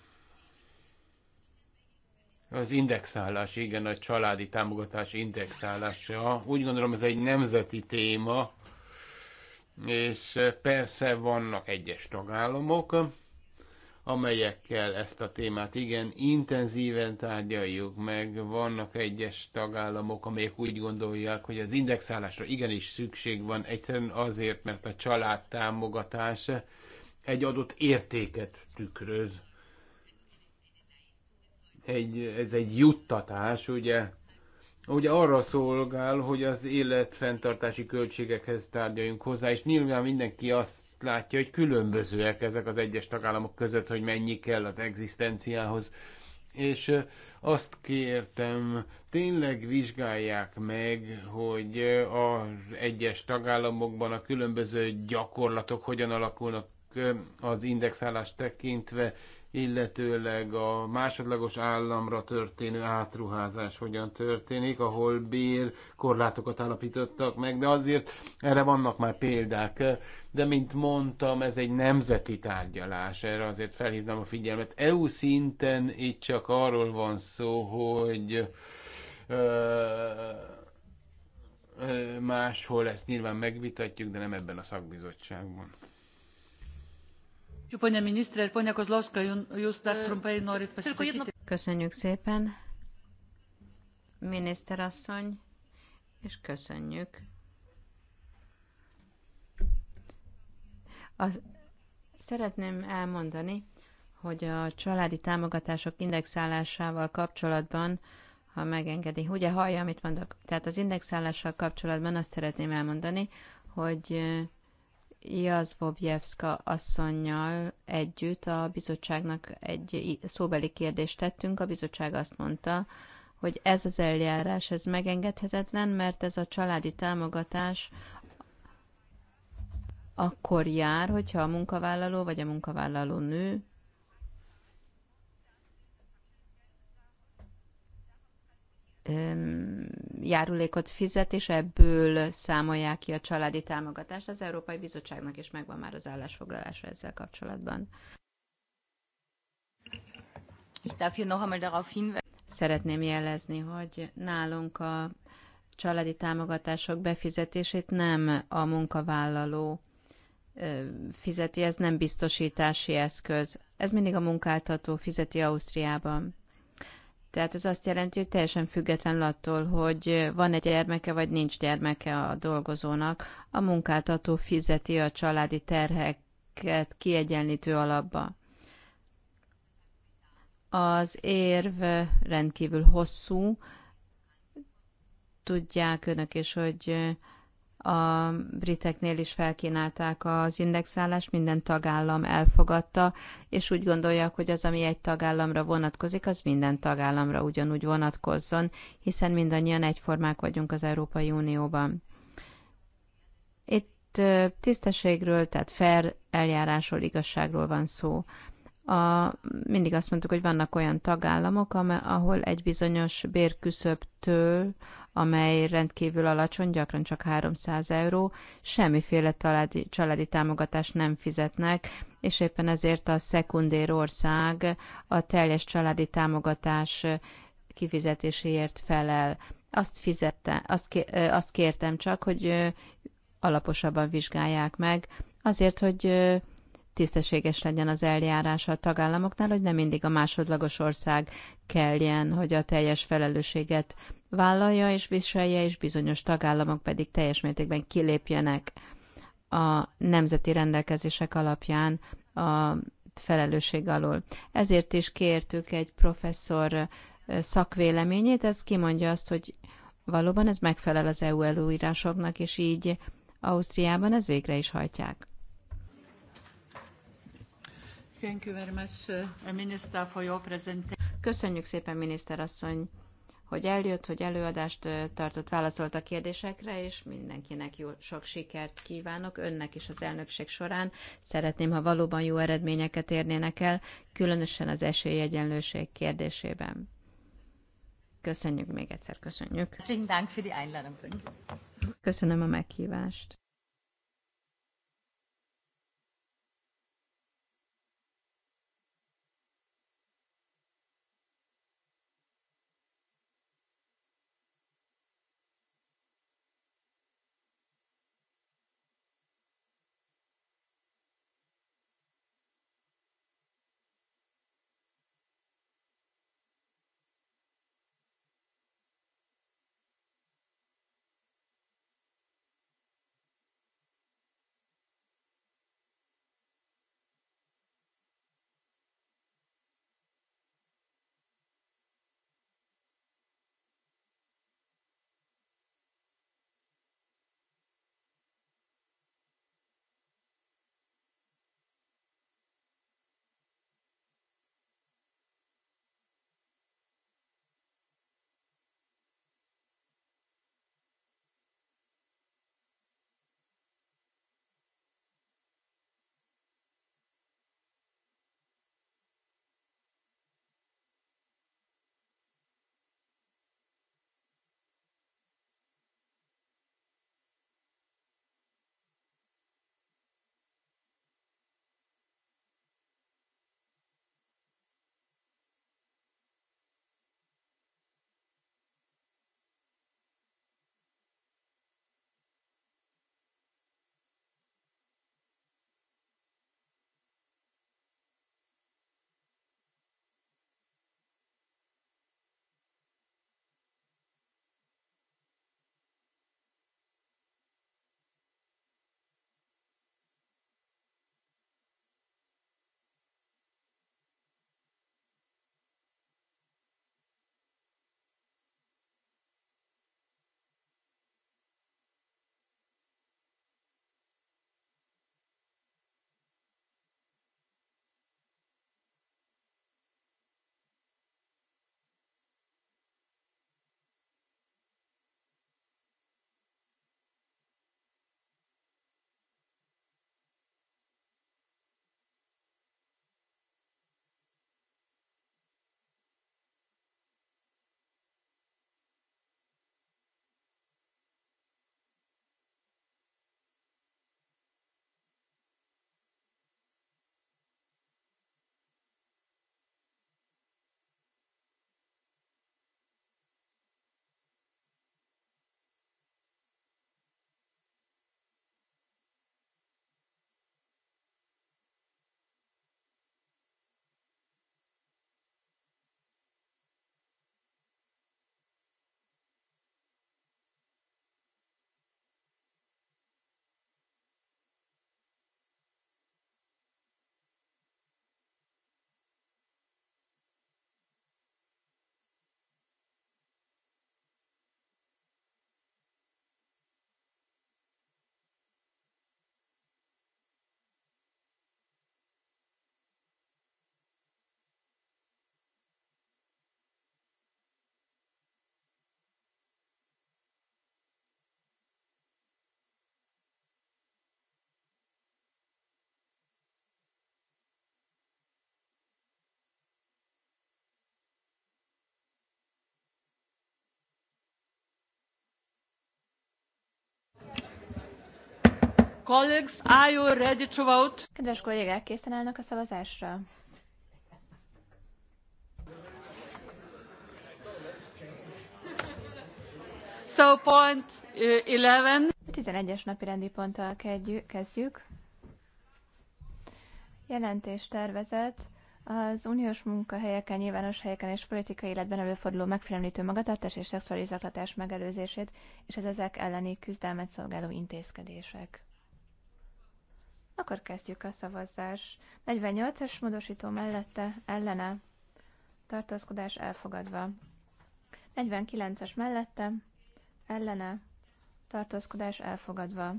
[SPEAKER 2] az indexálás, igen, a családi támogatás indexálása. Úgy gondolom, ez egy nemzeti téma, és eh, persze vannak egyes tagállamok, amelyekkel ezt a témát igen intenzíven tárgyaljuk meg. Vannak egyes tagállamok, amelyek úgy gondolják, hogy az indexálásra igenis szükség van, egyszerűen azért, mert a támogatása egy adott értéket tükröz. Egy, ez egy juttatás, ugye, ugye arra szolgál, hogy az életfenntartási költségekhez tárgyaljunk hozzá, és nyilván mindenki azt látja, hogy különbözőek ezek az egyes tagállamok között, hogy mennyi kell az egzisztenciához. És azt kértem, tényleg vizsgálják meg, hogy az egyes tagállamokban a különböző gyakorlatok hogyan alakulnak az indexálást tekintve, illetőleg a másodlagos államra történő átruházás hogyan történik, ahol bér korlátokat állapítottak meg, de azért erre vannak már példák. De mint mondtam, ez egy nemzeti tárgyalás, erre azért felhívnám a figyelmet. EU szinten itt csak arról van szó, hogy máshol ezt nyilván megvitatjuk, de nem ebben a szakbizottságban
[SPEAKER 1] miniszter, e, Köszönjük szépen, miniszterasszony, és köszönjük. Az, szeretném elmondani, hogy a családi támogatások indexálásával kapcsolatban, ha megengedi, ugye hallja, amit mondok. Tehát az indexálással kapcsolatban azt szeretném elmondani, hogy Jazvobjevska asszonynal együtt a bizottságnak egy szóbeli kérdést tettünk. A bizottság azt mondta, hogy ez az eljárás, ez megengedhetetlen, mert ez a családi támogatás akkor jár, hogyha a munkavállaló vagy a munkavállaló nő járulékot fizet, és ebből számolják ki a családi támogatást. Az Európai Bizottságnak is megvan már az állásfoglalása ezzel kapcsolatban. Szeretném jelezni, hogy nálunk a családi támogatások befizetését nem a munkavállaló fizeti, ez nem biztosítási eszköz. Ez mindig a munkáltató fizeti Ausztriában. Tehát ez azt jelenti, hogy teljesen független attól, hogy van egy gyermeke vagy nincs gyermeke a dolgozónak, a munkáltató fizeti a családi terheket kiegyenlítő alapba. Az érv rendkívül hosszú, tudják önök is, hogy a briteknél is felkínálták az indexálást, minden tagállam elfogadta, és úgy gondolják, hogy az, ami egy tagállamra vonatkozik, az minden tagállamra ugyanúgy vonatkozzon, hiszen mindannyian egyformák vagyunk az Európai Unióban. Itt tisztességről, tehát fair eljárásról, igazságról van szó a, mindig azt mondtuk, hogy vannak olyan tagállamok, ahol egy bizonyos bérküszöbtől, amely rendkívül alacsony, gyakran csak 300 euró, semmiféle taládi, családi támogatást nem fizetnek, és éppen ezért a szekundér ország a teljes családi támogatás kifizetéséért felel. Azt fizette, azt, azt kértem csak, hogy alaposabban vizsgálják meg, azért, hogy tisztességes legyen az eljárása a tagállamoknál, hogy nem mindig a másodlagos ország kelljen, hogy a teljes felelősséget vállalja és viselje, és bizonyos tagállamok pedig teljes mértékben kilépjenek a nemzeti rendelkezések alapján a felelősség alól. Ezért is kértük egy professzor szakvéleményét, ez kimondja azt, hogy valóban ez megfelel az EU előírásoknak, és így Ausztriában ez végre is hajtják. Uh, köszönjük szépen, miniszterasszony, hogy eljött, hogy előadást uh, tartott, válaszolt a kérdésekre, és mindenkinek jó sok sikert kívánok. Önnek is az elnökség során szeretném, ha valóban jó eredményeket érnének el, különösen az esélyegyenlőség kérdésében. Köszönjük még egyszer, köszönjük. Köszönöm a meghívást. Colleagues, are you ready
[SPEAKER 3] to vote? Kedves kollégák, készen állnak a szavazásra? So point 11. A 11-es napi rendi ponttal kezdjük. Jelentés tervezett az uniós munkahelyeken, nyilvános helyeken és politikai életben előforduló megfélemlítő magatartás és szexuális zaklatás megelőzését és az ezek elleni küzdelmet szolgáló intézkedések. Akkor kezdjük a szavazás. 48-as módosító mellette, ellene, tartózkodás elfogadva. 49-es mellette, ellene, tartózkodás elfogadva.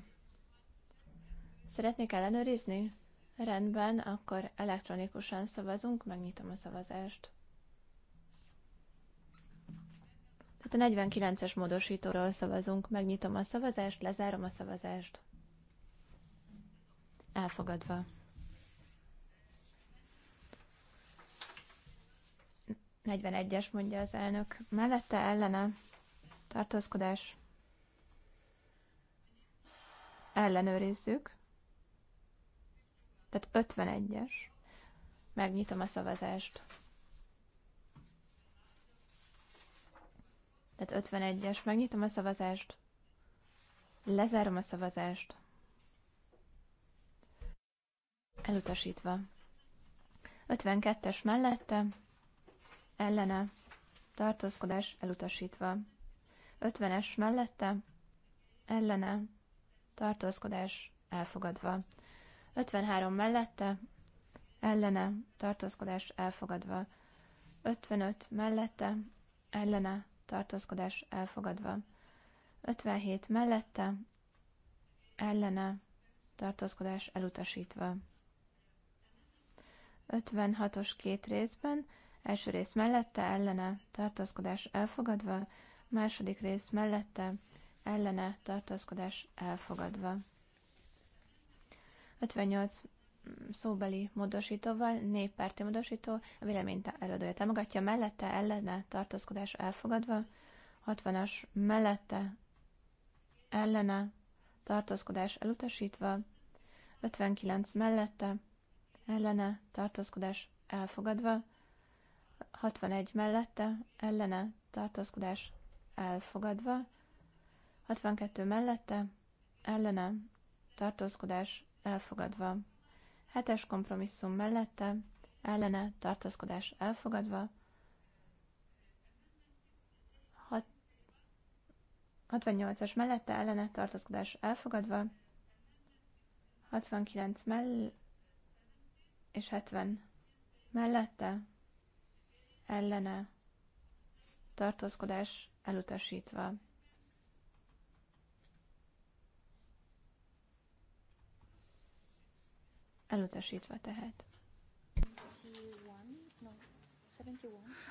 [SPEAKER 3] Szeretnék ellenőrizni? Rendben, akkor elektronikusan szavazunk, megnyitom a szavazást. Tehát a 49-es módosítóról szavazunk, megnyitom a szavazást, lezárom a szavazást. Elfogadva. Negyvenegyes mondja az elnök. Mellette ellene tartózkodás. Ellenőrizzük. Tehát 51-es. Megnyitom a szavazást. Tehát 51-es. Megnyitom a szavazást. Lezárom a szavazást. Elutasítva. 52-es mellette, ellene, tartózkodás elutasítva. 50-es mellette, ellene, tartózkodás elfogadva. 53 mellette, ellene, tartózkodás elfogadva. 55 mellette, ellene, tartózkodás elfogadva. 57 mellette, ellene, tartózkodás elutasítva. 56-os két részben, első rész mellette, ellene, tartózkodás elfogadva, második rész mellette, ellene, tartózkodás elfogadva. 58 szóbeli módosítóval, néppárti módosító, a vélemény erődője támogatja, mellette, ellene, tartózkodás elfogadva, 60-as mellette, ellene, tartózkodás elutasítva, 59 mellette, ellene tartózkodás elfogadva, 61 mellette ellene tartózkodás elfogadva, 62 mellette ellene tartózkodás elfogadva, 7-es kompromisszum mellette ellene tartózkodás elfogadva, 68-as mellette ellene tartózkodás elfogadva, 69 mell és 70 mellette ellene tartózkodás elutasítva. Elutasítva tehát.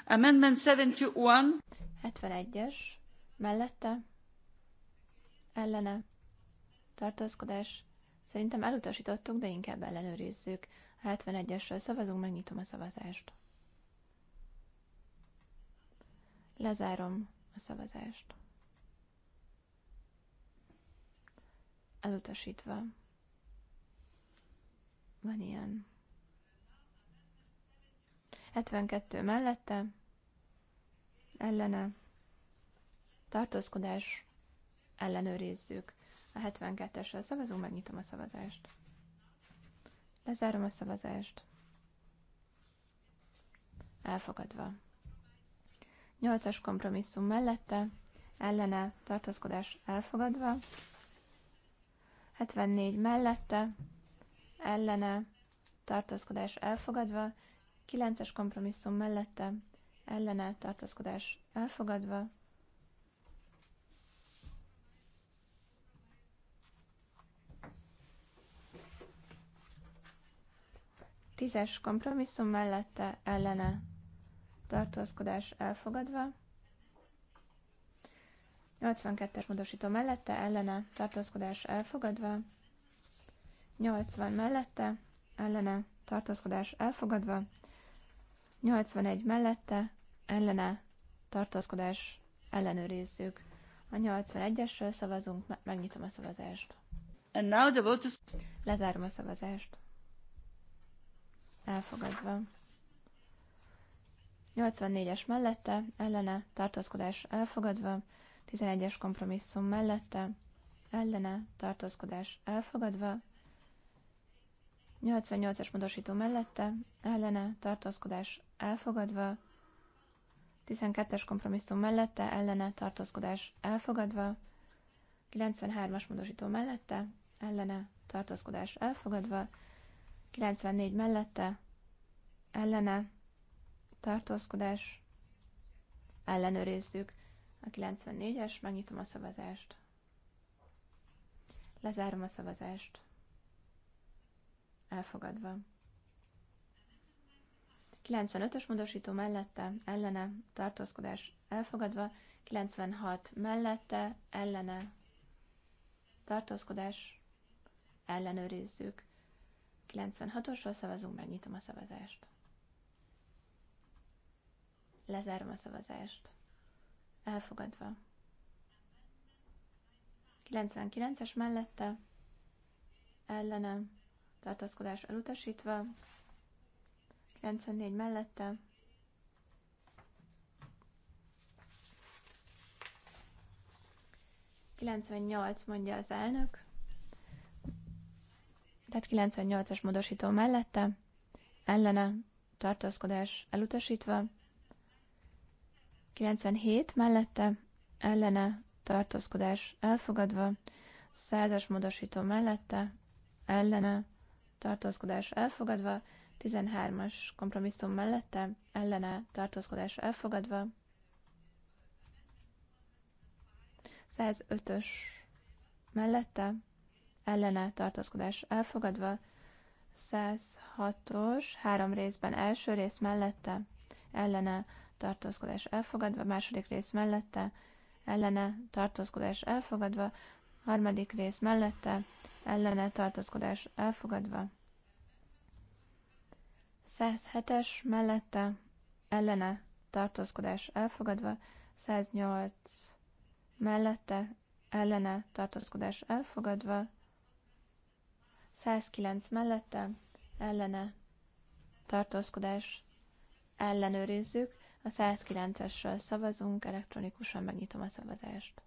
[SPEAKER 3] Amendment 71. 71-es. Mellette. Ellene. Tartózkodás. Szerintem elutasítottuk, de inkább ellenőrizzük. 71-esről szavazunk, megnyitom a szavazást. Lezárom a szavazást. Elutasítva. Van ilyen. 72 mellette, ellene, tartózkodás, ellenőrizzük. A 72-esről szavazunk, megnyitom a szavazást. Lezárom a szavazást. Elfogadva. nyolcas kompromisszum mellette, ellene tartózkodás elfogadva. 74 mellette, ellene tartózkodás elfogadva. 9-es kompromisszum mellette, ellene tartózkodás elfogadva. Tízes kompromisszum mellette ellene tartózkodás elfogadva. 82-es módosító mellette ellene tartózkodás elfogadva. 80 mellette ellene tartózkodás elfogadva. 81 mellette ellene tartózkodás ellenőrizzük. A 81-esről szavazunk, megnyitom a szavazást. And now the vote is... Lezárom a szavazást elfogadva. 84-es mellette, ellene, tartózkodás elfogadva, 11-es kompromisszum mellette, ellene, tartózkodás elfogadva, 88-as módosító mellette, ellene, tartózkodás elfogadva, 12-es kompromisszum mellette, ellene, tartózkodás elfogadva, 93-as módosító mellette, ellene, tartózkodás elfogadva, 94 mellette, ellene, tartózkodás, ellenőrizzük a 94-es, megnyitom a szavazást. Lezárom a szavazást. Elfogadva. 95-ös módosító mellette, ellene, tartózkodás elfogadva, 96 mellette, ellene, tartózkodás ellenőrizzük. 96-osról szavazunk, megnyitom a szavazást. Lezárom a szavazást. Elfogadva. 99-es mellette, ellenem, tartózkodás elutasítva, 94 mellette, Kilencvennyolc, mondja az elnök tehát 98-as módosító mellette, ellene, tartózkodás elutasítva, 97 mellette, ellene, tartózkodás elfogadva, 100-as módosító mellette, ellene, tartózkodás elfogadva, 13-as kompromisszum mellette, ellene, tartózkodás elfogadva, 105-ös mellette, ellene tartózkodás elfogadva, 106-os, három részben első rész mellette, ellene tartózkodás elfogadva, második rész mellette, ellene tartózkodás elfogadva, harmadik rész mellette, ellene tartózkodás elfogadva. 107-es mellette, ellene tartózkodás elfogadva, 108 mellette, ellene tartózkodás elfogadva, 109 mellette, ellene, tartózkodás, ellenőrizzük. A 109-esről szavazunk, elektronikusan megnyitom a szavazást.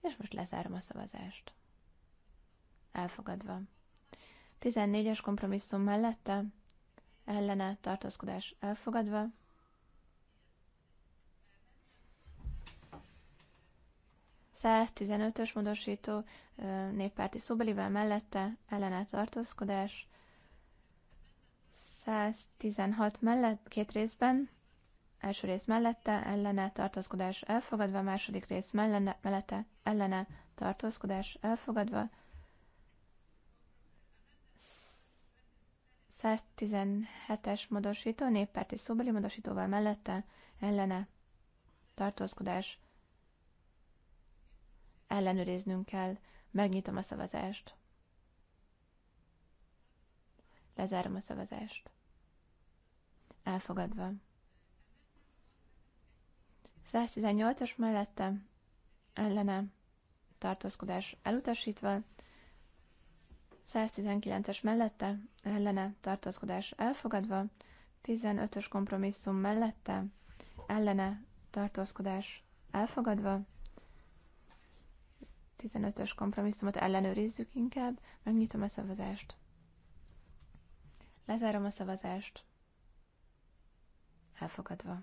[SPEAKER 3] És most lezárom a szavazást. Elfogadva. 14-es kompromisszum mellette, ellene, tartózkodás elfogadva. 115-ös módosító néppárti szóbelivel mellette ellene tartózkodás. 116 mellett, két részben, első rész mellette, ellene tartózkodás elfogadva, második rész mellene, mellette, ellene tartózkodás elfogadva, 117-es modosító néppárti szóbeli modosítóval mellette, ellene tartózkodás ellenőriznünk kell. Megnyitom a szavazást. Lezárom a szavazást. Elfogadva. 118-as mellette ellene tartózkodás elutasítva, 119-es mellette ellene tartózkodás elfogadva, 15-ös kompromisszum mellette ellene tartózkodás elfogadva, 15-ös kompromisszumot ellenőrizzük inkább, megnyitom a szavazást. Lezárom a szavazást. Elfogadva.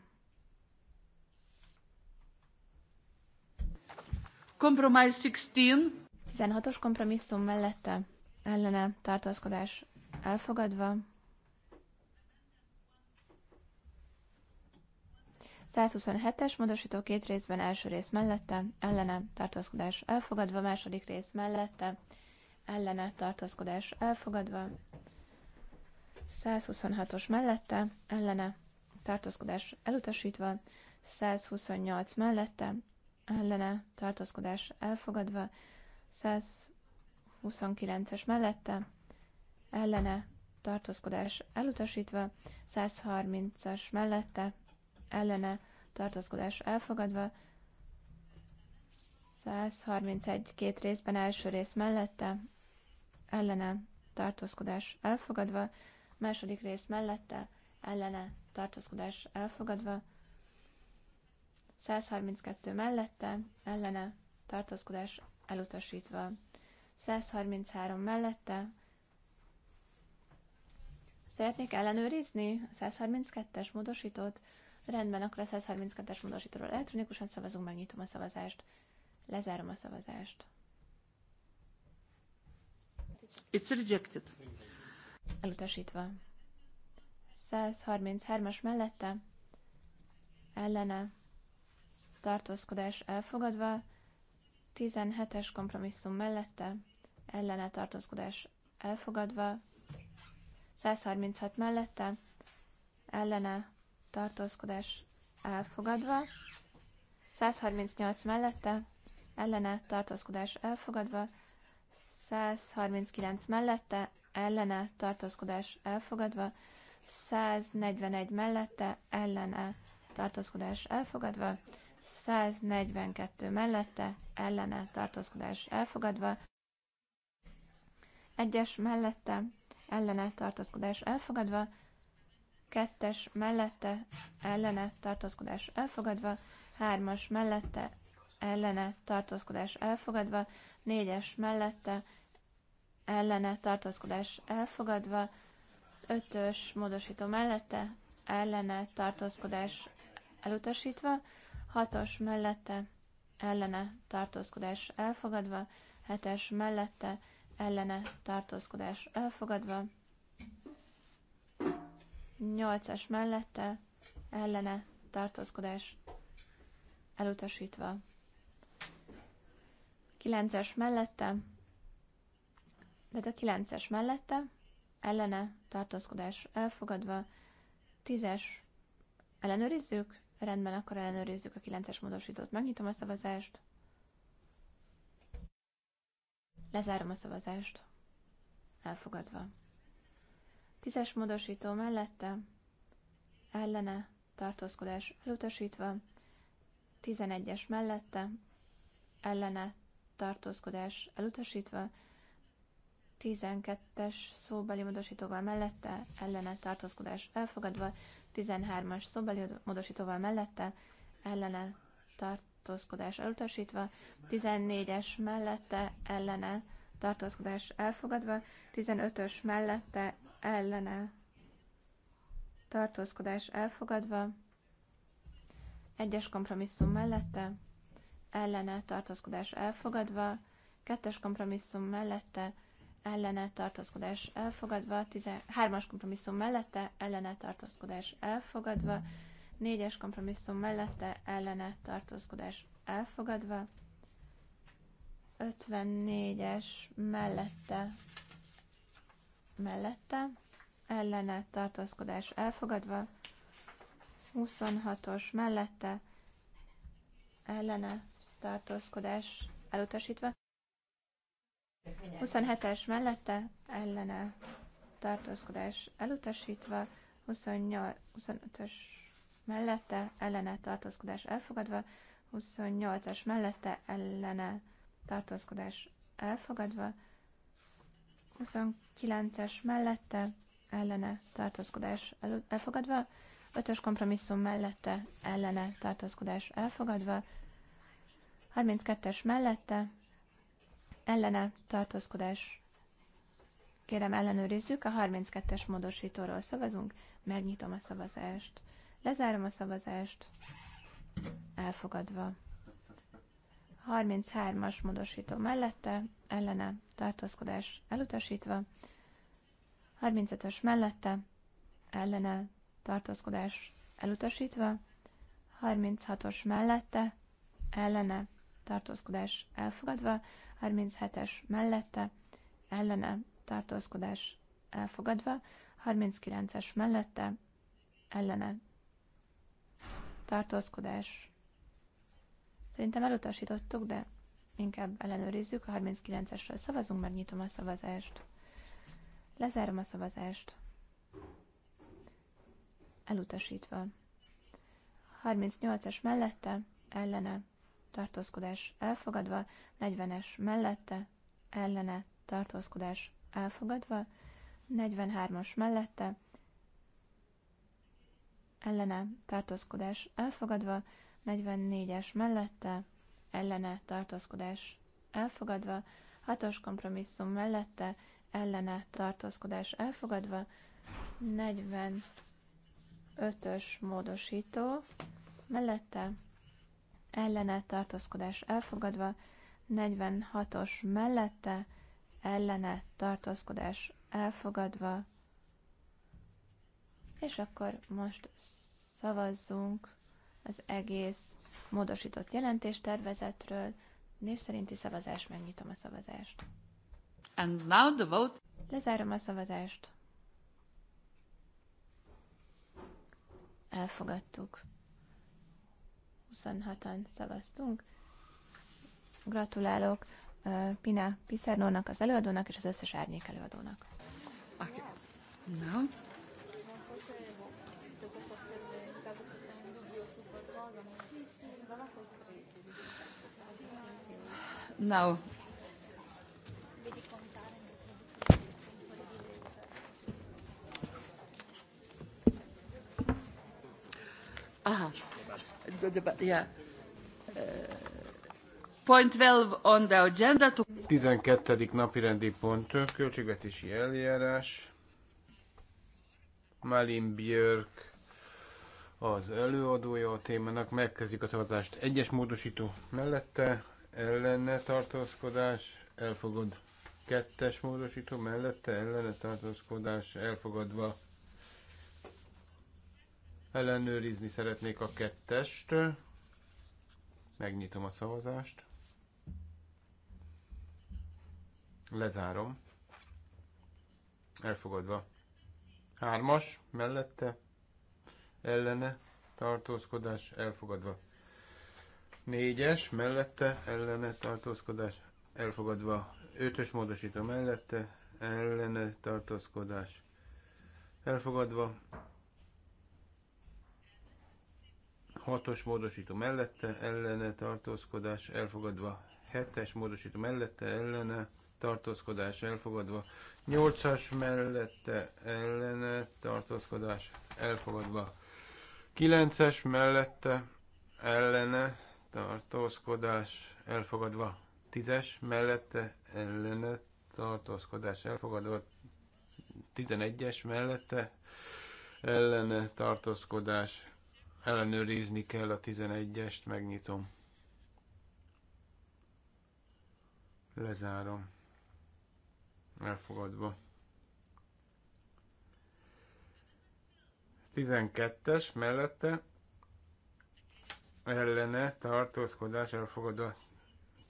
[SPEAKER 3] Compromise 16. 16-os kompromisszum mellette ellene tartózkodás elfogadva. 127-es módosító két részben első rész mellette, ellene tartózkodás elfogadva, második rész mellette, ellene tartózkodás elfogadva, 126-os mellette, ellene tartózkodás elutasítva, 128 mellette, ellene tartózkodás elfogadva, 129-es mellette, ellene tartózkodás elutasítva, 130-as mellette, ellene tartózkodás elfogadva, 131 két részben első rész mellette, ellene tartózkodás elfogadva, második rész mellette, ellene tartózkodás elfogadva, 132 mellette, ellene tartózkodás elutasítva, 133 mellette, Szeretnék ellenőrizni a 132-es módosítót, Rendben, akkor a 132-es módosítóról elektronikusan szavazunk, megnyitom a szavazást, lezárom a szavazást.
[SPEAKER 2] It's rejected.
[SPEAKER 3] Elutasítva. 133-as mellette, ellene, tartózkodás elfogadva, 17-es kompromisszum mellette, ellene tartózkodás elfogadva, 136 mellette, ellene tartózkodás elfogadva, 138 mellette, ellene tartózkodás elfogadva, 139 mellette, ellene tartózkodás elfogadva, 141 mellette, ellene tartózkodás elfogadva, 142 mellette, ellene tartózkodás elfogadva, 1 mellette, ellene tartózkodás elfogadva, kettes mellette, ellene, tartózkodás elfogadva, hármas mellette, ellene, tartózkodás elfogadva, négyes mellette, ellene, tartózkodás elfogadva, ötös módosító mellette, ellene, tartózkodás elutasítva, hatos mellette, ellene, tartózkodás elfogadva, hetes mellette, ellene, tartózkodás elfogadva, Nyolcas mellette ellene tartózkodás elutasítva. Kilences mellette, de a kilences mellette ellene tartózkodás elfogadva, Tízes ellenőrizzük, rendben, akkor ellenőrizzük a kilences módosítót. Megnyitom a szavazást. Lezárom a szavazást. Elfogadva. Tízes módosító mellette, ellene, tartózkodás elutasítva. Tizenegyes mellette, ellene, tartózkodás elutasítva. tizenkettes szóbeli módosítóval mellette, ellene tartózkodás elfogadva, tizenhármas szóbeli módosítóval mellette, ellene tartózkodás elutasítva, tizennégyes mellette, ellene tartózkodás elfogadva, 15-ös mellette, ellene tartózkodás elfogadva, egyes kompromisszum mellette, ellene tartózkodás elfogadva, kettes kompromisszum mellette, ellene tartózkodás elfogadva, tize, hármas kompromisszum mellette, ellene tartózkodás elfogadva, négyes kompromisszum mellette, ellene tartózkodás elfogadva, 54-es mellette, mellette, ellene tartózkodás elfogadva, 26-os mellette, ellene tartózkodás elutasítva, 27-es mellette, ellene tartózkodás elutasítva, 25-ös mellette, ellene tartózkodás elfogadva, 28-as mellette, ellene tartózkodás elfogadva, 29-es mellette ellene tartózkodás elfogadva, 5-ös kompromisszum mellette ellene tartózkodás elfogadva, 32-es mellette ellene tartózkodás Kérem ellenőrizzük, a 32-es módosítóról szavazunk, megnyitom a szavazást. Lezárom a szavazást, elfogadva. 33-as módosító mellette, ellene tartózkodás elutasítva, 35-ös mellette, ellene tartózkodás elutasítva, 36-os mellette, ellene tartózkodás elfogadva, 37-es mellette, ellene tartózkodás elfogadva, 39-es mellette, ellene tartózkodás Szerintem elutasítottuk, de inkább ellenőrizzük. A 39-esről szavazunk, nyitom a szavazást. Lezárom a szavazást. Elutasítva. 38-es mellette, ellene, tartózkodás elfogadva, 40-es mellette, ellene, tartózkodás elfogadva, 43-as mellette, ellene, tartózkodás elfogadva, 44-es mellette, ellene tartózkodás elfogadva, 6-os kompromisszum mellette, ellene tartózkodás elfogadva, 45-ös módosító mellette, ellene tartózkodás elfogadva, 46-os mellette, ellene tartózkodás elfogadva, és akkor most szavazzunk az egész módosított jelentéstervezetről. Név szerinti szavazás, megnyitom a szavazást.
[SPEAKER 1] And now the vote.
[SPEAKER 3] Lezárom a szavazást. Elfogadtuk. 26-an szavaztunk. Gratulálok Pina Piszernónak, az előadónak és az összes árnyék előadónak. Okay. Now.
[SPEAKER 1] now. Aha. Yeah. Uh, point 12 on the agenda. To...
[SPEAKER 2] 12. napi rendi pont, költségvetési eljárás. Malin Björk az előadója a témának. Megkezdjük a szavazást. Egyes módosító mellette, ellene tartózkodás elfogad. Kettes módosító mellette ellene tartózkodás elfogadva. Ellenőrizni szeretnék a kettest. Megnyitom a szavazást. Lezárom. Elfogadva. Hármas mellette ellene tartózkodás elfogadva. Négyes mellette ellene tartózkodás elfogadva. Ötös módosító mellette ellene tartózkodás elfogadva. Hatos módosító mellette ellene tartózkodás elfogadva. Hetes módosító mellette ellene tartózkodás elfogadva. Nyolcas mellette ellene tartózkodás elfogadva. Kilences mellette ellene tartózkodás elfogadva. Tízes mellette ellene tartózkodás elfogadva. Tizenegyes mellette ellene tartózkodás ellenőrizni kell a 11-est, megnyitom. Lezárom. Elfogadva. 12-es mellette ellene tartózkodás elfogadva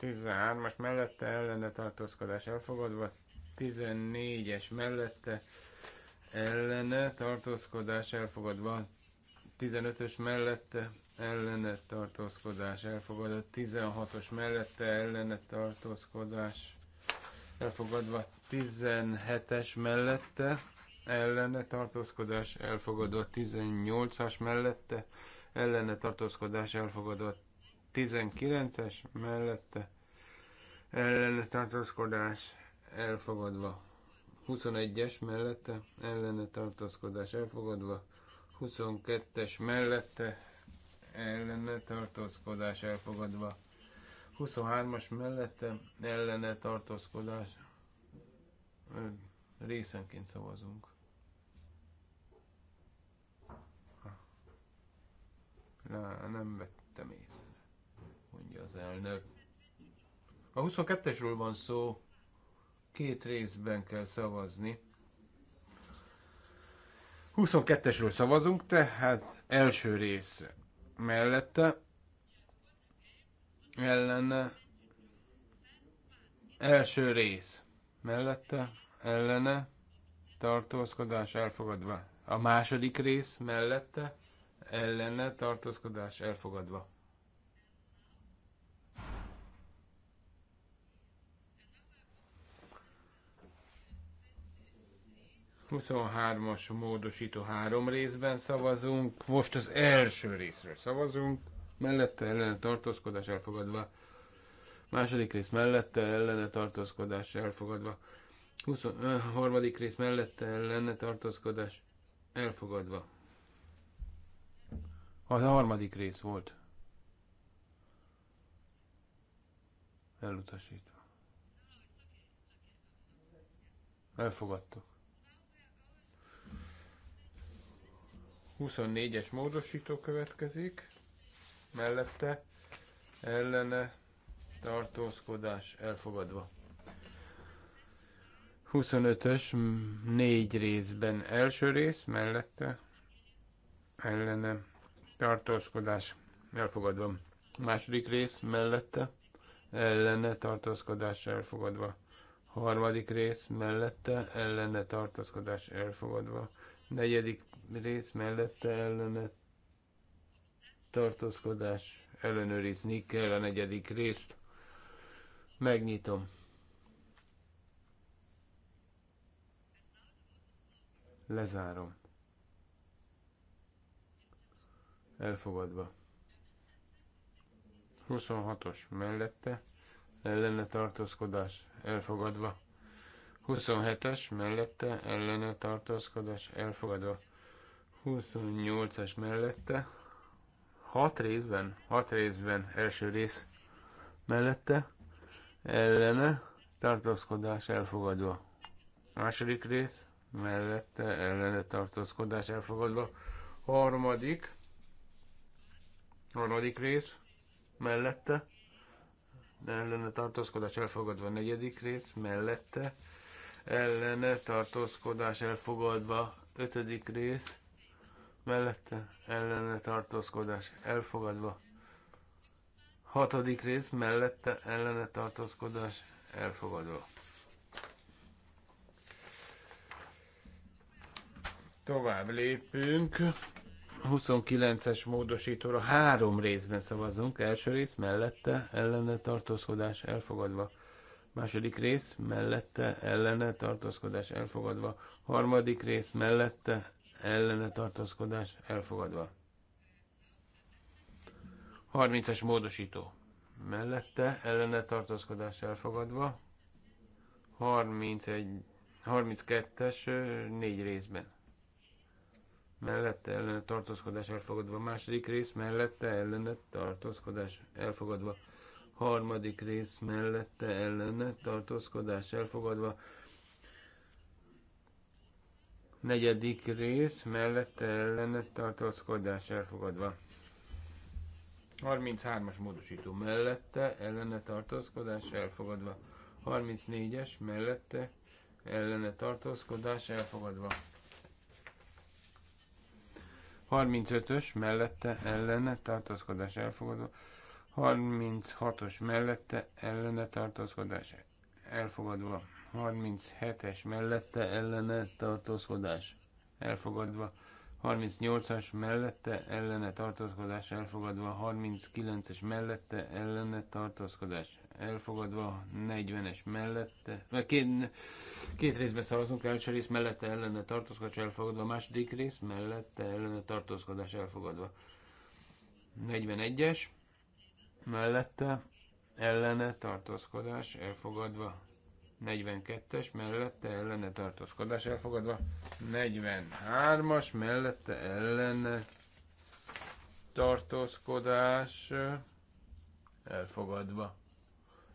[SPEAKER 2] 13-as mellette ellene tartózkodás elfogadva 14-es mellette ellene tartózkodás elfogadva 15-ös mellette ellene tartózkodás elfogadva 16-os mellette ellene tartózkodás elfogadva 17-es mellette ellene tartózkodás elfogadva 18-as mellette ellene tartózkodás elfogadott 19-es mellette ellene tartózkodás elfogadva 21-es mellette ellene tartózkodás elfogadva 22-es mellette ellene tartózkodás elfogadva 23-as mellette ellene tartózkodás részenként szavazunk. Na, nem vettem észre, mondja az elnök. A 22-esről van szó, két részben kell szavazni. 22-esről szavazunk, tehát első rész mellette, ellene, első rész mellette, ellene, tartózkodás elfogadva. A második rész mellette, ellene tartózkodás elfogadva. Huszonhármas módosító három részben szavazunk. Most az első részről szavazunk. Mellette ellene tartózkodás elfogadva. Második rész mellette ellene tartózkodás elfogadva. 23. rész mellette ellene tartózkodás elfogadva. Az a harmadik rész volt. Elutasítva. Elfogadtuk. 24-es módosító következik. Mellette ellene tartózkodás elfogadva. 25-ös négy részben első rész mellette ellene tartózkodás elfogadva. Második rész mellette ellene tartózkodás elfogadva. Harmadik rész mellette ellene tartózkodás elfogadva. Negyedik rész mellette ellene tartózkodás ellenőrizni kell a negyedik részt. Megnyitom. Lezárom. elfogadva. 26-os mellette ellene tartózkodás elfogadva. 27-es mellette ellene tartózkodás elfogadva. 28-es mellette 6 részben, 6 részben első rész mellette ellene tartózkodás elfogadva. Második rész mellette ellene tartózkodás elfogadva. Harmadik Harmadik rész. Mellette. Ellene tartózkodás elfogadva. Negyedik rész. Mellette. Ellene tartózkodás elfogadva. Ötödik rész. Mellette. Ellene tartózkodás elfogadva. Hatodik rész. Mellette. Ellene tartózkodás elfogadva. Tovább lépünk. 29-es módosítóra három részben szavazunk. Első rész mellette ellene tartózkodás elfogadva. Második rész mellette ellene tartózkodás elfogadva. Harmadik rész mellette ellene tartózkodás elfogadva. 30-es módosító. Mellette ellene tartózkodás elfogadva. 31, 32-es négy részben mellette ellene tartózkodás elfogadva, második rész mellette ellene tartózkodás elfogadva, harmadik rész mellette ellene tartózkodás elfogadva, negyedik rész mellette ellene tartózkodás elfogadva. 33-as módosító mellette ellene tartózkodás elfogadva. 34-es mellette ellene tartózkodás elfogadva. 35-ös mellette ellene tartózkodás elfogadó, 36-os mellette ellene tartózkodás elfogadva, 37-es mellette ellene tartózkodás elfogadva, 38-as mellette ellene tartózkodás elfogadva, 39-es mellette ellene tartózkodás elfogadva, 40-es mellette, vagy két, két részben szavazunk, első rész mellette ellene tartózkodás elfogadva, második rész mellette ellene tartózkodás elfogadva. 41-es mellette ellene tartózkodás elfogadva, 42-es mellette ellene tartózkodás elfogadva, 43-as mellette ellene tartózkodás elfogadva.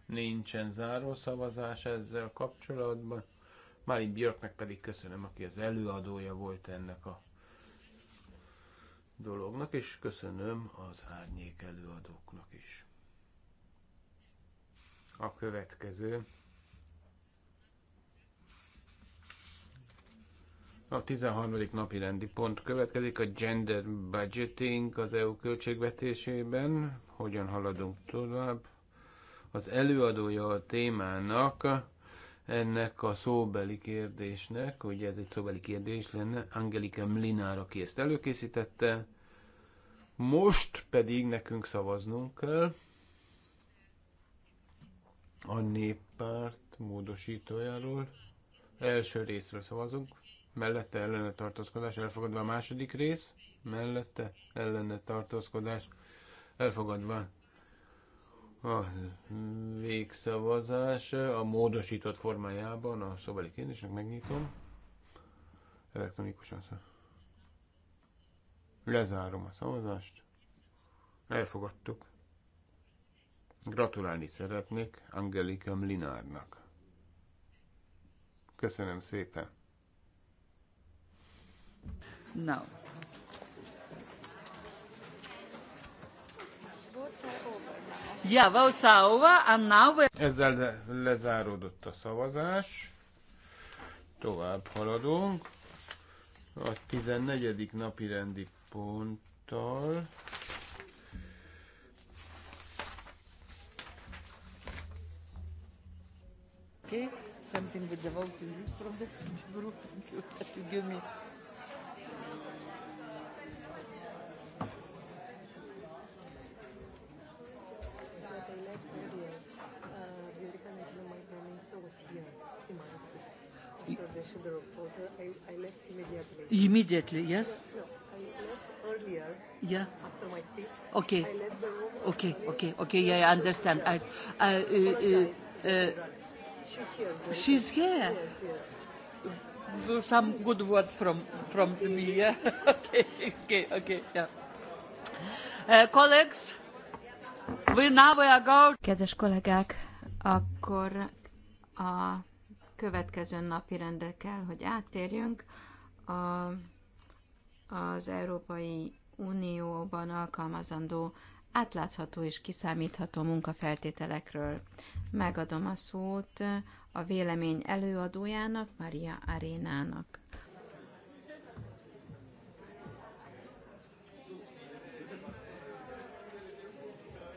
[SPEAKER 2] Nincsen záró szavazás ezzel kapcsolatban. Málin Björknek pedig köszönöm, aki az előadója volt ennek a dolognak, és köszönöm az árnyék előadóknak is. A következő A 13. napi rendi pont következik a gender budgeting az EU költségvetésében. Hogyan haladunk tovább? Az előadója a témának, ennek a szóbeli kérdésnek, ugye ez egy szóbeli kérdés lenne, Angelika Mlinár, aki ezt előkészítette. Most pedig nekünk szavaznunk kell a néppárt módosítójáról. Első részről szavazunk mellette ellene tartózkodás elfogadva a második rész, mellette ellene tartózkodás elfogadva a végszavazás a módosított formájában a szóbeli kérdésnek megnyitom. Elektronikusan lezárom a szavazást. Elfogadtuk. Gratulálni szeretnék Angelika Mlinárnak. Köszönöm szépen! No. Ja, votes are over, and now we... Ezzel le- lezáródott a szavazás. Tovább haladunk. A 14. napi rendi ponttal. Okay, something with the voting list from the group computer to give me
[SPEAKER 1] After the I, I left immediately. Immediately, yes? No, I left earlier. Yeah. After my speech. Okay. I left the room. Okay, okay, okay, yeah, I understand. Yeah. I, I, uh, uh, uh,
[SPEAKER 2] she's here. She's here? Yes, yes some good words from from me. Yeah. okay, okay, okay. Yeah.
[SPEAKER 1] Uh, colleagues. Kedves kollégák, akkor a következő napi rendre kell, hogy áttérjünk. A, az Európai Unióban alkalmazandó átlátható és kiszámítható munkafeltételekről. Megadom a szót a vélemény előadójának, Maria Arénának.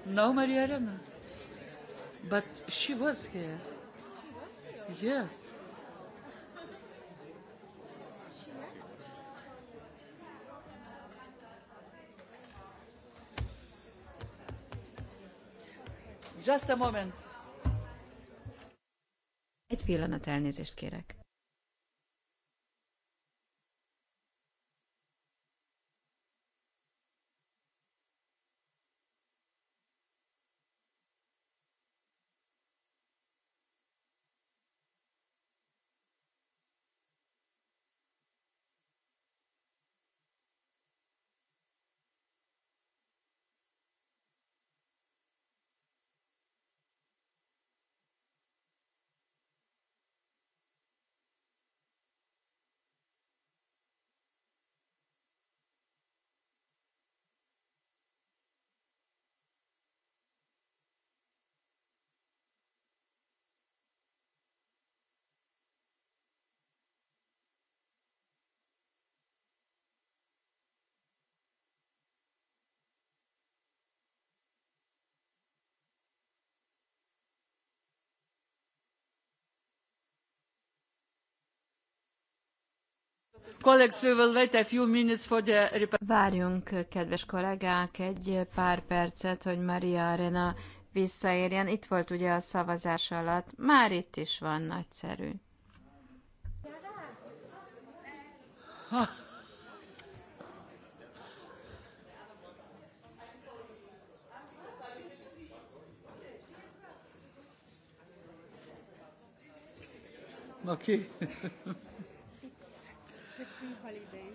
[SPEAKER 1] No, Maria Elena. But she was
[SPEAKER 2] here. She was here? Yes.
[SPEAKER 1] Just a moment. Egy pillanat elnézést kérek. Várjunk, kedves kollégák, egy pár percet, hogy Maria Arena visszaérjen. Itt volt ugye a szavazás alatt. Már itt is van, nagyszerű. Ha.
[SPEAKER 2] Okay
[SPEAKER 3] holiday.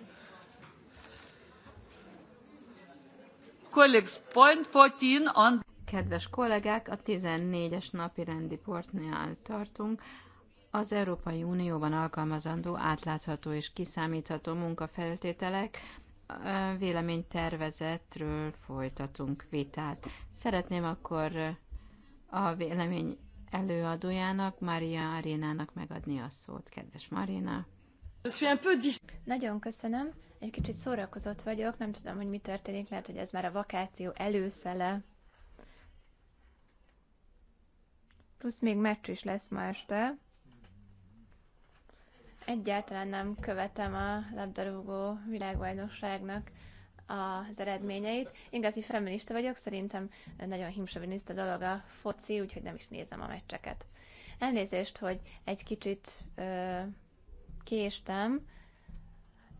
[SPEAKER 1] Colleagues, point 14 on... Kedves kollégák, a 14-es napi rendi portnál tartunk. Az Európai Unióban alkalmazandó átlátható és kiszámítható munkafeltételek véleménytervezetről folytatunk vitát. Szeretném akkor a vélemény előadójának, Maria Arénának megadni a szót. Kedves Marina!
[SPEAKER 3] Nagyon köszönöm. Egy kicsit szórakozott vagyok, nem tudom, hogy mi történik, lehet, hogy ez már a vakáció előfele. Plusz még meccs is lesz ma este. Egyáltalán nem követem a labdarúgó világbajnokságnak az eredményeit. Igazi feminista vagyok, szerintem nagyon himsoviniszta dolog a foci, úgyhogy nem is nézem a meccseket. Elnézést, hogy egy kicsit ö, késtem.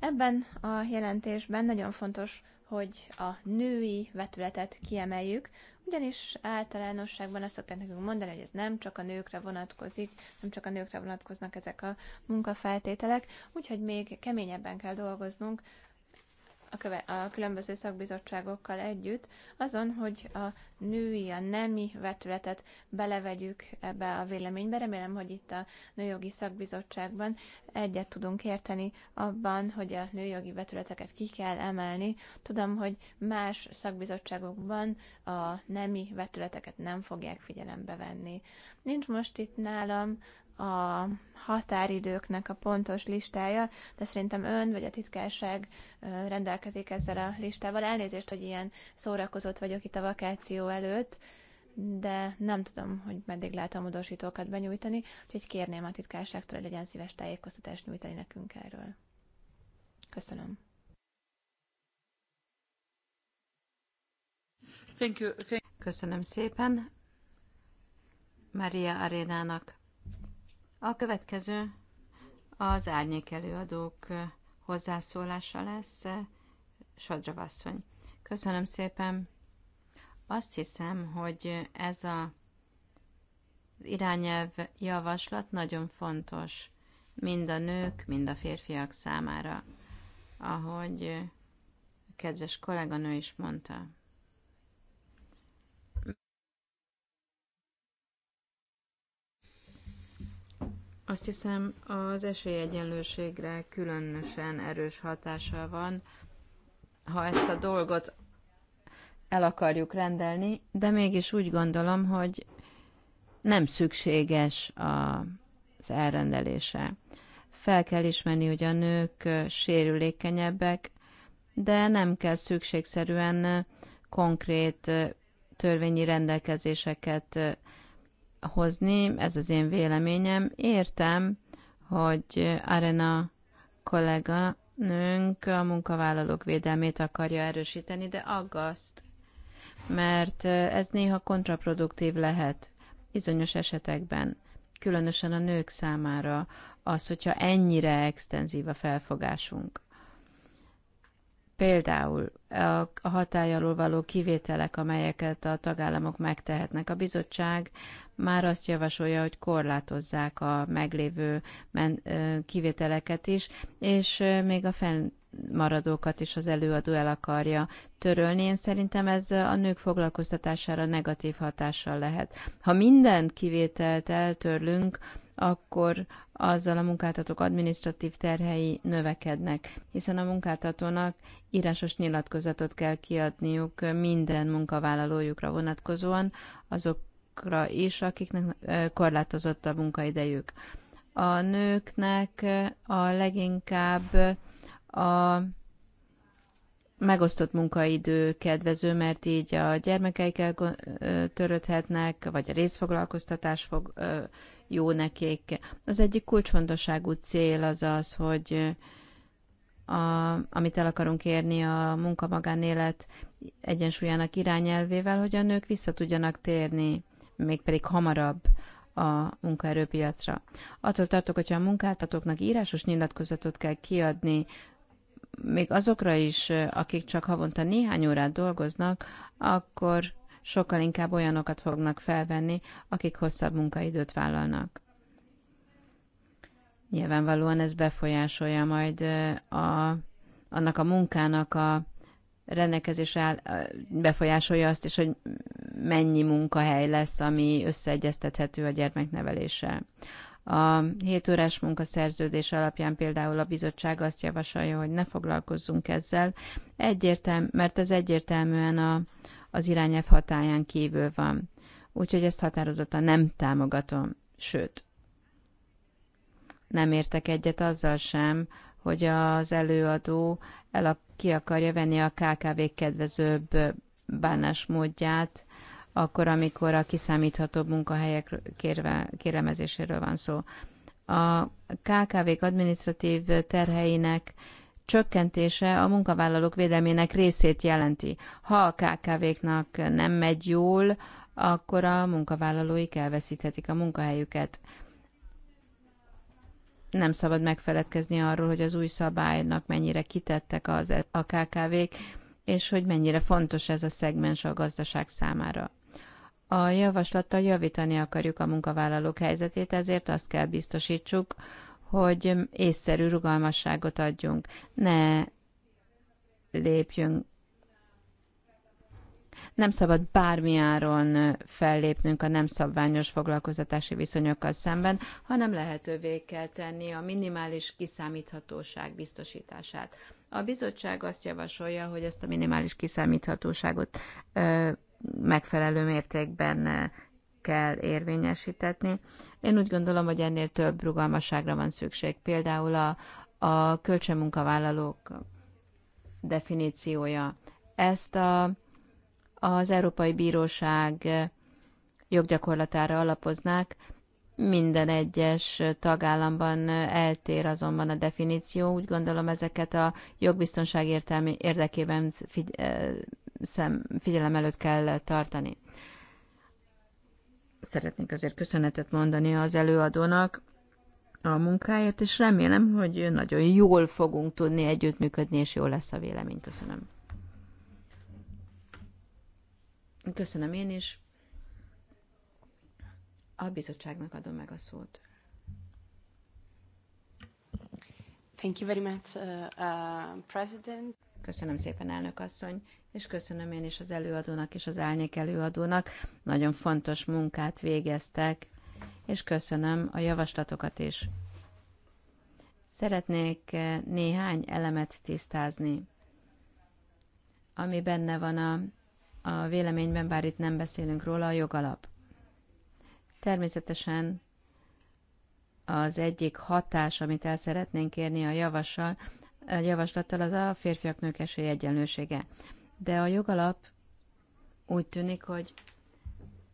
[SPEAKER 3] Ebben a jelentésben nagyon fontos, hogy a női vetületet kiemeljük, ugyanis általánosságban azt szokták nekünk mondani, hogy ez nem csak a nőkre vonatkozik, nem csak a nőkre vonatkoznak ezek a munkafeltételek, úgyhogy még keményebben kell dolgoznunk a, köve- a különböző szakbizottságokkal együtt azon, hogy a női, a nemi vetületet belevegyük ebbe a véleménybe. Remélem, hogy itt a Nőjogi Szakbizottságban egyet tudunk érteni abban, hogy a nőjogi vetületeket ki kell emelni. Tudom, hogy más szakbizottságokban a nemi vetületeket nem fogják figyelembe venni. Nincs most itt nálam a határidőknek a pontos listája, de szerintem ön vagy a titkárság rendelkezik ezzel a listával. Elnézést, hogy ilyen szórakozott vagyok itt a vakáció előtt, de nem tudom, hogy meddig lehet a módosítókat benyújtani, úgyhogy kérném a titkárságtól, hogy legyen szíves tájékoztatást nyújtani nekünk
[SPEAKER 1] erről. Köszönöm. Thank you. Thank Köszönöm szépen Maria Arénának. A következő az árnyék előadók hozzászólása lesz. Sadravasszony. Köszönöm szépen. Azt hiszem, hogy ez a irányelv javaslat nagyon fontos mind a nők, mind a férfiak számára, ahogy a kedves kolléganő is mondta. Azt hiszem, az esélyegyenlőségre különösen erős hatással van, ha ezt a dolgot el akarjuk rendelni, de mégis úgy gondolom, hogy nem szükséges az elrendelése. Fel kell ismerni, hogy a nők sérülékenyebbek, de nem kell szükségszerűen konkrét törvényi rendelkezéseket hozni, ez az én véleményem. Értem, hogy Arena kollega nőnk a munkavállalók védelmét akarja erősíteni, de aggaszt, mert ez néha kontraproduktív lehet bizonyos esetekben, különösen a nők számára az, hogyha ennyire extenzív a felfogásunk. Például a hatály alól való kivételek, amelyeket a tagállamok megtehetnek. A bizottság már azt javasolja, hogy korlátozzák a meglévő men- kivételeket is, és még a fennmaradókat is az előadó el akarja törölni. Én szerintem ez a nők foglalkoztatására negatív hatással lehet. Ha minden kivételt eltörlünk, akkor azzal a munkáltatók adminisztratív terhei növekednek, hiszen a munkáltatónak írásos nyilatkozatot kell kiadniuk minden munkavállalójukra vonatkozóan, azokra is, akiknek korlátozott a munkaidejük. A nőknek a leginkább a megosztott munkaidő kedvező, mert így a gyermekeikkel törődhetnek, vagy a részfoglalkoztatás fog, jó nekik. Az egyik kulcsfontosságú cél az az, hogy a, amit el akarunk érni a munkamagánélet egyensúlyának irányelvével, hogy a nők vissza tudjanak térni, mégpedig hamarabb a munkaerőpiacra. Attól tartok, hogyha a munkáltatóknak írásos nyilatkozatot kell kiadni, még azokra is, akik csak havonta néhány órát dolgoznak, akkor sokkal inkább olyanokat fognak felvenni, akik hosszabb munkaidőt vállalnak. Nyilvánvalóan ez befolyásolja majd a, annak a munkának a rendelkezés áll, befolyásolja azt is, hogy mennyi munkahely lesz, ami összeegyeztethető a gyermekneveléssel. A 7 órás munkaszerződés alapján például a bizottság azt javasolja, hogy ne foglalkozzunk ezzel, Egyértelmű, mert ez egyértelműen a, az irányelv hatáján kívül van. Úgyhogy ezt határozottan nem támogatom, sőt, nem értek egyet azzal sem, hogy az előadó el a, ki akarja venni a KKV kedvezőbb bánásmódját, akkor, amikor a kiszámíthatóbb munkahelyek kérve, kéremezéséről van szó. A KKV-k adminisztratív terheinek csökkentése a munkavállalók védelmének részét jelenti. Ha a KKV-knak nem megy jól, akkor a munkavállalóik elveszíthetik a munkahelyüket. Nem szabad megfeledkezni arról, hogy az új szabálynak mennyire kitettek az, e- a KKV-k, és hogy mennyire fontos ez a szegmens a gazdaság számára. A javaslattal javítani akarjuk a munkavállalók helyzetét, ezért azt kell biztosítsuk, hogy észszerű rugalmasságot adjunk. Ne lépjünk nem szabad bármi áron fellépnünk a nem szabványos foglalkozatási viszonyokkal szemben, hanem lehetővé kell tenni a minimális kiszámíthatóság biztosítását. A bizottság azt javasolja, hogy ezt a minimális kiszámíthatóságot ö, megfelelő mértékben kell érvényesítetni. Én úgy gondolom, hogy ennél több rugalmasságra van szükség. Például a, a kölcsönmunkavállalók definíciója. Ezt a, az Európai Bíróság joggyakorlatára alapoznák, minden egyes tagállamban eltér azonban a definíció. Úgy gondolom ezeket a jogbiztonság értelmi érdekében figyelem előtt kell tartani. Szeretnék azért köszönetet mondani az előadónak a munkáért, és remélem, hogy nagyon jól fogunk tudni együttműködni, és jó lesz a vélemény. Köszönöm. Köszönöm én is. A bizottságnak adom meg a szót. Thank you very much, uh, uh, President. Köszönöm szépen, elnök asszony és köszönöm én is az előadónak és az árnyék előadónak. Nagyon fontos munkát végeztek, és köszönöm a javaslatokat is. Szeretnék eh, néhány elemet tisztázni, ami benne van a, a véleményben, bár itt nem beszélünk róla, a jogalap. Természetesen az egyik hatás, amit el szeretnénk érni a javassal, a javaslattal, az a férfiak-nők esélyegyenlősége. egyenlősége de a jogalap úgy tűnik, hogy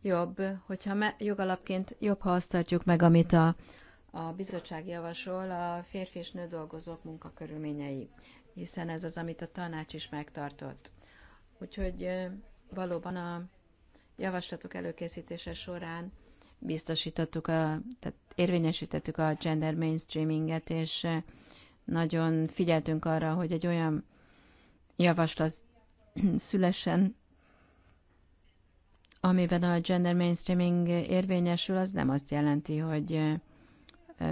[SPEAKER 1] jobb, hogyha me, jogalapként jobb, ha azt tartjuk meg, amit a, a bizottság javasol, a férfi és nő dolgozók munkakörülményei, hiszen ez az, amit a tanács is megtartott. Úgyhogy valóban a javaslatok előkészítése során biztosítottuk, a, tehát érvényesítettük a gender mainstreaminget, és nagyon figyeltünk arra, hogy egy olyan javaslat szülesen, amiben a gender mainstreaming érvényesül, az nem azt jelenti, hogy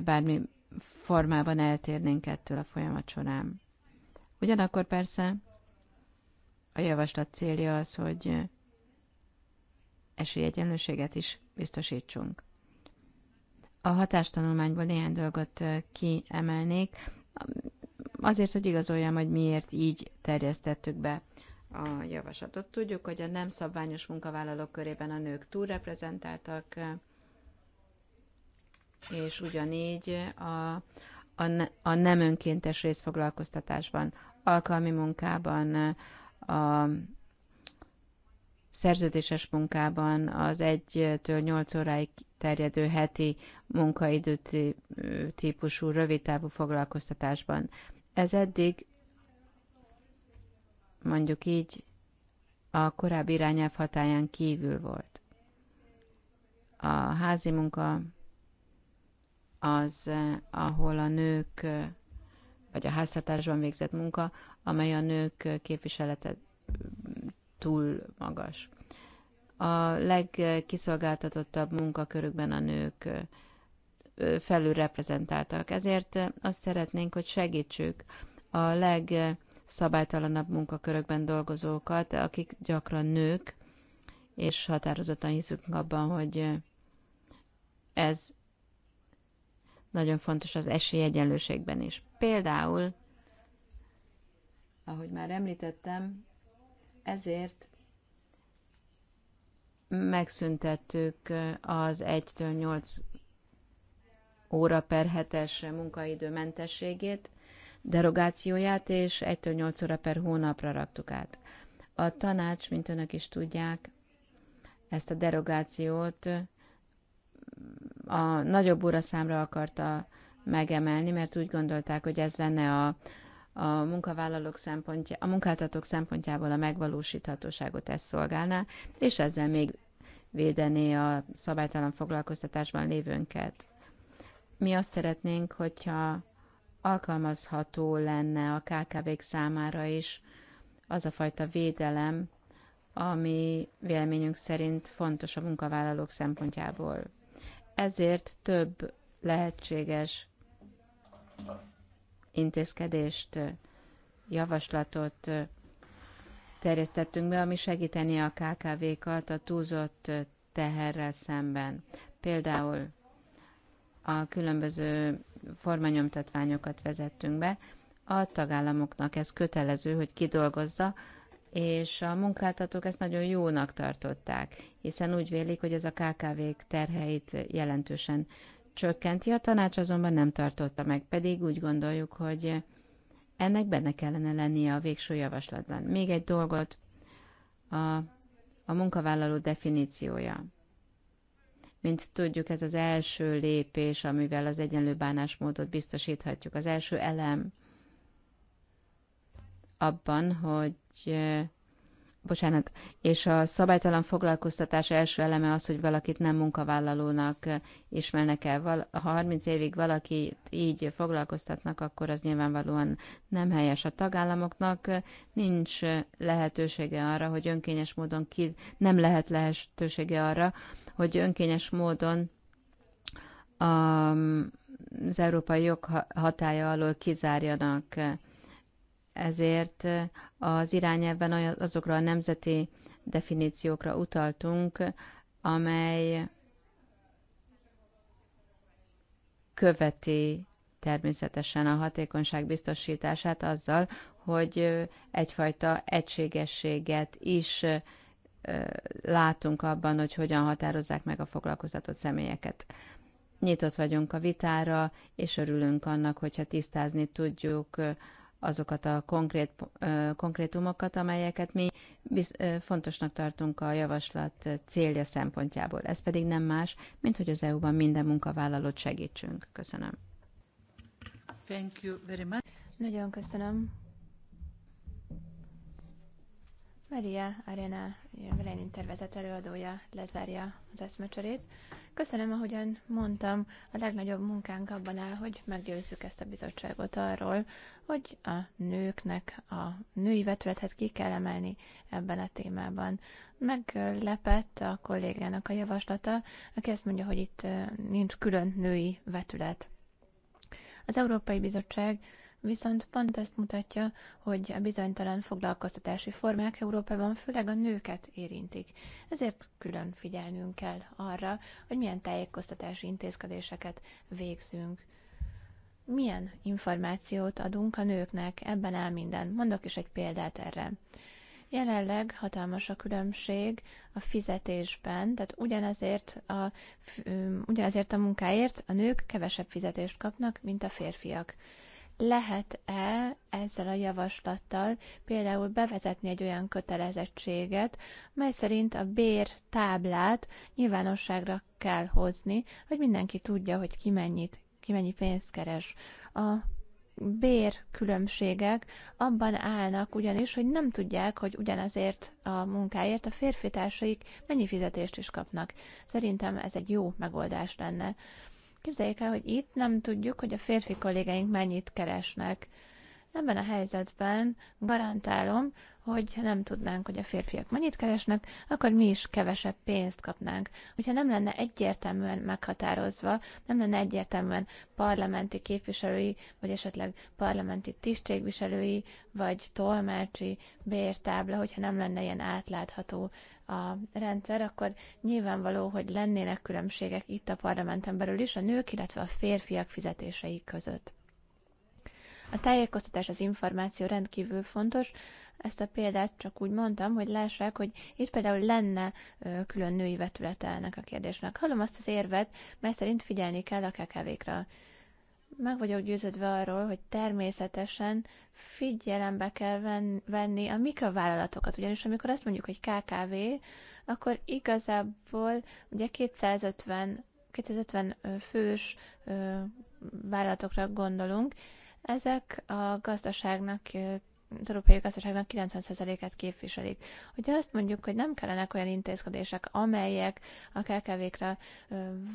[SPEAKER 1] bármi formában eltérnénk ettől a folyamat során. Ugyanakkor persze a javaslat célja az, hogy esélyegyenlőséget is biztosítsunk. A hatástanulmányból néhány dolgot kiemelnék, azért, hogy igazoljam, hogy miért így terjesztettük be a javaslatot. Tudjuk, hogy a nem szabványos munkavállalók körében a nők túlreprezentáltak, és ugyanígy a, a, a nem önkéntes részfoglalkoztatásban, alkalmi munkában, a szerződéses munkában, az 1-től 8 óráig terjedő heti munkaidő típusú rövidtávú foglalkoztatásban. Ez eddig mondjuk így, a korábbi irányelv hatáján kívül volt. A házi munka az, eh, ahol a nők, eh, vagy a háztartásban végzett munka, amely a nők eh, képviselete mm, túl magas. A legkiszolgáltatottabb munkakörükben a nők felülreprezentáltak. Ezért azt szeretnénk, hogy segítsük a leg szabálytalanabb munkakörökben dolgozókat, akik gyakran nők, és határozottan hiszünk abban, hogy ez nagyon fontos az esélyegyenlőségben is. Például, ahogy már említettem, ezért megszüntettük az 1-től 8 óra per hetes munkaidő mentességét, derogációját, és 1 8 óra per hónapra raktuk át. A tanács, mint önök is tudják, ezt a derogációt a nagyobb óraszámra akarta megemelni, mert úgy gondolták, hogy ez lenne a, a munkavállalók szempontja, a munkáltatók szempontjából a megvalósíthatóságot ezt szolgálná, és ezzel még védené a szabálytalan foglalkoztatásban lévőnket. Mi azt szeretnénk, hogyha alkalmazható lenne a KKV-k számára is az a fajta védelem, ami véleményünk szerint fontos a munkavállalók szempontjából. Ezért több lehetséges intézkedést, javaslatot terjesztettünk be, ami segíteni a KKV-kat a túlzott teherrel szemben. Például a különböző formanyomtatványokat vezettünk be. A tagállamoknak ez kötelező, hogy kidolgozza, és a munkáltatók ezt nagyon jónak tartották, hiszen úgy vélik, hogy ez a KKV-k terheit jelentősen csökkenti, a tanács azonban nem tartotta meg, pedig úgy gondoljuk, hogy ennek benne kellene lennie a végső javaslatban. Még egy dolgot, a, a munkavállaló definíciója. Mint tudjuk, ez az első lépés, amivel az egyenlő bánásmódot biztosíthatjuk. Az első elem abban, hogy bocsánat, és a szabálytalan foglalkoztatás első eleme az, hogy valakit nem munkavállalónak ismernek el. Ha 30 évig valakit így foglalkoztatnak, akkor az nyilvánvalóan nem helyes a tagállamoknak. Nincs lehetősége arra, hogy önkényes módon ki, nem lehet lehetősége arra, hogy önkényes módon a, az európai jog hatája alól kizárjanak ezért az irányelvben azokra a nemzeti definíciókra utaltunk, amely követi természetesen a hatékonyság biztosítását azzal, hogy egyfajta egységességet is látunk abban, hogy hogyan határozzák meg a foglalkoztatott személyeket. Nyitott vagyunk a vitára, és örülünk annak, hogyha tisztázni tudjuk azokat a konkrét, konkrétumokat, amelyeket mi biz, fontosnak tartunk a javaslat célja szempontjából. Ez pedig nem más, mint hogy az EU-ban minden munkavállalót segítsünk. Köszönöm. Thank you very much.
[SPEAKER 3] Nagyon köszönöm. Maria Arena, a tervezett előadója lezárja az eszmecserét. Köszönöm, ahogyan mondtam, a legnagyobb munkánk abban áll, hogy meggyőzzük ezt a bizottságot arról, hogy a nőknek a női vetületet ki kell emelni ebben a témában. Meglepett a kollégának a javaslata, aki azt mondja, hogy itt eh, nincs külön női vetület. Az Európai Bizottság viszont pont ezt mutatja, hogy a bizonytalan foglalkoztatási formák Európában főleg a nőket érintik. Ezért külön figyelnünk kell arra, hogy milyen tájékoztatási intézkedéseket végzünk. Milyen információt adunk a nőknek, ebben áll minden. Mondok is egy példát erre. Jelenleg hatalmas a különbség a fizetésben, tehát ugyanazért a, ugyanazért a munkáért a nők kevesebb fizetést kapnak, mint a férfiak lehet-e ezzel a javaslattal például bevezetni egy olyan kötelezettséget, mely szerint a bér táblát nyilvánosságra kell hozni, hogy mindenki tudja, hogy ki mennyit, ki mennyi pénzt keres. A bér különbségek abban állnak ugyanis, hogy nem tudják, hogy ugyanazért a munkáért a férfitársaik mennyi fizetést is kapnak. Szerintem ez egy jó megoldás lenne. Képzeljék el, hogy itt nem tudjuk, hogy a férfi kollégáink mennyit keresnek. Ebben a helyzetben garantálom, hogy ha nem tudnánk, hogy a férfiak mennyit keresnek, akkor mi is kevesebb pénzt kapnánk. Hogyha nem lenne egyértelműen meghatározva, nem lenne egyértelműen parlamenti képviselői, vagy esetleg parlamenti tisztségviselői, vagy tolmácsi bértábla, hogyha nem lenne ilyen átlátható a rendszer, akkor nyilvánvaló, hogy lennének különbségek itt a parlamenten belül is a nők, illetve a férfiak fizetései között. A tájékoztatás, az információ rendkívül fontos. Ezt a példát csak úgy mondtam, hogy lássák, hogy itt például lenne külön női vetülete ennek a kérdésnek. Hallom azt az érvet, mert szerint figyelni kell a KKV-kra meg vagyok győződve arról, hogy természetesen figyelembe kell venni a mikrovállalatokat, ugyanis amikor azt mondjuk, hogy KKV, akkor igazából ugye 250, 250 fős vállalatokra gondolunk, ezek a gazdaságnak az európai gazdaságnak 90%-át képviselik. Hogyha azt mondjuk, hogy nem kellenek olyan intézkedések, amelyek a kelkevékre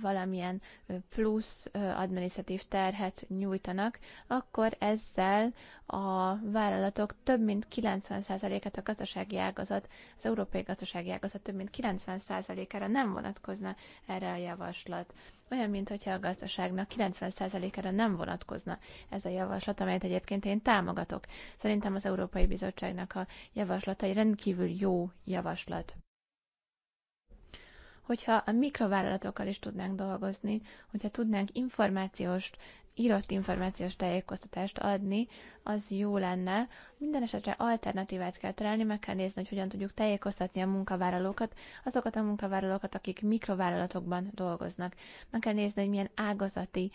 [SPEAKER 3] valamilyen plusz administratív terhet nyújtanak, akkor ezzel a vállalatok több mint 90%-át a gazdasági ágazat, az európai gazdasági ágazat több mint 90%-ára nem vonatkozna erre a javaslat olyan, mintha a gazdaságnak 90%-ára nem vonatkozna ez a javaslat, amelyet egyébként én támogatok. Szerintem az Európai Bizottságnak a javaslata egy rendkívül jó javaslat hogyha a mikrovállalatokkal is tudnánk dolgozni, hogyha tudnánk információs írott információs tájékoztatást adni, az jó lenne. Minden esetre alternatívát kell találni, meg kell nézni, hogy hogyan tudjuk tájékoztatni a munkavállalókat, azokat a munkavállalókat, akik mikrovállalatokban dolgoznak. Meg kell nézni, hogy milyen ágazati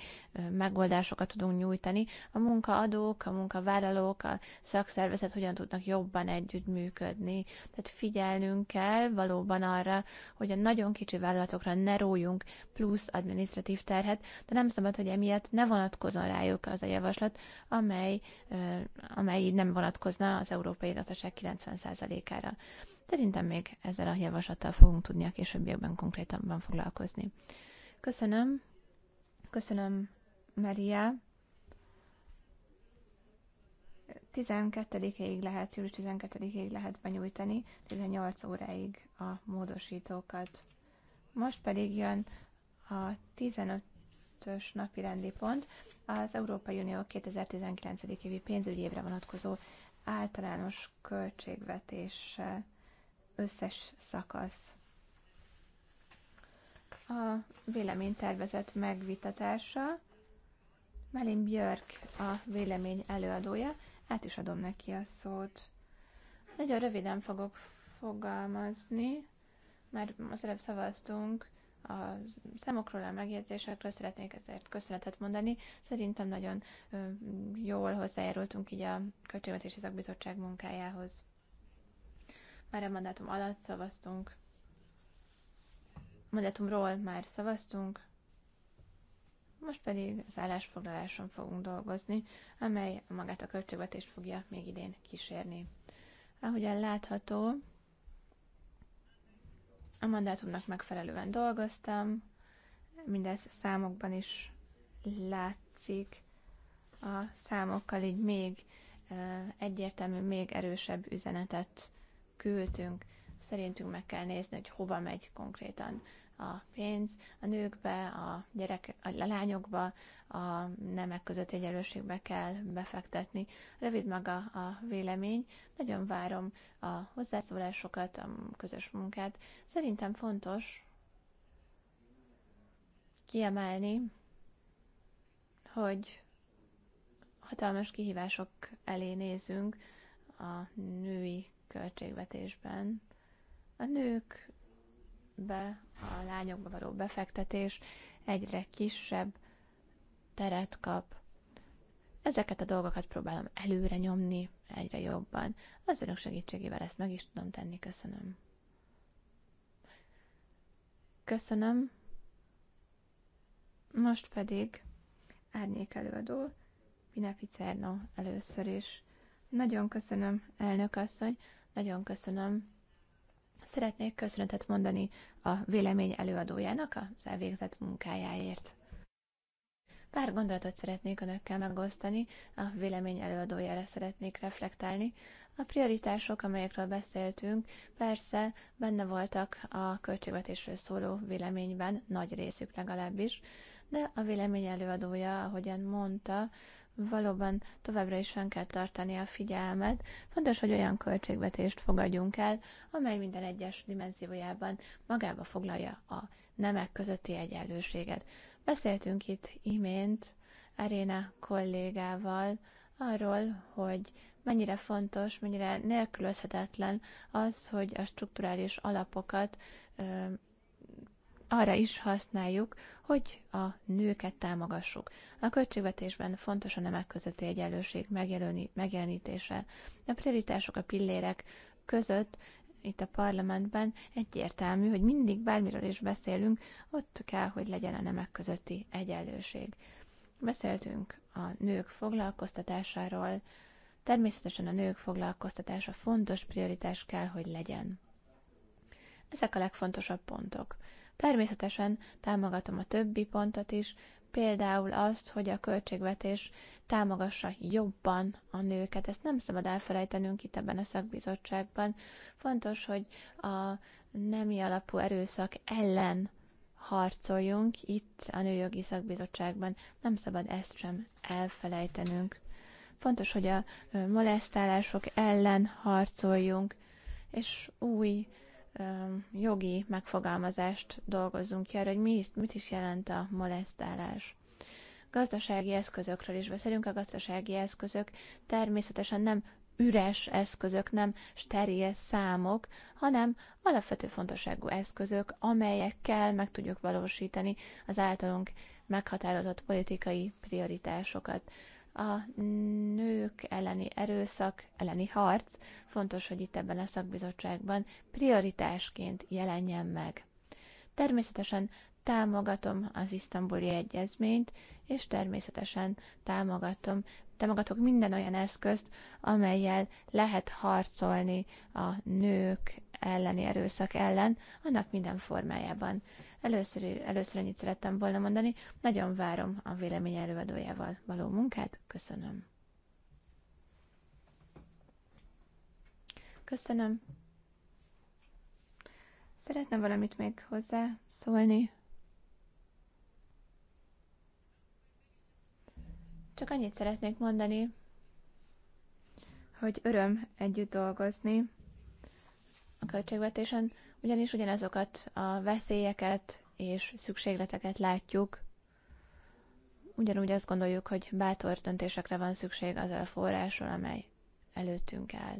[SPEAKER 3] megoldásokat tudunk nyújtani. A munkaadók, a munkavállalók, a szakszervezet hogyan tudnak jobban együttműködni. Tehát figyelnünk kell valóban arra, hogy a nagyon kicsi vállalatokra ne rójunk plusz administratív terhet, de nem szabad, hogy emiatt ne vonat vonatkozon rájuk az a javaslat, amely, amely nem vonatkozna az európai gazdaság 90%-ára. Szerintem még ezzel a javaslattal fogunk tudni a későbbiekben konkrétan foglalkozni. Köszönöm. Köszönöm, Maria. 12-ig lehet, július 12-ig lehet benyújtani, 18 óráig a módosítókat. Most pedig jön a 15 ötös napi rendi pont az Európai Unió 2019. évi pénzügyi évre vonatkozó általános költségvetés összes szakasz. A véleménytervezet megvitatása. Melin Björk a vélemény előadója. Át is adom neki a szót. Nagyon röviden fogok fogalmazni, mert az előbb szavaztunk a számokról, a megjegyzésekről szeretnék ezért köszönetet mondani. Szerintem nagyon jól hozzájárultunk így a Költségvetési Szakbizottság munkájához. Már a mandátum alatt szavaztunk. mandátumról már szavaztunk. Most pedig az állásfoglaláson fogunk dolgozni, amely magát a költségvetést fogja még idén kísérni. Ahogyan látható, a mandátumnak megfelelően dolgoztam, mindez számokban is látszik. A számokkal így még egyértelmű, még erősebb üzenetet küldtünk. Szerintünk meg kell nézni, hogy hova megy konkrétan a pénz a nőkbe, a, gyerek, a lányokba, a nemek közötti egyenlőségbe kell befektetni. Rövid maga a vélemény, nagyon várom a hozzászólásokat, a közös munkát. Szerintem fontos kiemelni, hogy hatalmas kihívások elé nézünk a női költségvetésben. A nők be, a lányokba való befektetés egyre kisebb teret kap. Ezeket a dolgokat próbálom előre nyomni egyre jobban. Az önök segítségével ezt meg is tudom tenni. Köszönöm. Köszönöm. Most pedig árnyék előadó, Pinepi Cerno először is. Nagyon köszönöm, elnök asszony, nagyon köszönöm Szeretnék köszönetet mondani a vélemény előadójának az elvégzett munkájáért. Pár gondolatot szeretnék önökkel megosztani, a vélemény előadójára szeretnék reflektálni. A prioritások, amelyekről beszéltünk, persze benne voltak a költségvetésről szóló véleményben, nagy részük legalábbis, de a vélemény előadója, ahogyan mondta, valóban továbbra is fenn kell tartani a figyelmet. Fontos, hogy olyan költségvetést fogadjunk el, amely minden egyes dimenziójában magába foglalja a nemek közötti egyenlőséget. Beszéltünk itt imént Aréna kollégával arról, hogy mennyire fontos, mennyire nélkülözhetetlen az, hogy a strukturális alapokat arra is használjuk, hogy a nőket támogassuk. A költségvetésben fontos a nemek közötti egyenlőség megjelenítése. A prioritások a pillérek között itt a parlamentben egyértelmű, hogy mindig bármiről is beszélünk, ott kell, hogy legyen a nemek közötti egyenlőség. Beszéltünk a nők foglalkoztatásáról, természetesen a nők foglalkoztatása fontos prioritás kell, hogy legyen. Ezek a legfontosabb pontok. Természetesen támogatom a többi pontot is, például azt, hogy a költségvetés támogassa jobban a nőket. Ezt nem szabad elfelejtenünk itt ebben a szakbizottságban. Fontos, hogy a nemi alapú erőszak ellen harcoljunk itt a Nőjogi Szakbizottságban. Nem szabad ezt sem elfelejtenünk. Fontos, hogy a molesztálások ellen harcoljunk, és új jogi megfogalmazást dolgozzunk ki arra, hogy mi, mit is jelent a molesztálás. Gazdasági eszközökről is beszélünk, a gazdasági eszközök természetesen nem üres eszközök, nem steril számok, hanem alapvető fontosságú eszközök, amelyekkel meg tudjuk valósítani az általunk meghatározott politikai prioritásokat a nők elleni erőszak, elleni harc fontos, hogy itt ebben a szakbizottságban prioritásként jelenjen meg. Természetesen támogatom az isztambuli egyezményt, és természetesen támogatom, támogatok minden olyan eszközt, amelyel lehet harcolni a nők elleni erőszak ellen, annak minden formájában. Először, először annyit szerettem volna mondani, nagyon várom a vélemény előadójával való munkát, köszönöm. Köszönöm. Szeretne valamit még hozzá szólni? Csak annyit szeretnék mondani, hogy öröm együtt dolgozni a költségvetésen, ugyanis ugyanazokat a veszélyeket és szükségleteket látjuk. Ugyanúgy azt gondoljuk, hogy bátor döntésekre van szükség azzal a forrásról, amely előttünk áll.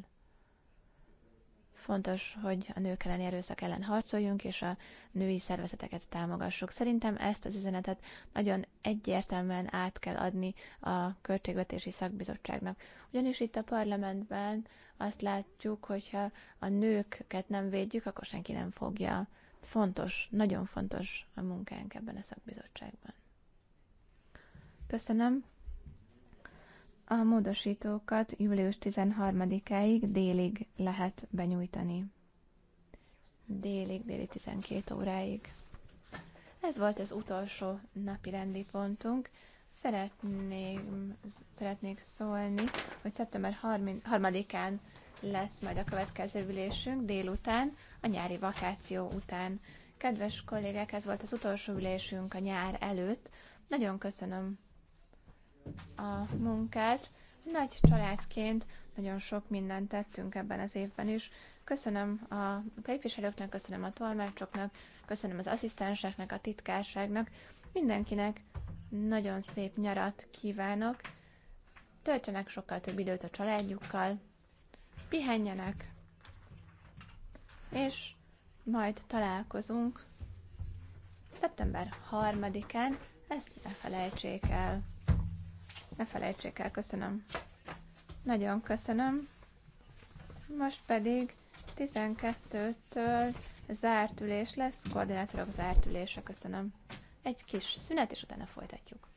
[SPEAKER 3] Fontos, hogy a nők elleni erőszak ellen harcoljunk, és a női szervezeteket támogassuk. Szerintem ezt az üzenetet nagyon egyértelműen át kell adni a Költségvetési Szakbizottságnak. Ugyanis itt a parlamentben azt látjuk, hogyha a nőket nem védjük, akkor senki nem fogja. Fontos, nagyon fontos a munkánk ebben a szakbizottságban. Köszönöm. A módosítókat július 13-áig délig lehet benyújtani. Délig, déli 12 óráig. Ez volt az utolsó napi rendi pontunk. Szeretnék, szeretnék szólni, hogy szeptember 3-án lesz majd a következő ülésünk délután, a nyári vakáció után. Kedves kollégák, ez volt az utolsó ülésünk a nyár előtt. Nagyon köszönöm a munkát. Nagy családként nagyon sok mindent tettünk ebben az évben is. Köszönöm a képviselőknek, köszönöm a tolmácsoknak, köszönöm az asszisztenseknek, a titkárságnak, mindenkinek nagyon szép nyarat kívánok. Töltsenek sokkal több időt a családjukkal, pihenjenek, és majd találkozunk szeptember 3-án, ezt ne felejtsék el. Ne felejtsék el, köszönöm. Nagyon köszönöm. Most pedig 12-től zárt ülés lesz, koordinátorok zárt ülése, köszönöm. Egy kis szünet, és utána folytatjuk.